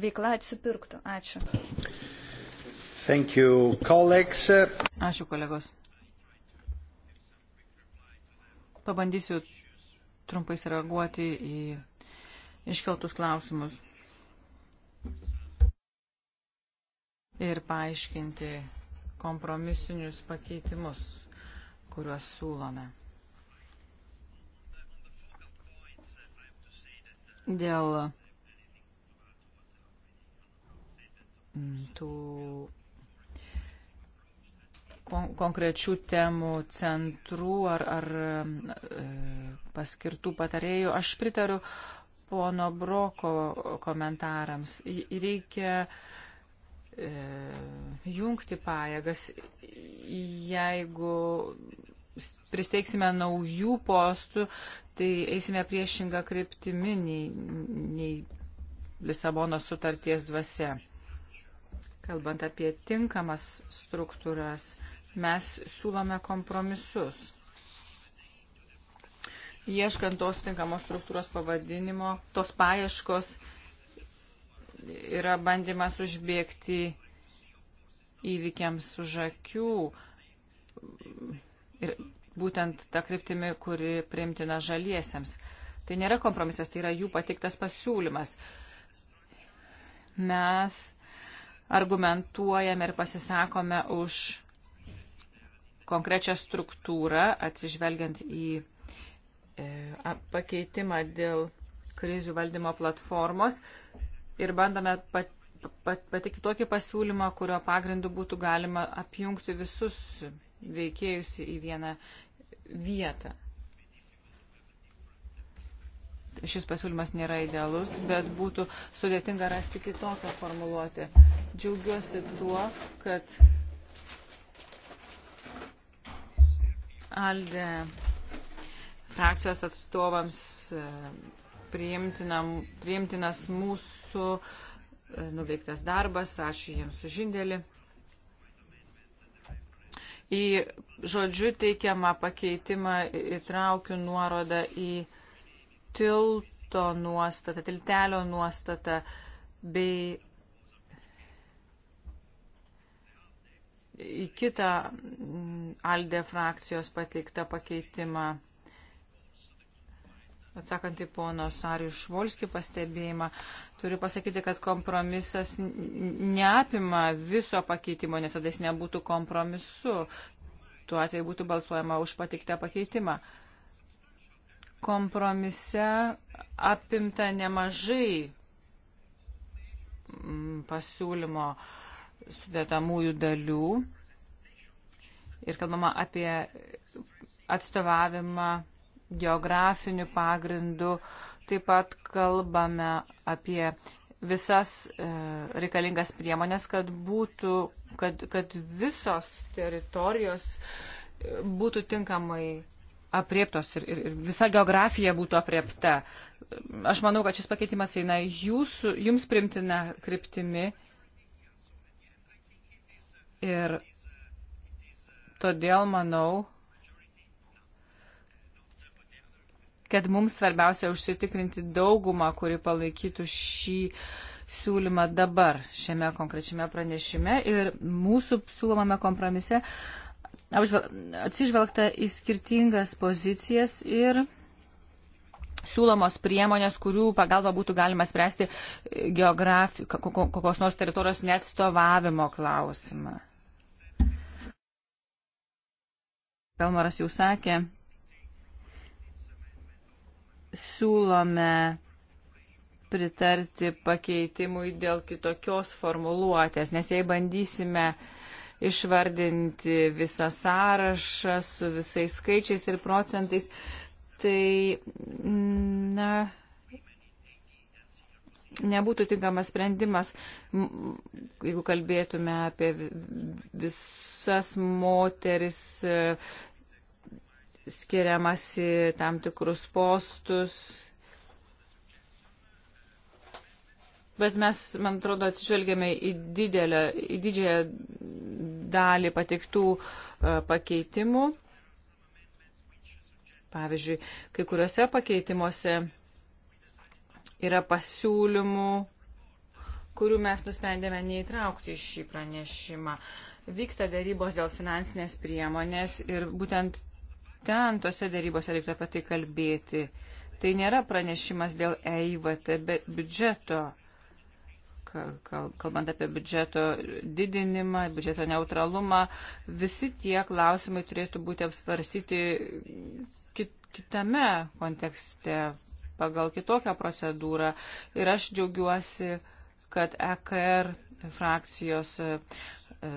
veikla atsipirktų. Ačiū. Thank you, colleagues. Ačiū, kolegos. Pabandysiu trumpai reaguoti į iškeltus klausimus ir paaiškinti kompromisinius pakeitimus, kuriuos siūlome. Dėl mm, tų kon konkrečių temų centrų ar, ar e, paskirtų patarėjų. Aš pritariu pono Broko komentarams. Reikia e, E, jungti pajėgas, jeigu pristeiksime naujų postų, tai eisime priešingą kryptimį nei, nei Lisabono sutarties dvasia. Kalbant apie tinkamas struktūras, mes siūlome kompromisus. Ieškant tos tinkamos struktūros pavadinimo, tos paieškos yra bandymas užbėgti įvykiams už akių. Ir būtent tą kryptimį, kuri priimtina žaliesiems. Tai nėra kompromisas, tai yra jų pateiktas pasiūlymas. Mes argumentuojame ir pasisakome už konkrečią struktūrą, atsižvelgiant į e, pakeitimą dėl krizių valdymo platformos, ir bandome pat, pat, patikti tokį pasiūlymą, kurio pagrindu būtų galima apjungti visus veikėjus į vieną vietą. Šis pasiūlymas nėra idealus, bet būtų sudėtinga rasti kitokią formuluotę. Džiaugiuosi tuo, kad Alde frakcijos atstovams priimtina, priimtinas mūsų e, nuveiktas darbas. Ačiū jiems sužindėlį. Į žodžių teikiamą pakeitimą įtraukiu nuorodą į tilto nuostatą, tiltelio nuostatą bei į kitą mm, Alde frakcijos pateiktą pakeitimą. Atsakant į pono Sarius Švolskį pastebėjimą, turiu pasakyti, kad kompromisas neapima viso pakeitimo, nes tada jis nebūtų kompromisu. Tuo atveju būtų balsuojama už patiktą pakeitimą. Kompromise apimta nemažai mm, pasiūlymo sudėtamųjų dalių ir kalbama apie atstovavimą geografiniu pagrindu. Taip pat kalbame apie visas e, reikalingas priemonės, kad būtų, kad, kad visos teritorijos e, būtų tinkamai apriektos ir, ir, ir visa geografija būtų apriekta. Aš manau, kad šis pakeitimas eina jūsų, jums primtina kryptimi ir todėl manau, kad mums svarbiausia užsitikrinti daugumą, kuri palaikytų šį siūlymą dabar šiame konkrečiame pranešime ir mūsų siūlomame kompromise atsižvelgta į skirtingas pozicijas ir siūlomos priemonės, kurių pagalba būtų galima spręsti kokios nors teritorijos neatstovavimo klausimą. Pelmaras jau sakė, siūlome pritarti pakeitimui dėl kitokios formuluotės, nes jei bandysime išvardinti visą sąrašą su visais skaičiais ir procentais, tai na, nebūtų tinkamas sprendimas, jeigu kalbėtume apie visas moteris skiriamasi tam tikrus postus. Bet mes, man atrodo, atsižvelgėme į, didelę, į didžiąją dalį pateiktų e, pakeitimų. Pavyzdžiui, kai kuriuose pakeitimuose yra pasiūlymų, kurių mes nusprendėme neįtraukti į šį pranešimą. Vyksta dėrybos dėl finansinės priemonės ir būtent ten tose dėrybose reiktų apie tai kalbėti. Tai nėra pranešimas dėl EIVT biudžeto, kalbant apie biudžeto didinimą, biudžeto neutralumą. Visi tie klausimai turėtų būti apsvarsyti kit kitame kontekste, pagal kitokią procedūrą. Ir aš džiaugiuosi, kad EKR frakcijos e, e,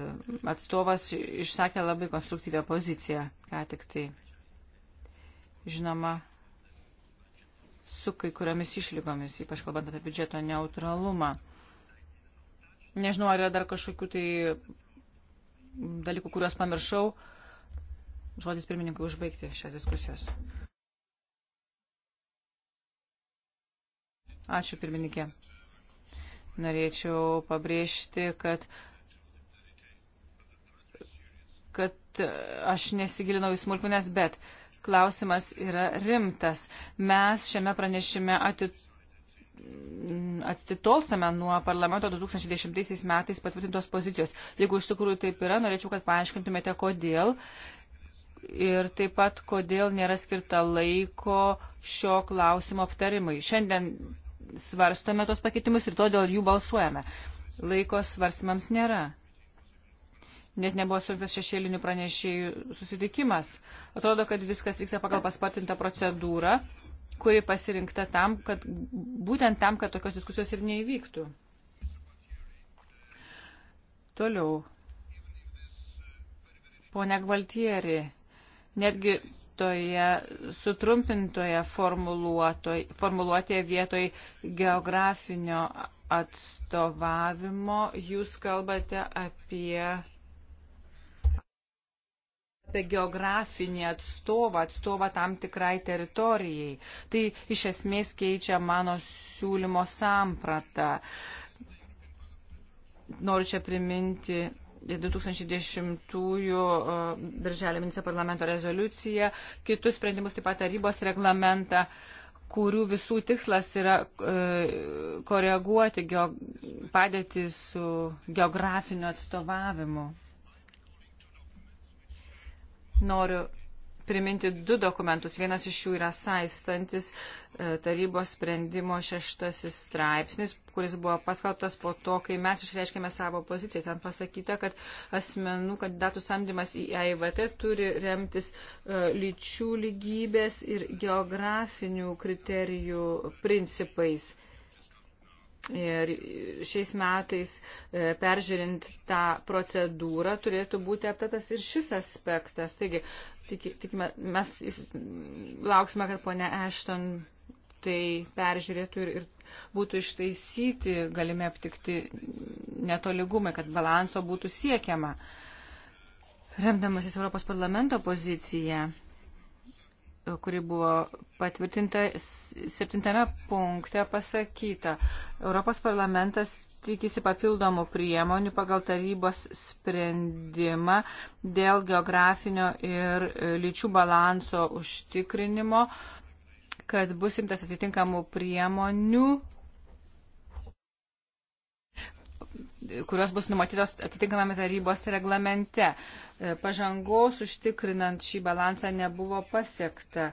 atstovas išsakė labai konstruktyvę poziciją ką tik tai žinoma, su kai kuriomis išlygomis, ypač kalbant apie biudžeto neutralumą. Nežinau, ar yra dar kažkokių tai dalykų, kuriuos pamiršau. Žodis pirmininkui užbaigti šias diskusijas. Ačiū pirmininkė. Norėčiau pabrėžti, kad, kad aš nesigilinau į smulkmenes, bet uh, klausimas yra rimtas. Mes šiame pranešime atit atitolsame nuo parlamento 2010 metais patvirtintos pozicijos. Jeigu iš tikrųjų taip yra, norėčiau, kad paaiškintumėte, kodėl ir taip pat, kodėl nėra skirta laiko šio klausimo aptarimui. Šiandien svarstome tos pakeitimus ir todėl jų balsuojame. Laiko svarstymams nėra net nebuvo surinktas šešėlinių pranešėjų susitikimas. Atrodo, kad viskas vyksta pagal paspartintą procedūrą, kuri pasirinkta tam, kad būtent tam, kad tokios diskusijos ir neįvyktų. Toliau. Pone Gvaltieri, netgi toje sutrumpintoje formuluotėje vietoj geografinio atstovavimo jūs kalbate apie apie geografinį atstovą, atstovą tam tikrai teritorijai. Tai iš esmės keičia mano siūlymo sampratą. Noriu čia priminti 2010-ųjų e, Birželio ministro parlamento rezoliuciją, kitus sprendimus, taip pat tarybos reglamentą kurių visų tikslas yra e, koreguoti geo, padėtį su geografiniu atstovavimu. Noriu priminti du dokumentus. Vienas iš jų yra saistantis e, tarybos sprendimo šeštasis straipsnis, kuris buvo paskaltas po to, kai mes išreiškėme savo poziciją. Ten pasakyta, kad asmenų kandidatų samdymas į AIVT e turi remtis e, lyčių lygybės ir geografinių kriterijų principais. Ir šiais metais, e, peržiūrint tą procedūrą, turėtų būti aptatas ir šis aspektas. Taigi, tik, tikime, mes lauksime, kad ponė Ešton tai peržiūrėtų ir, ir būtų ištaisyti, galime aptikti netoligumai, kad balanso būtų siekiama. Remdamasis Europos parlamento poziciją, kuri buvo patvirtinta septintame punkte pasakyta. Europos parlamentas tikisi papildomų priemonių pagal tarybos sprendimą dėl geografinio ir e, lyčių balanso užtikrinimo, kad bus imtas atitinkamų priemonių kurios bus numatytos atitinkamame tarybos reglamente. E, pažangos užtikrinant šį balansą nebuvo pasiekta.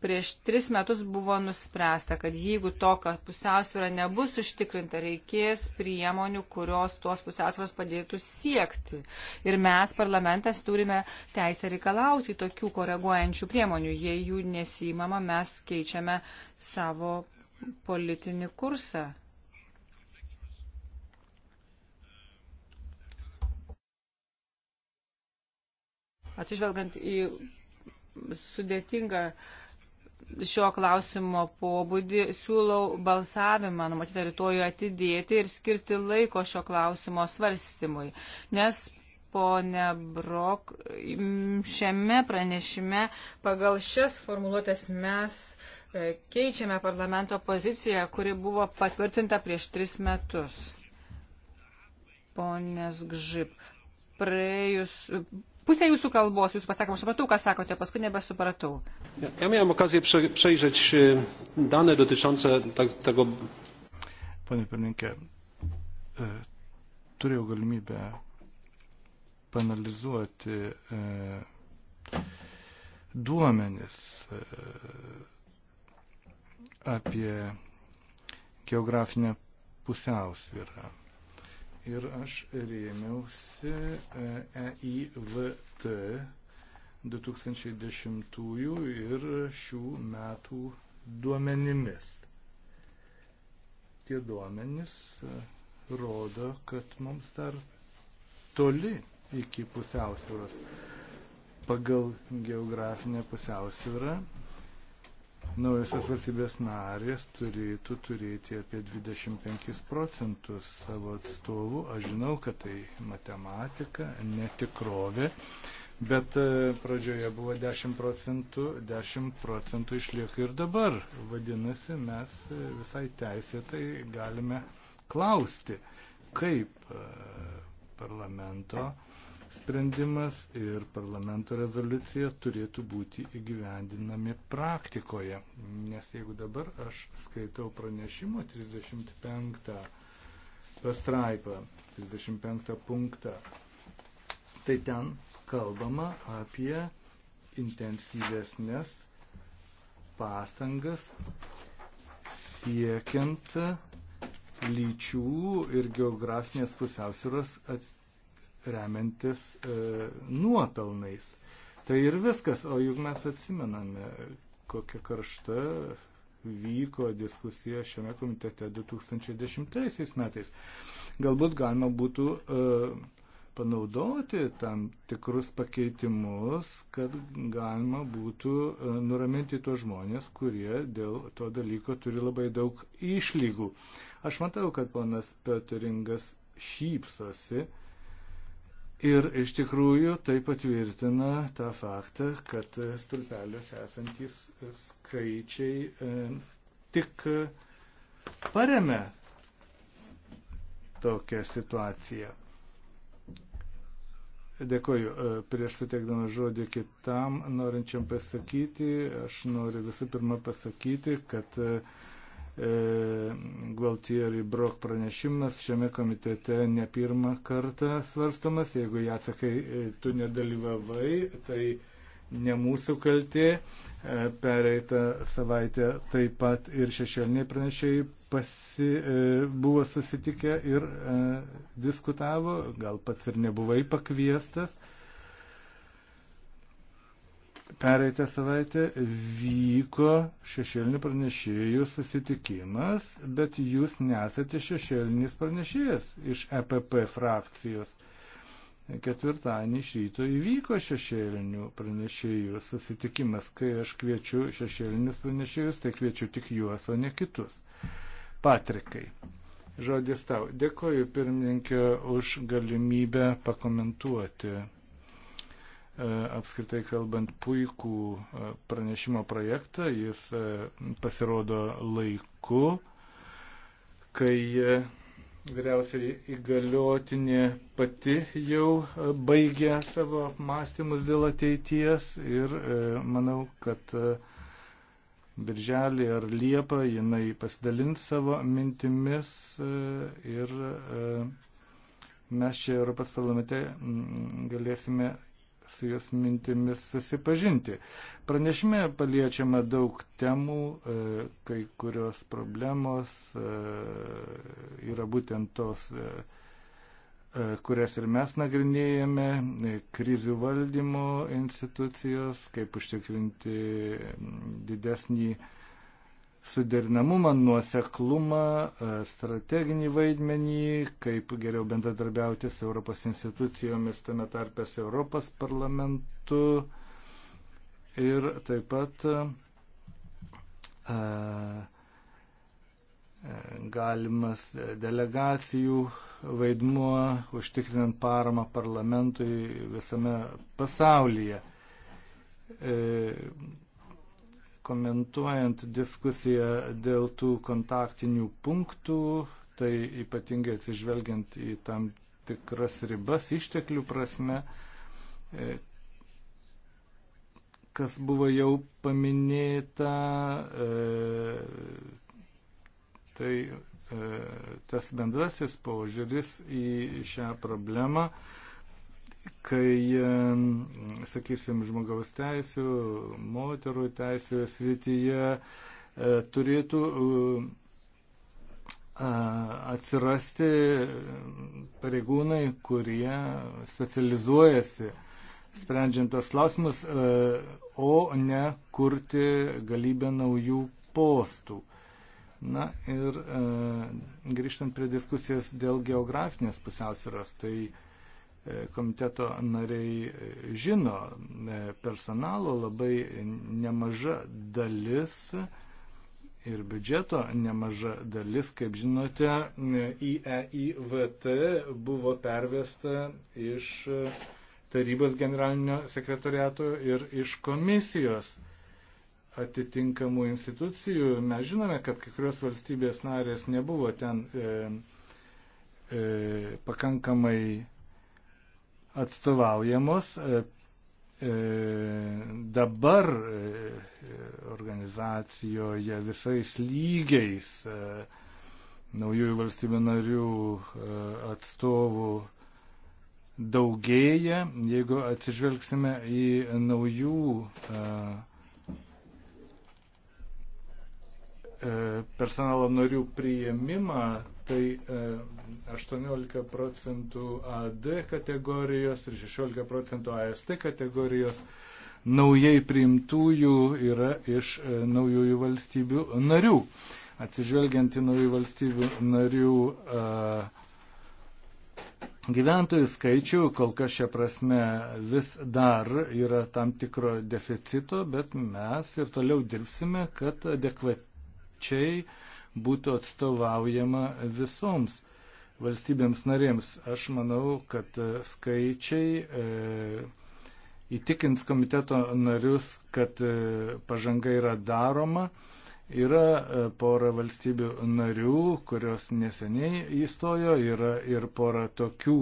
Prieš tris metus buvo nuspręsta, kad jeigu tokia pusiausvėra nebus užtikrinta, reikės priemonių, kurios tuos pusiausvėros padėtų siekti. Ir mes, parlamentas, turime teisę reikalauti tokių koreguojančių priemonių. Jei jų nesimama, mes keičiame savo politinį kursą. atsižvelgiant į sudėtingą šio klausimo pobūdį, siūlau balsavimą numatytą rytoj atidėti ir skirti laiko šio klausimo svarstymui, nes ponė Brok, šiame pranešime pagal šias formuluotės mes e, keičiame parlamento poziciją, kuri buvo patvirtinta prieš tris metus. Ponės Gžip, praėjus pusę jūsų kalbos, jūs pasakėte, aš supratau, ką sakote, paskui nebesupratau. Ja miałem okazję prze, przejrzeć e, dane dotyczące tak, tego. Panie pirmininkė, e, turėjau galimybę panalizuoti e, duomenis e, apie geografinę pusiausvyrą ir aš rėmiausi EIVT e 2010 ir šių metų duomenimis. Tie duomenys e, rodo, kad mums dar toli iki pusiausvėros. Pagal geografinę pusiausvėrą naujosios valstybės narės turėtų turėti apie 25 procentus savo atstovų. Aš žinau, kad tai matematika, netikrovė, bet e, pradžioje buvo 10 procentų, 10 procentų išlieka ir dabar. Vadinasi, mes e, visai teisėtai galime klausti, kaip e, parlamento. Mhm sprendimas ir parlamento rezoliucija turėtų būti įgyvendinami praktikoje. Nes jeigu dabar aš skaitau pranešimo 35 pastraipą, 35 punktą, tai ten kalbama apie intensyvesnės pastangas siekiant lyčių ir geografinės pusiausvėros ats remiantis e, nuopelnais. Tai ir viskas, o juk mes atsimename, kokia karšta vyko diskusija šiame komitete 2010 metais. Galbūt galima būtų e, panaudoti tam tikrus pakeitimus, kad galima būtų e, nuraminti tuos žmonės, kurie dėl to dalyko turi labai daug išlygų. Aš matau, kad ponas Peteringas šypsosi. Ir iš tikrųjų tai patvirtina tą faktą, kad e, stulpelės esantis skaičiai e, tik e, paremia tokią situaciją. Dėkoju. E, prieš suteikdamas žodį kitam norinčiam pasakyti, aš noriu visų pirma pasakyti, kad e, E, Gualtieri Brok pranešimas šiame komitete ne pirmą kartą svarstomas. Jeigu ją atsakai, e, tu nedalyvavai, tai ne mūsų kaltė. E, Pereitą savaitę taip pat ir šešėliniai pranešėjai pasi, buvo susitikę ir diskutavo, gal pats ir nebuvai pakviestas. Pereitą savaitę vyko šešėlinių pranešėjų susitikimas, bet jūs nesate šešėlinis pranešėjas iš EPP frakcijos. Ketvirtadienį iš ryto įvyko šešėlinių pranešėjų susitikimas. Kai aš kviečiu šešėlinius pranešėjus, tai kviečiu tik juos, o ne kitus. Patrikai. Žodis tau. Dėkoju pirmininkė už galimybę pakomentuoti E, apskritai kalbant puikų e, pranešimo projektą. Jis e, pasirodo laiku, kai vyriausiai įgaliotinė pati jau baigė savo apmąstymus dėl ateities ir manau, kad Birželį ar Liepą jinai pasidalins savo mintimis ir mes čia Europos parlamente galėsime su jos mintimis susipažinti. Pranešime paliečiama daug temų, e, kai kurios problemos e, yra būtent tos, e, kurias ir mes nagrinėjame, krizių valdymo institucijos, kaip užtikrinti didesnį suderinamumą, nuoseklumą, e, strateginį vaidmenį, kaip geriau bendradarbiauti su Europos institucijomis, tame tarpės Europos parlamentu ir taip pat e, e, galimas delegacijų vaidmuo užtikrinant paramą parlamentui visame pasaulyje Komentuojant diskusiją dėl tų kontaktinių punktų, tai ypatingai atsižvelgiant į tam tikras ribas išteklių prasme, e, kas buvo jau paminėta, e, tai e, tas bendrasis požiūris į šią problemą kai, sakysim, žmogaus teisų, moterų teisų srityje e, turėtų e, atsirasti pareigūnai, kurie specializuojasi sprendžiant tos klausimus, e, o ne kurti galybę naujų postų. Na ir grįžtant prie diskusijos dėl geografinės pusiausvėros, tai komiteto nariai žino, e, personalo labai nemaža dalis ir biudžeto nemaža dalis, kaip žinote, į e, EIVT buvo pervesta iš e, tarybos generalinio sekretoriato ir iš komisijos atitinkamų institucijų. Mes žinome, kad kai kurios valstybės narės nebuvo ten e, e, pakankamai atstovaujamos. E, e, dabar e, organizacijoje visais lygiais naujųjų valstybių narių atstovų daugėja, jeigu atsižvelgsime į naujų personalo narių priėmimą, tai 18 e, procentų AD kategorijos ir 16 procentų AST kategorijos naujai priimtųjų yra iš e, naujųjų valstybių narių. Atsižvelgiant į naujų valstybių narių a, e, gyventojų skaičių, kol kas šią prasme vis dar yra tam tikro deficito, bet mes ir toliau dirbsime, kad adekvačiai uh, būtų atstovaujama visoms valstybėms narėms. Aš manau, kad e, skaičiai e, įtikins komiteto narius, kad e, pažanga yra daroma. Yra e, pora valstybių narių, kurios neseniai įstojo, yra ir pora tokių,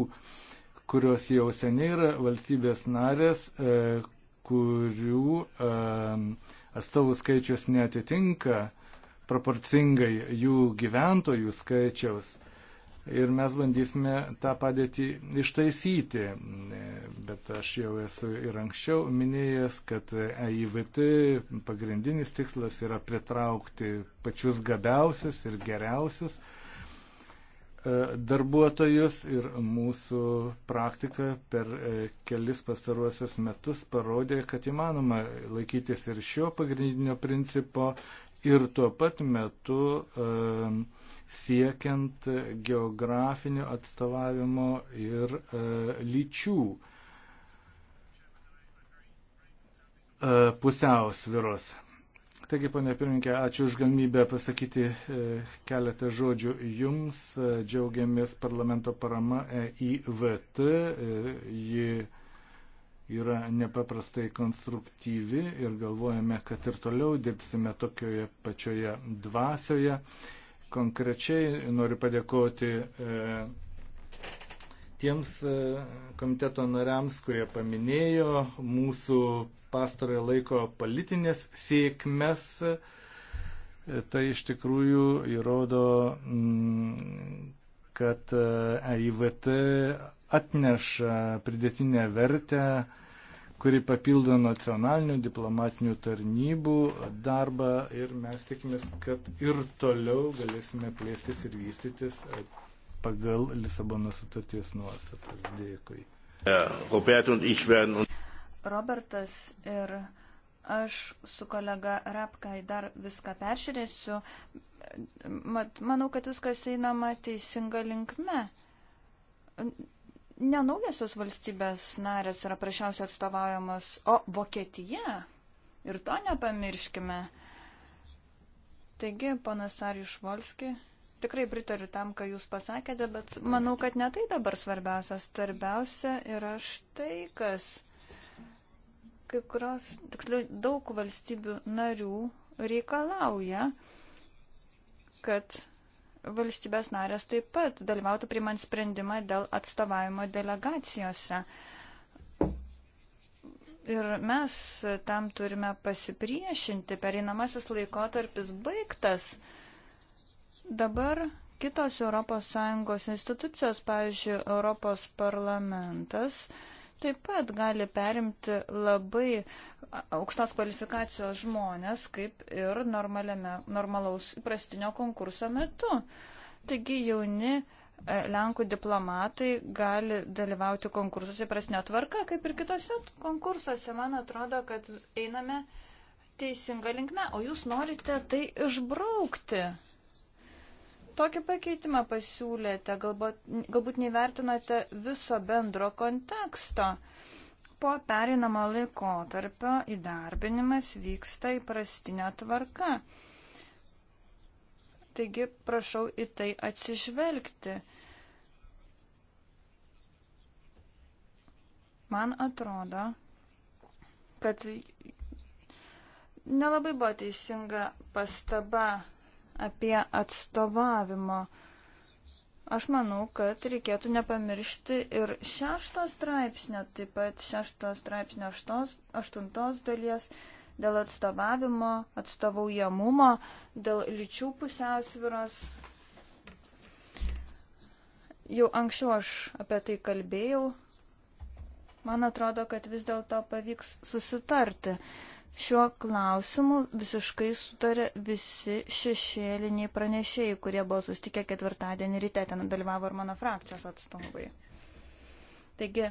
kurios jau seniai yra valstybės narės, e, kurių e, atstovų skaičius netitinka e, proporcingai jų gyventojų skaičiaus. Ir mes bandysime tą padėtį ištaisyti. Bet aš jau esu ir anksčiau minėjęs, kad EIVT pagrindinis tikslas yra pritraukti pačius gabiausius ir geriausius e, darbuotojus ir mūsų praktika per e, kelis pastaruosius metus parodė, kad įmanoma laikytis ir šio pagrindinio principo, ir tuo pat metu siekiant geografinio atstovavimo ir e, lyčių e, pusiausviros. Taigi, ponė pirmininkė, ačiū už galimybę pasakyti e, keletą žodžių jums. Džiaugiamės parlamento parama EIVT. Ji yra nepaprastai konstruktyvi ir galvojame, kad ir toliau dirbsime tokioje pačioje dvasioje. Konkrečiai noriu padėkoti e, tiems e, komiteto nariams, kurie paminėjo mūsų pastarojo laiko politinės sėkmes. E, tai iš tikrųjų įrodo, kad EIVT e atneša pridėtinę vertę, kuri papildo nacionalinių diplomatinių tarnybų darbą ir mes tikimės, kad ir toliau galėsime plėstis ir vystytis pagal Lisabono sutarties nuostatas. Dėkui. Robertas ir aš su kolega Rapkai dar viską peržiūrėsiu. Mat, manau, kad viskas einama teisinga linkme Nenaujasios valstybės narės yra prašiausiai atstovaujamos, o Vokietija. Ir to nepamirškime. Taigi, ponas Arijus Volski, tikrai pritariu tam, ką Jūs pasakėte, bet manau, kad ne tai dabar svarbiausia. Svarbiausia yra štai kas. Kai kurios, tiksliau, daug valstybių narių reikalauja, kad valstybės narės taip pat dalyvautų priimant sprendimą dėl atstovavimo delegacijose. Ir mes tam turime pasipriešinti. Pereinamasis laikotarpis baigtas. Dabar kitos ES institucijos, pavyzdžiui, Europos parlamentas, uh, taip pat gali perimti labai aukštos kvalifikacijos žmonės, kaip ir normalaus įprastinio konkurso metu. Taigi jauni e, Lenkų diplomatai gali dalyvauti konkursuose įprastinė tvarka, kaip ir kitose konkursuose. Man atrodo, kad einame teisinga linkme, o jūs norite tai išbraukti. Tokį pakeitimą pasiūlėte, galbūt, galbūt nevertinote viso bendro konteksto. Po pereinamo laiko tarpio įdarbinimas vyksta įprastinė tvarka. Taigi prašau į tai atsižvelgti. Man atrodo, kad nelabai buvo teisinga pastaba apie atstovavimo. Aš manau, kad reikėtų nepamiršti ir šešto straipsnio, taip pat šešto straipsnio aštos, aštuntos dalies dėl atstovavimo, atstovaujamumo, dėl lyčių pusiausviros. Jau anksčiau aš apie tai kalbėjau. Man atrodo, kad vis dėlto pavyks susitarti. Uh, Šiuo klausimu visiškai sutarė visi šešėliniai pranešėjai, kurie buvo sustikę ketvirtadienį ryte, ten dalyvavo ir mano frakcijos atstovai. Taigi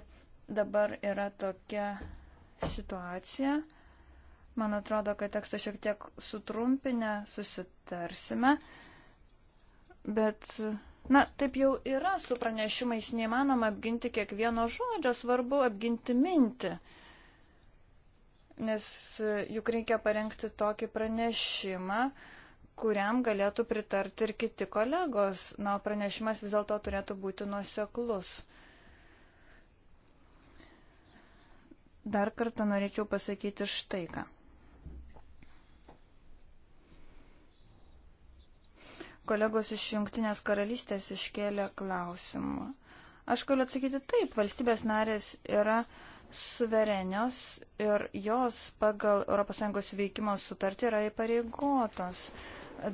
dabar yra tokia situacija. Man atrodo, kad tekstą šiek tiek sutrumpinę susitarsime, bet Na, taip jau yra su pranešimais, neįmanoma apginti kiekvieno žodžio, svarbu apginti mintį nes e, juk reikia parengti tokį pranešimą, kuriam galėtų pritarti ir kiti kolegos. Na, pranešimas vis dėlto turėtų būti nuoseklus. Dar kartą norėčiau pasakyti štai ką. Kolegos iš Junktinės karalystės iškėlė klausimą. Aš galiu atsakyti taip, valstybės narės yra uh, suverenios ir jos pagal ES veikimo sutartį yra įpareigotos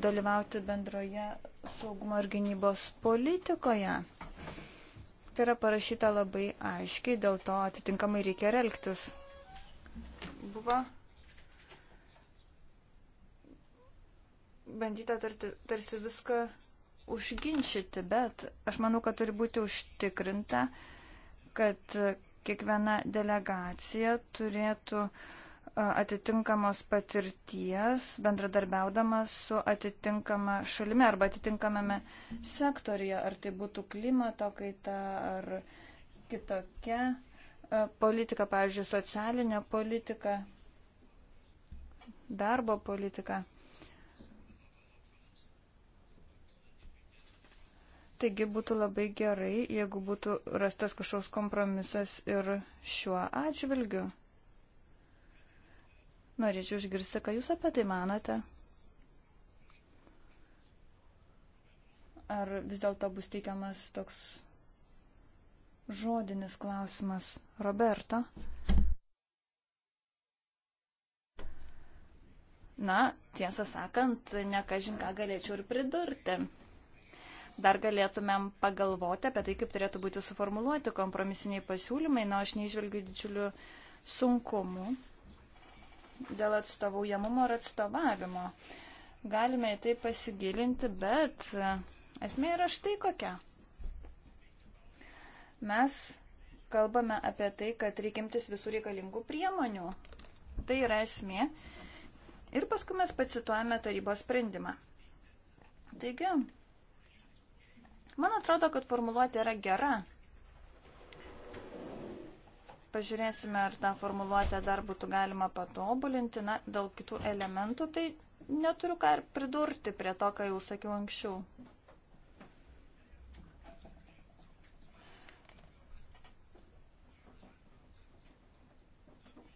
dalyvauti bendroje saugumo ir gynybos politikoje. Tai yra parašyta labai aiškiai, dėl to atitinkamai reikia elgtis. Buvo bandyta tarti, tarsi viską užginčyti, bet aš manau, kad turi būti užtikrinta, kad kiekviena delegacija turėtų atitinkamos patirties, bendradarbiaudama su atitinkama šalimi arba atitinkamame sektorija, ar tai būtų klimato kaita ar kitokia politika, pavyzdžiui, socialinė politika, darbo politika. Taigi būtų labai gerai, jeigu būtų rastas kažkoks kompromisas ir šiuo atžvilgiu. Norėčiau išgirsti, ką Jūs apie tai manote. Ar vis dėlto bus teikiamas toks žodinis klausimas Roberto? Na, tiesą sakant, nekažin ką galėčiau ir pridurti dar galėtumėm pagalvoti apie tai, kaip turėtų būti suformuluoti kompromisiniai pasiūlymai, na, aš neižvelgiu didžiulių sunkumų dėl atstovaujamumo ir atstovavimo. Galime į tai pasigilinti, bet esmė yra štai kokia. Mes kalbame apie tai, kad reikimtis visų reikalingų priemonių. Tai yra esmė. Ir paskui mes pacituojame tarybos sprendimą. Taigi, Man atrodo, kad formuluotė yra gera. Pažiūrėsime, ar tą formuluotę dar būtų galima patobulinti. Na, dėl kitų elementų tai neturiu ką ir pridurti prie to, ką jau sakiau anksčiau.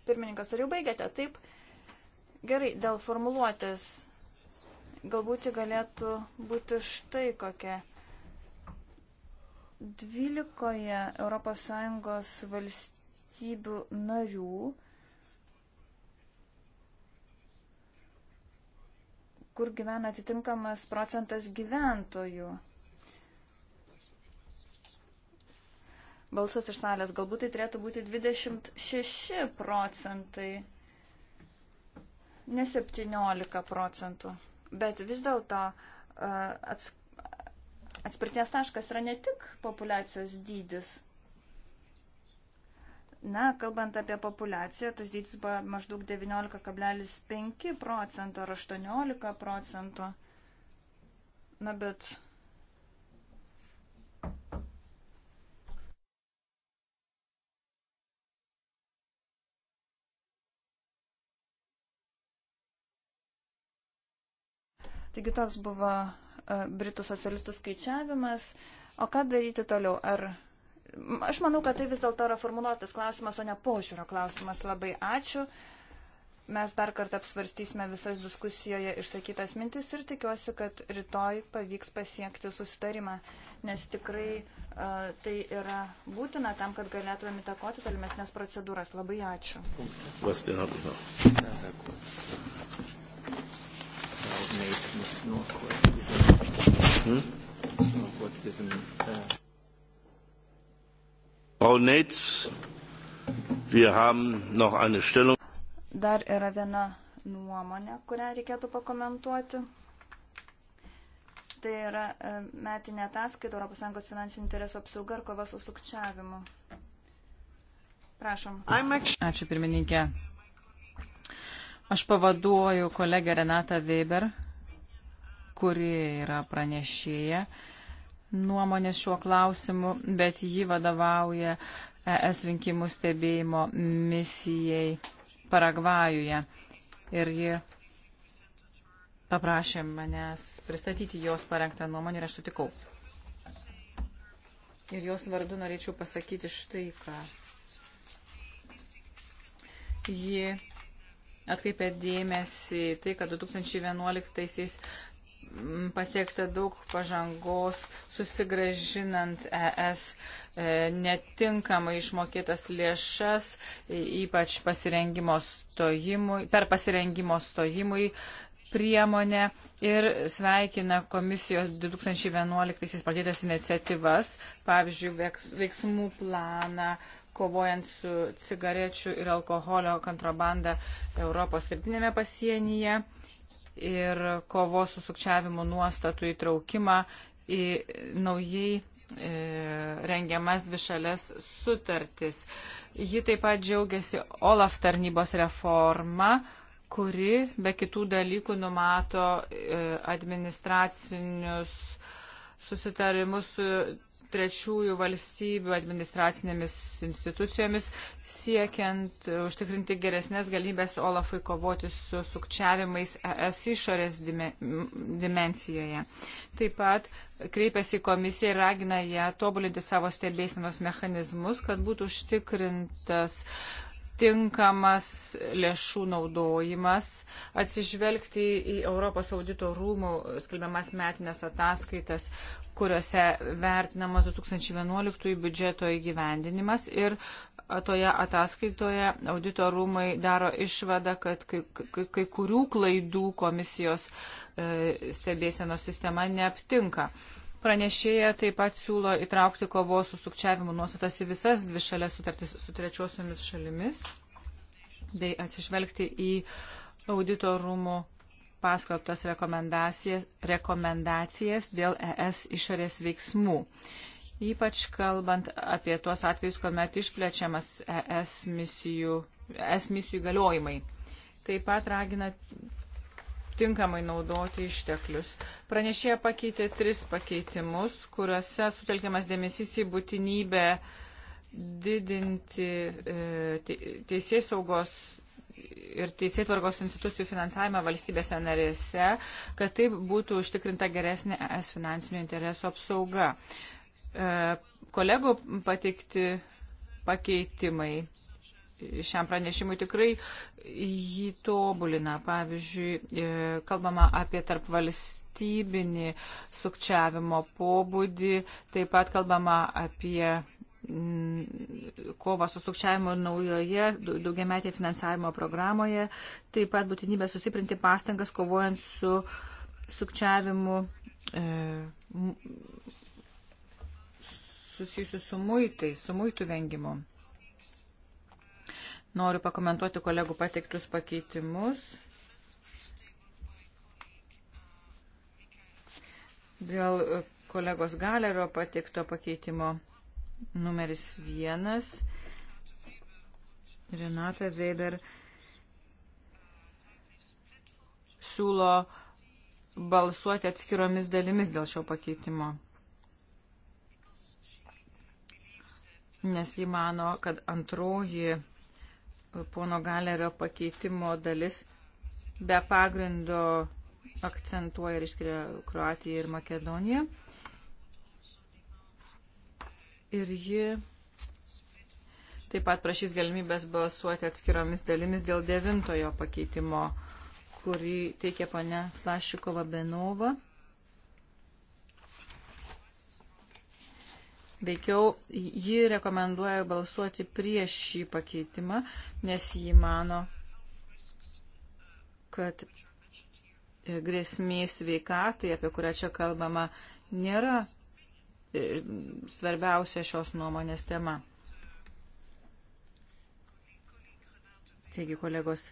Pirmininkas, ar jau baigėte? Taip. Gerai, dėl formuluotės. Galbūt galėtų būti štai kokia. 12 ES valstybių narių, kur gyvena atitinkamas procentas gyventojų. Balsas iš salės, galbūt tai turėtų būti 26 procentai, ne 17 procentų. Bet vis dėlto uh, atskirti Atspirties taškas yra ne tik populacijos dydis. Na, kalbant apie populaciją, tas dydis buvo maždaug 19,5 procento ar 18 procento. Na, bet Taigi toks buvo E, Britų socialistų skaičiavimas. O ką daryti toliau? Ar... Aš manau, kad tai vis dėlto yra formuluotas klausimas, o ne požiūrio klausimas. Labai ačiū. Mes dar kartą apsvarstysime visas diskusijoje išsakytas mintis ir tikiuosi, kad rytoj pavyks pasiekti susitarimą, nes tikrai uh, tai yra būtina tam, kad galėtumėm įtakoti tolimesnės procedūras. Labai ačiū. Vastina. Hm? Frau Nates, wir haben noch eine Stellung. Dar yra viena nuomonė, kurią reikėtų pakomentuoti. Tai yra e, metinė ataskaita ES finansinių interesų apsauga ir kova su sukčiavimu. Prašom. Ačiū pirmininkė. Aš pavaduoju kolegę Renatą Weber, kuri yra pranešėja nuomonės šiuo klausimu, bet ji vadovauja ES rinkimų stebėjimo misijai Paragvajuje. Ir ji paprašė manęs pristatyti jos parengtą nuomonę ir aš sutikau. Ir jos vardu norėčiau pasakyti štai ką. Ji atkreipė dėmesį tai, kad 2011 pasiekta daug pažangos, susigražinant ES e, netinkamai išmokėtas lėšas, ypač pasirengimo stojimui, per pasirengimo stojimui priemonę ir sveikina komisijos 2011 pradėtas iniciatyvas, pavyzdžiui, veiksmų planą kovojant su cigarečių ir alkoholio kontrabanda Europos rytinėme pasienyje ir kovos su sukčiavimo nuostatų įtraukimą į naujai e, rengiamas dvišalės sutartis. Ji taip pat džiaugiasi OLAF tarnybos reforma, kuri be kitų dalykų numato e, administracinius susitarimus su trečiųjų valstybių administracinėmis institucijomis, siekiant užtikrinti geresnės galimybės Olafui kovoti su sukčiavimais ES išorės dimencijoje. Taip pat kreipiasi į komisiją ir ragina ją tobulinti savo stebėsinos mechanizmus, kad būtų užtikrintas tinkamas lėšų naudojimas, atsižvelgti į Europos audito rūmų skelbiamas metinės ataskaitas, kuriuose vertinamas 2011 biudžeto įgyvendinimas ir toje ataskaitoje audito rūmai daro išvadą, kad kai, kai, kai kurių klaidų komisijos e, stebėsenos sistema neaptinka. Pranešėja taip pat siūlo įtraukti kovos su sukčiavimu nuostatas į visas dvi šalias sutartis su trečiosiomis šalimis bei atsižvelgti į audito rūmų paskalbtas rekomendacijas, rekomendacijas dėl ES išorės veiksmų. Ypač kalbant apie tuos atvejus, kuomet išplečiamas ES misijų, ES misijų galiojimai. Taip pat ragina tinkamai naudoti išteklius. Pranešėja pakeitė tris pakeitimus, kuriuose sutelkiamas dėmesys į būtinybę didinti e, teisės saugos ir teisėtvarkos institucijų finansavimą valstybėse narėse, kad taip būtų užtikrinta geresnė es finansinių interesų apsauga. E, kolegų pateikti pakeitimai šiam pranešimui tikrai jį tobulina. Pavyzdžiui, e, kalbama apie tarp valstybinį sukčiavimo pobūdį, taip pat kalbama apie Mm, kovą su sukčiavimo naujoje daugiametėje finansavimo programoje, taip pat būtinybė susiprinti pastangas kovojant su sukčiavimu e, susijusiu su muitais, su muitų vengimu. Noriu pakomentuoti kolegų pateiktus pakeitimus. Dėl e, kolegos Galerio pateikto pakeitimo numeris vienas. Renata Weber siūlo balsuoti atskiromis dalimis dėl šio pakeitimo. Nes jį mano, kad antroji pono galerio pakeitimo dalis be pagrindo akcentuoja ir išskiria Kroatiją ir Makedoniją ir ji taip pat prašys galimybės balsuoti atskiromis dalimis dėl devintojo pakeitimo, kurį teikia pane Flašikova Benova. Veikiau ji rekomenduoja balsuoti prieš šį pakeitimą, nes ji mano, kad grėsmės veikatai, apie kurią čia kalbama, nėra E, svarbiausia šios nuomonės tema. Taigi, kolegos,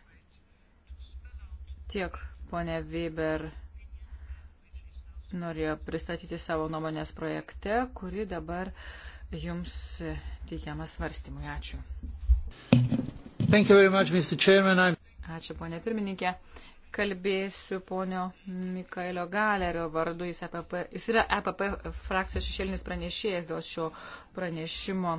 tiek ponė Weber norėjo pristatyti savo nuomonės projekte, kuri dabar jums teikiama svarstymui. Ačiū. Much, Ačiū, ponė pirmininkė kalbėsiu ponio Mikaelio Galerio vardu, jis, EPP, jis yra EPP frakcijos šešėlinis pranešėjas dėl šio pranešimo.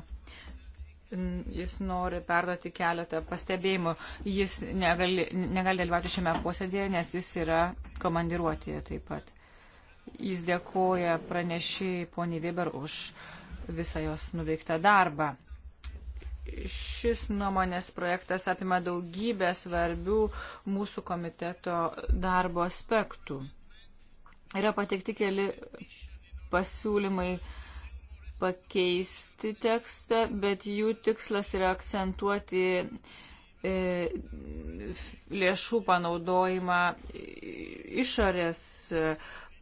Jis nori perduoti keletą pastebėjimų. Jis negali, negali dalyvauti šiame posėdėje, nes jis yra komandiruotėje taip pat. Jis dėkoja pranešėjai poniai Weber už visą jos nuveiktą darbą šis nuomonės projektas apima daugybę svarbių mūsų komiteto darbo aspektų. Yra pateikti keli pasiūlymai pakeisti tekstą, bet jų tikslas yra akcentuoti e, lėšų panaudojimą išorės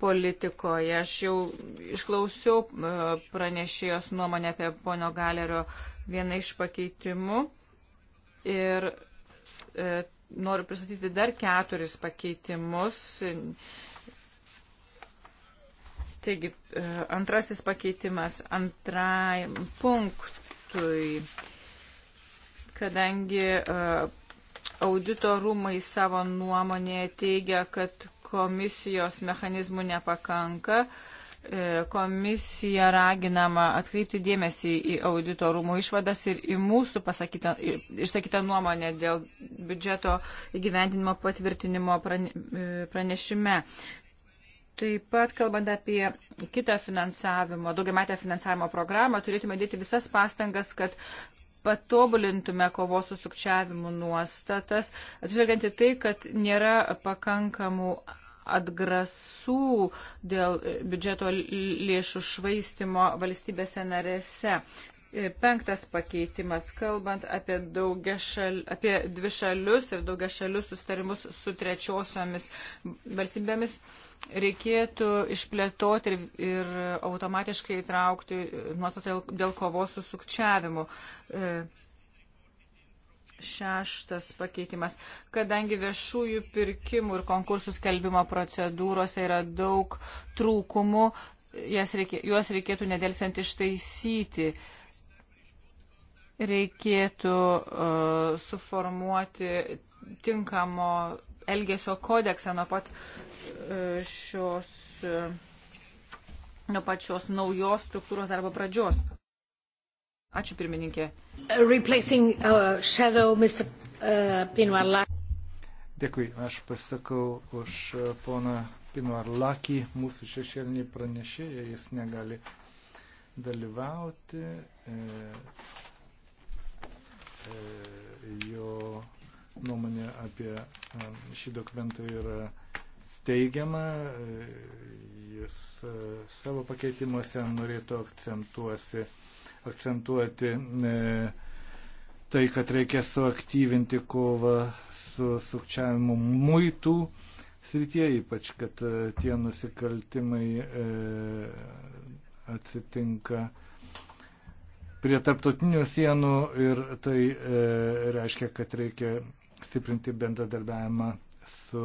politikoje. Aš jau išklausiau e, pranešėjos nuomonę apie pono Galerio viena iš pakeitimų ir e, noriu pristatyti dar keturis pakeitimus. Taigi, e, antrasis pakeitimas antrai punktui, kadangi e, audito rūmai savo nuomonėje teigia, kad komisijos mechanizmų nepakanka, e, E, komisija raginama atkreipti dėmesį į audito rūmų išvadas ir į mūsų pasakytą, išsakytą nuomonę dėl biudžeto įgyvendinimo patvirtinimo e, pranešime. Taip pat, kalbant apie kitą finansavimo, daugiametę finansavimo programą, turėtume dėti visas pastangas, kad patobulintume kovos su sukčiavimu nuostatas, atsižvelgiant į tai, kad nėra pakankamų atgrasų dėl e, biudžeto lėšų švaistimo valstybėse narėse. E, penktas pakeitimas, kalbant apie, šal, apie dvi šalius ir daugia šalius sustarimus su trečiosiomis valstybėmis, reikėtų išplėtoti ir, ir automatiškai įtraukti nuostatą dėl kovos su sukčiavimu. E, Šeštas pakeitimas. Kadangi viešųjų pirkimų ir konkursų skelbimo procedūrose yra daug trūkumų, reikė, juos reikėtų nedelsiant ištaisyti. Reikėtų uh, suformuoti tinkamo elgesio kodeksą nuo pat uh, šios. Uh, nuo pačios naujos struktūros arba pradžios. Ačiū pirmininkė. Uh, replacing uh, shadow, Mr. Uh, Pinuarla. Dėkui, aš pasakau už uh, poną Pinuarlaki, mūsų šešėlinį pranešėją, jis negali dalyvauti. E, e, jo nuomonė apie e, šį dokumentą yra teigiama. E, jis e, savo pakeitimuose norėtų akcentuosi akcentuoti e, tai, kad reikia suaktyvinti kovą su sukčiavimu muitų srityje, ypač kad e, tie nusikaltimai e, atsitinka prie taptotinių sienų ir tai reiškia, kad reikia stiprinti bendradarbiavimą su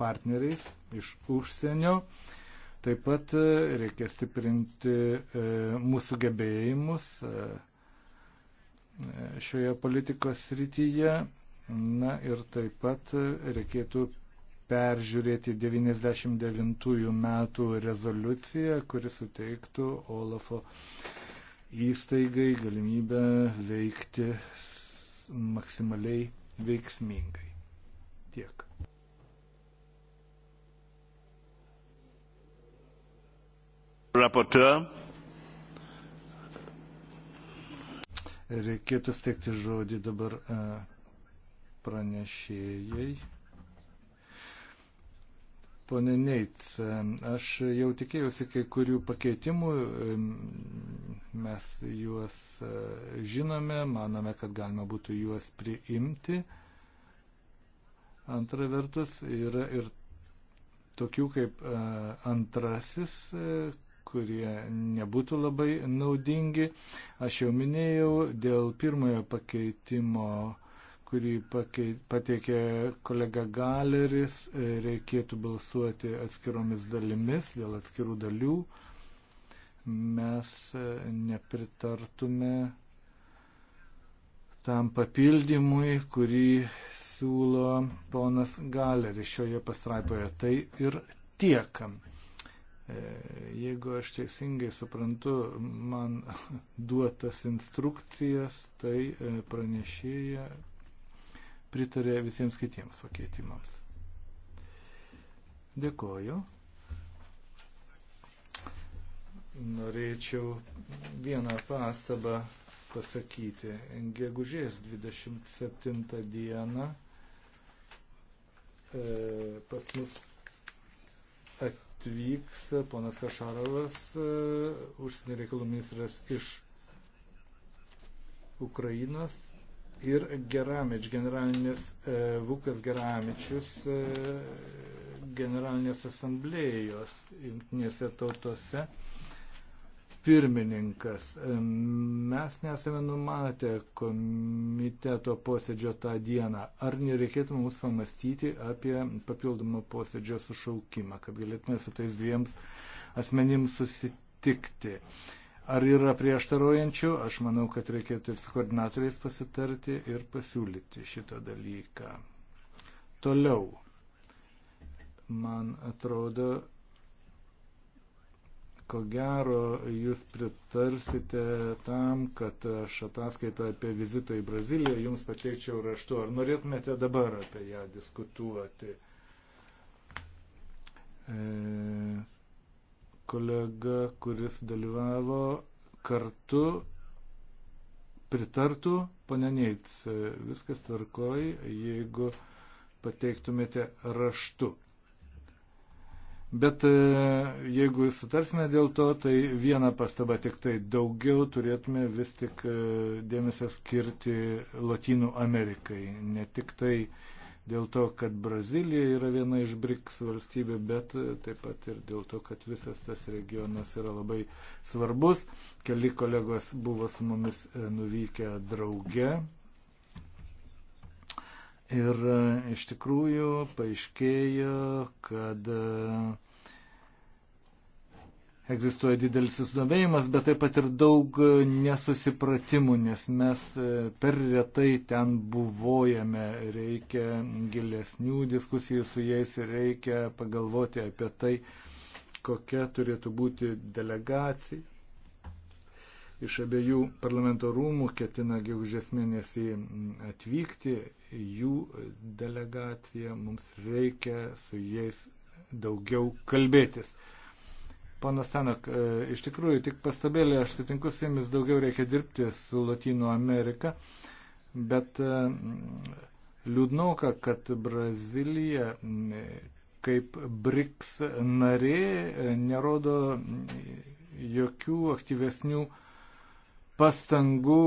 partneriais iš užsienio. E, Taip pat e, reikia stiprinti e, mūsų gebėjimus e, šioje politikos srityje. Na ir taip pat reikėtų peržiūrėti 99 metų rezoliuciją, kuri suteiktų Olafo įstaigai galimybę veikti maksimaliai veiksmingai. Tiek. Rapporteur. Reikėtų steigti žodį dabar e, pranešėjai. Pone Neits, e, aš jau tikėjausi kai kurių pakeitimų, e, mes juos žinome, manome, kad galima būtų juos priimti. Antra vertus yra ir tokių kaip antrasis, kurie nebūtų labai naudingi. Aš jau minėjau dėl pirmojo pakeitimo kurį pateikė kolega Galeris, e, reikėtų balsuoti atskiromis dalimis, dėl atskirų dalių. Mes e, nepritartume tam papildymui, kurį siūlo ponas Galeris šioje pastraipoje. Tai ir tiekam. E, jeigu aš teisingai suprantu man duotas instrukcijas, tai e, pranešėja pritarė visiems kitiems pakeitimams. Dėkoju. Norėčiau vieną pastabą pasakyti. Gegužės 27 dieną e, pas mus at, atvyks ponas Kašarovas, e, užsienio reikalų ministras iš Ukrainos ir Geramič, generalinis e, Vukas Geramičius, e, generalinės asamblėjos jungtinėse tautose pirmininkas. Mes nesame numatę komiteto posėdžio tą dieną. Ar nereikėtų mums pamastyti apie papildomą posėdžio sušaukimą, kad galėtume su tais dviems asmenims susitikti? Ar yra prieštarojančių? Aš manau, kad reikėtų ir su koordinatoriais pasitarti ir pasiūlyti šitą dalyką. Toliau. Man atrodo, Ko gero, jūs pritarsite tam, kad aš ataskaitą apie vizitą į Braziliją jums pateikčiau raštu. Ar norėtumėte dabar apie ją diskutuoti? E, kolega, kuris dalyvavo kartu, pritartų, panenėts, e, viskas tvarkoj, jeigu pateiktumėte raštu. Bet e, jeigu sutarsime dėl to, tai vieną pastabą tik tai daugiau turėtume vis tik e, dėmesio skirti Latinų Amerikai. Ne tik tai dėl to, kad Brazilija yra viena iš BRICS valstybių, bet e, taip pat ir dėl to, kad visas tas regionas yra labai svarbus. Keli kolegos buvo su mumis nuvykę drauge. Ir iš tikrųjų paaiškėjo, kad egzistuoja didelis susidomėjimas, bet taip pat ir daug nesusipratimų, nes mes e, per retai ten buvojame, reikia gilesnių diskusijų su jais ir reikia pagalvoti apie tai, kokia turėtų būti delegacija. Iš abiejų parlamento rūmų ketina gegužės mėnesį atvykti jų delegacija, mums reikia su jais daugiau kalbėtis. Ponas Stanok, e, iš tikrųjų, tik pastabėlė, aš sutinku su jumis, daugiau reikia dirbti su Latino Amerika, bet e, liūdnauka, kad Brazilija e, kaip BRICS narė nerodo jokių aktyvesnių pastangų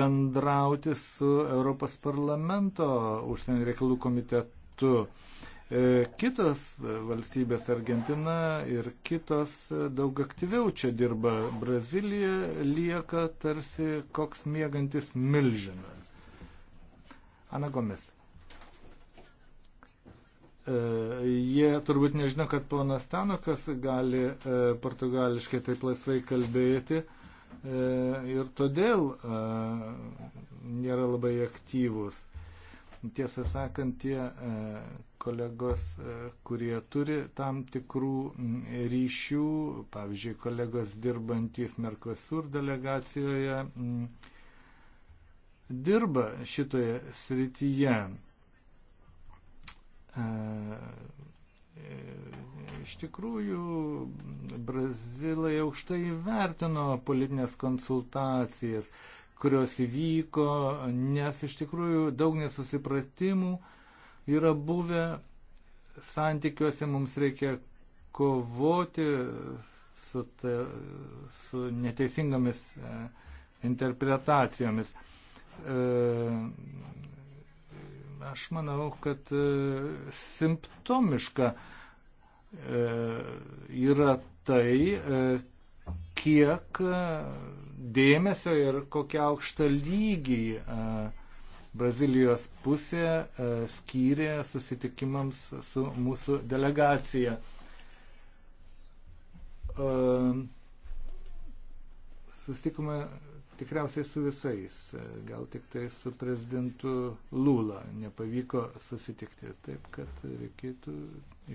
bendrauti su Europos parlamento užsienio reikalų komitetu. Uh, E, kitos valstybės Argentina ir kitos e, daug aktyviau čia dirba. Brazilija lieka tarsi koks mėgantis milžinas. Ana Gomes. E, jie turbūt nežino, kad ponas Tanokas gali portugališkai taip laisvai kalbėti ir todėl nėra labai aktyvus. Tiesą sakant, tie e, kolegos, e, kurie turi tam tikrų ryšių, pavyzdžiui, kolegos dirbantys Merkosur delegacijoje, dirba šitoje srityje. E, iš tikrųjų, Brazilai aukštai vertino politinės konsultacijas kurios įvyko, nes iš tikrųjų daug nesusipratimų yra buvę santykiuose, mums reikia kovoti su, ta, su neteisingomis e, interpretacijomis. E, aš manau, kad e, simptomiška yra tai, kiek dėmesio ir kokią aukštą lygį e, Brazilijos pusė e, skyrė susitikimams su mūsų delegacija. E, susitikome tikriausiai su visais, gal tik tai su prezidentu Lula nepavyko susitikti. Taip, kad reikėtų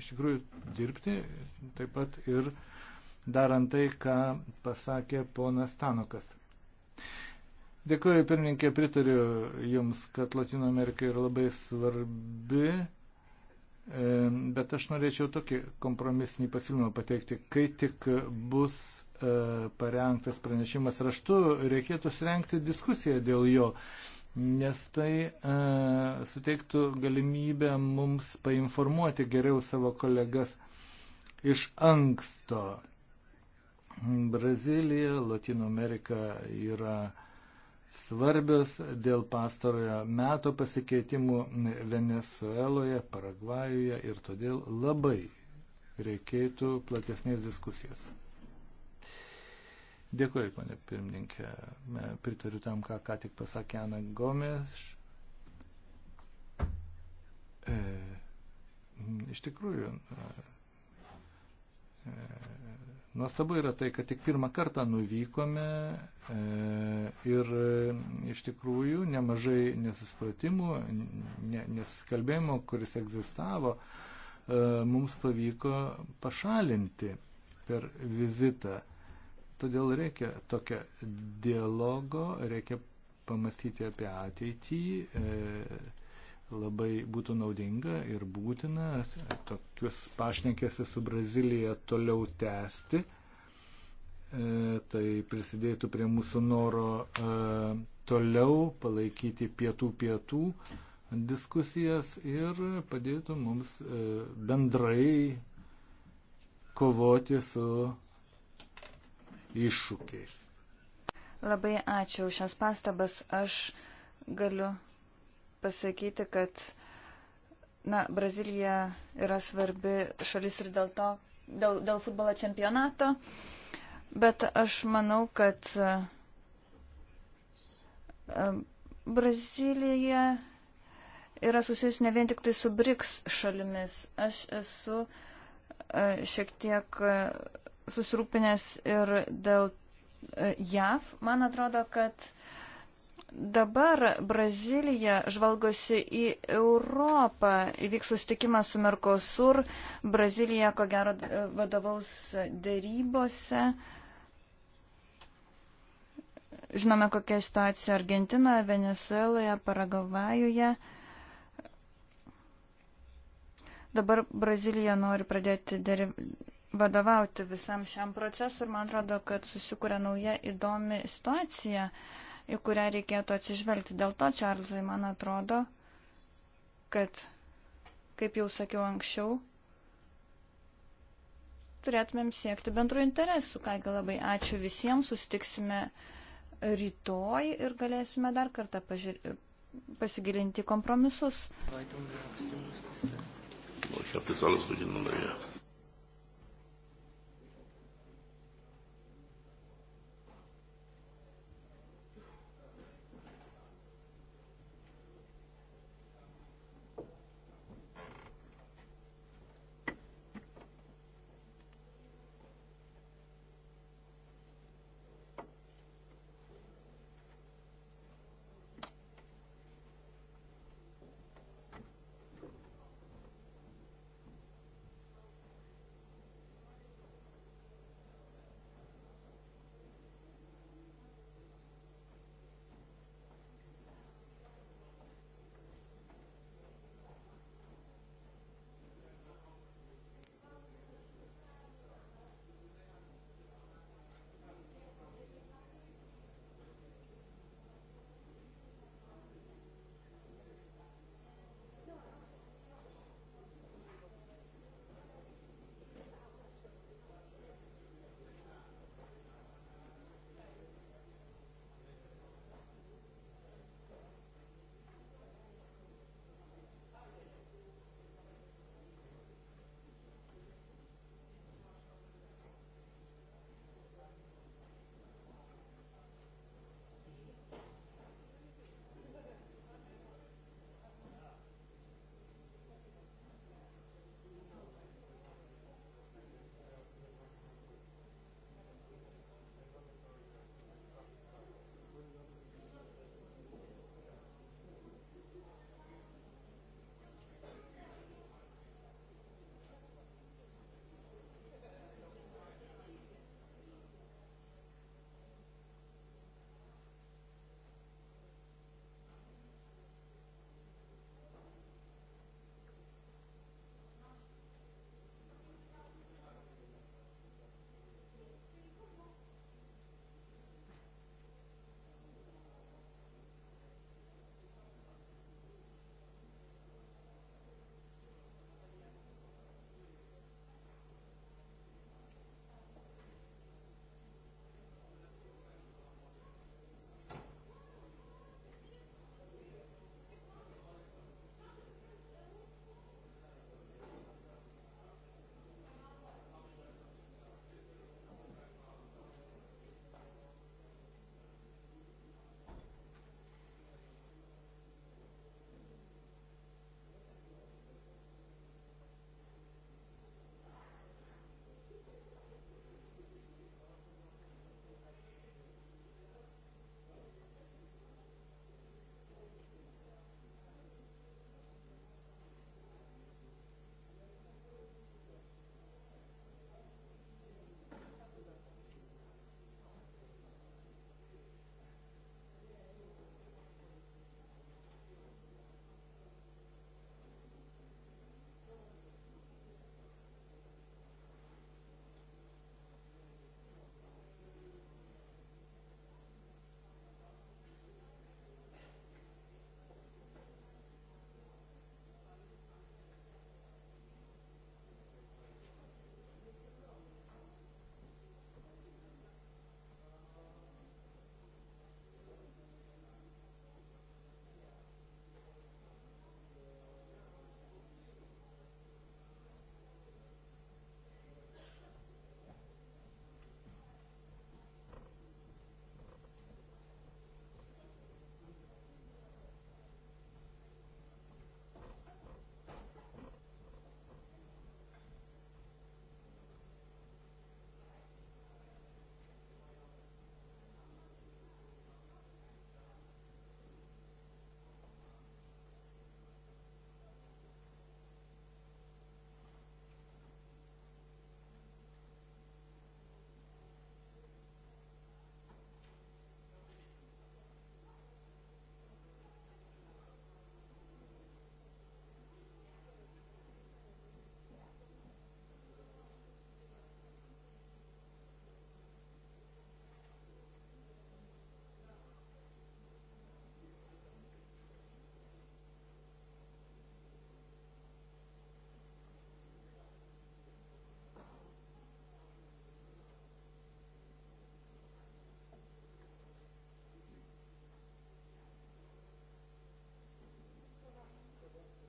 iš tikrųjų dirbti taip pat ir uh, darant tai, ką pasakė ponas Tanukas. Dėkuoju, pirmininkė, pritariu Jums, kad Latino Amerika yra labai svarbi, e, bet aš norėčiau tokį kompromisinį pasiūlymą pateikti. Kai tik bus e, parengtas pranešimas raštu, reikėtų surenkti diskusiją dėl jo, nes tai e, suteiktų galimybę mums painformuoti geriau savo kolegas iš anksto. Brazilija, Latino Amerika yra svarbios dėl pastarojo meto pasikeitimų Venezueloje, Paragvajuje ir todėl labai reikėtų platesnės diskusijos. Dėkuoju, ponė pirmininkė. Pritariu tam, ką ką tik pasakė Ana Gomes. E, iš tikrųjų, e, e Nuostabu yra tai, kad tik pirmą kartą nuvykome e, ir e, iš tikrųjų nemažai nesuspratimų, nesiskalbėjimų, kuris egzistavo, e, mums pavyko pašalinti per vizitą. Todėl reikia tokio dialogo, reikia pamastyti apie ateitį. E, labai būtų naudinga ir būtina tokius pašnekėsi su Brazilija toliau tęsti. E, tai prisidėtų prie mūsų noro e, toliau palaikyti pietų pietų diskusijas ir padėtų mums e, bendrai kovoti su iššūkiais. Labai ačiū už šias pastabas. Aš galiu pasakyti, kad na, Brazilija yra svarbi šalis ir dėl to, dėl, dėl futbolo čempionato, bet aš manau, kad Brazilija yra susijusi ne vien tik tai su BRICS šalimis. Aš esu šiek tiek susirūpinęs ir dėl JAV. Man atrodo, kad uh, Dabar Brazilija žvalgosi į Europą. Įvyks susitikimas su Mercosur. Brazilija, ko gero, vadovaus dėrybose. Žinome, kokia situacija Argentinoje, Venezueloje, Paragavajoje. Dabar Brazilija nori pradėti deri... vadovauti visam šiam procesui ir man atrodo, kad susikūrė nauja įdomi situacija. Uh, į kurią reikėtų atsižvelgti. Dėl to, Čarlzai, man atrodo, kad, kaip jau sakiau anksčiau, turėtumėm siekti bendrų interesų. Kągi labai ačiū visiems, susitiksime rytoj ir galėsime dar kartą pažiūr... pasigilinti kompromisus. Ich habe das alles durcheinander hier.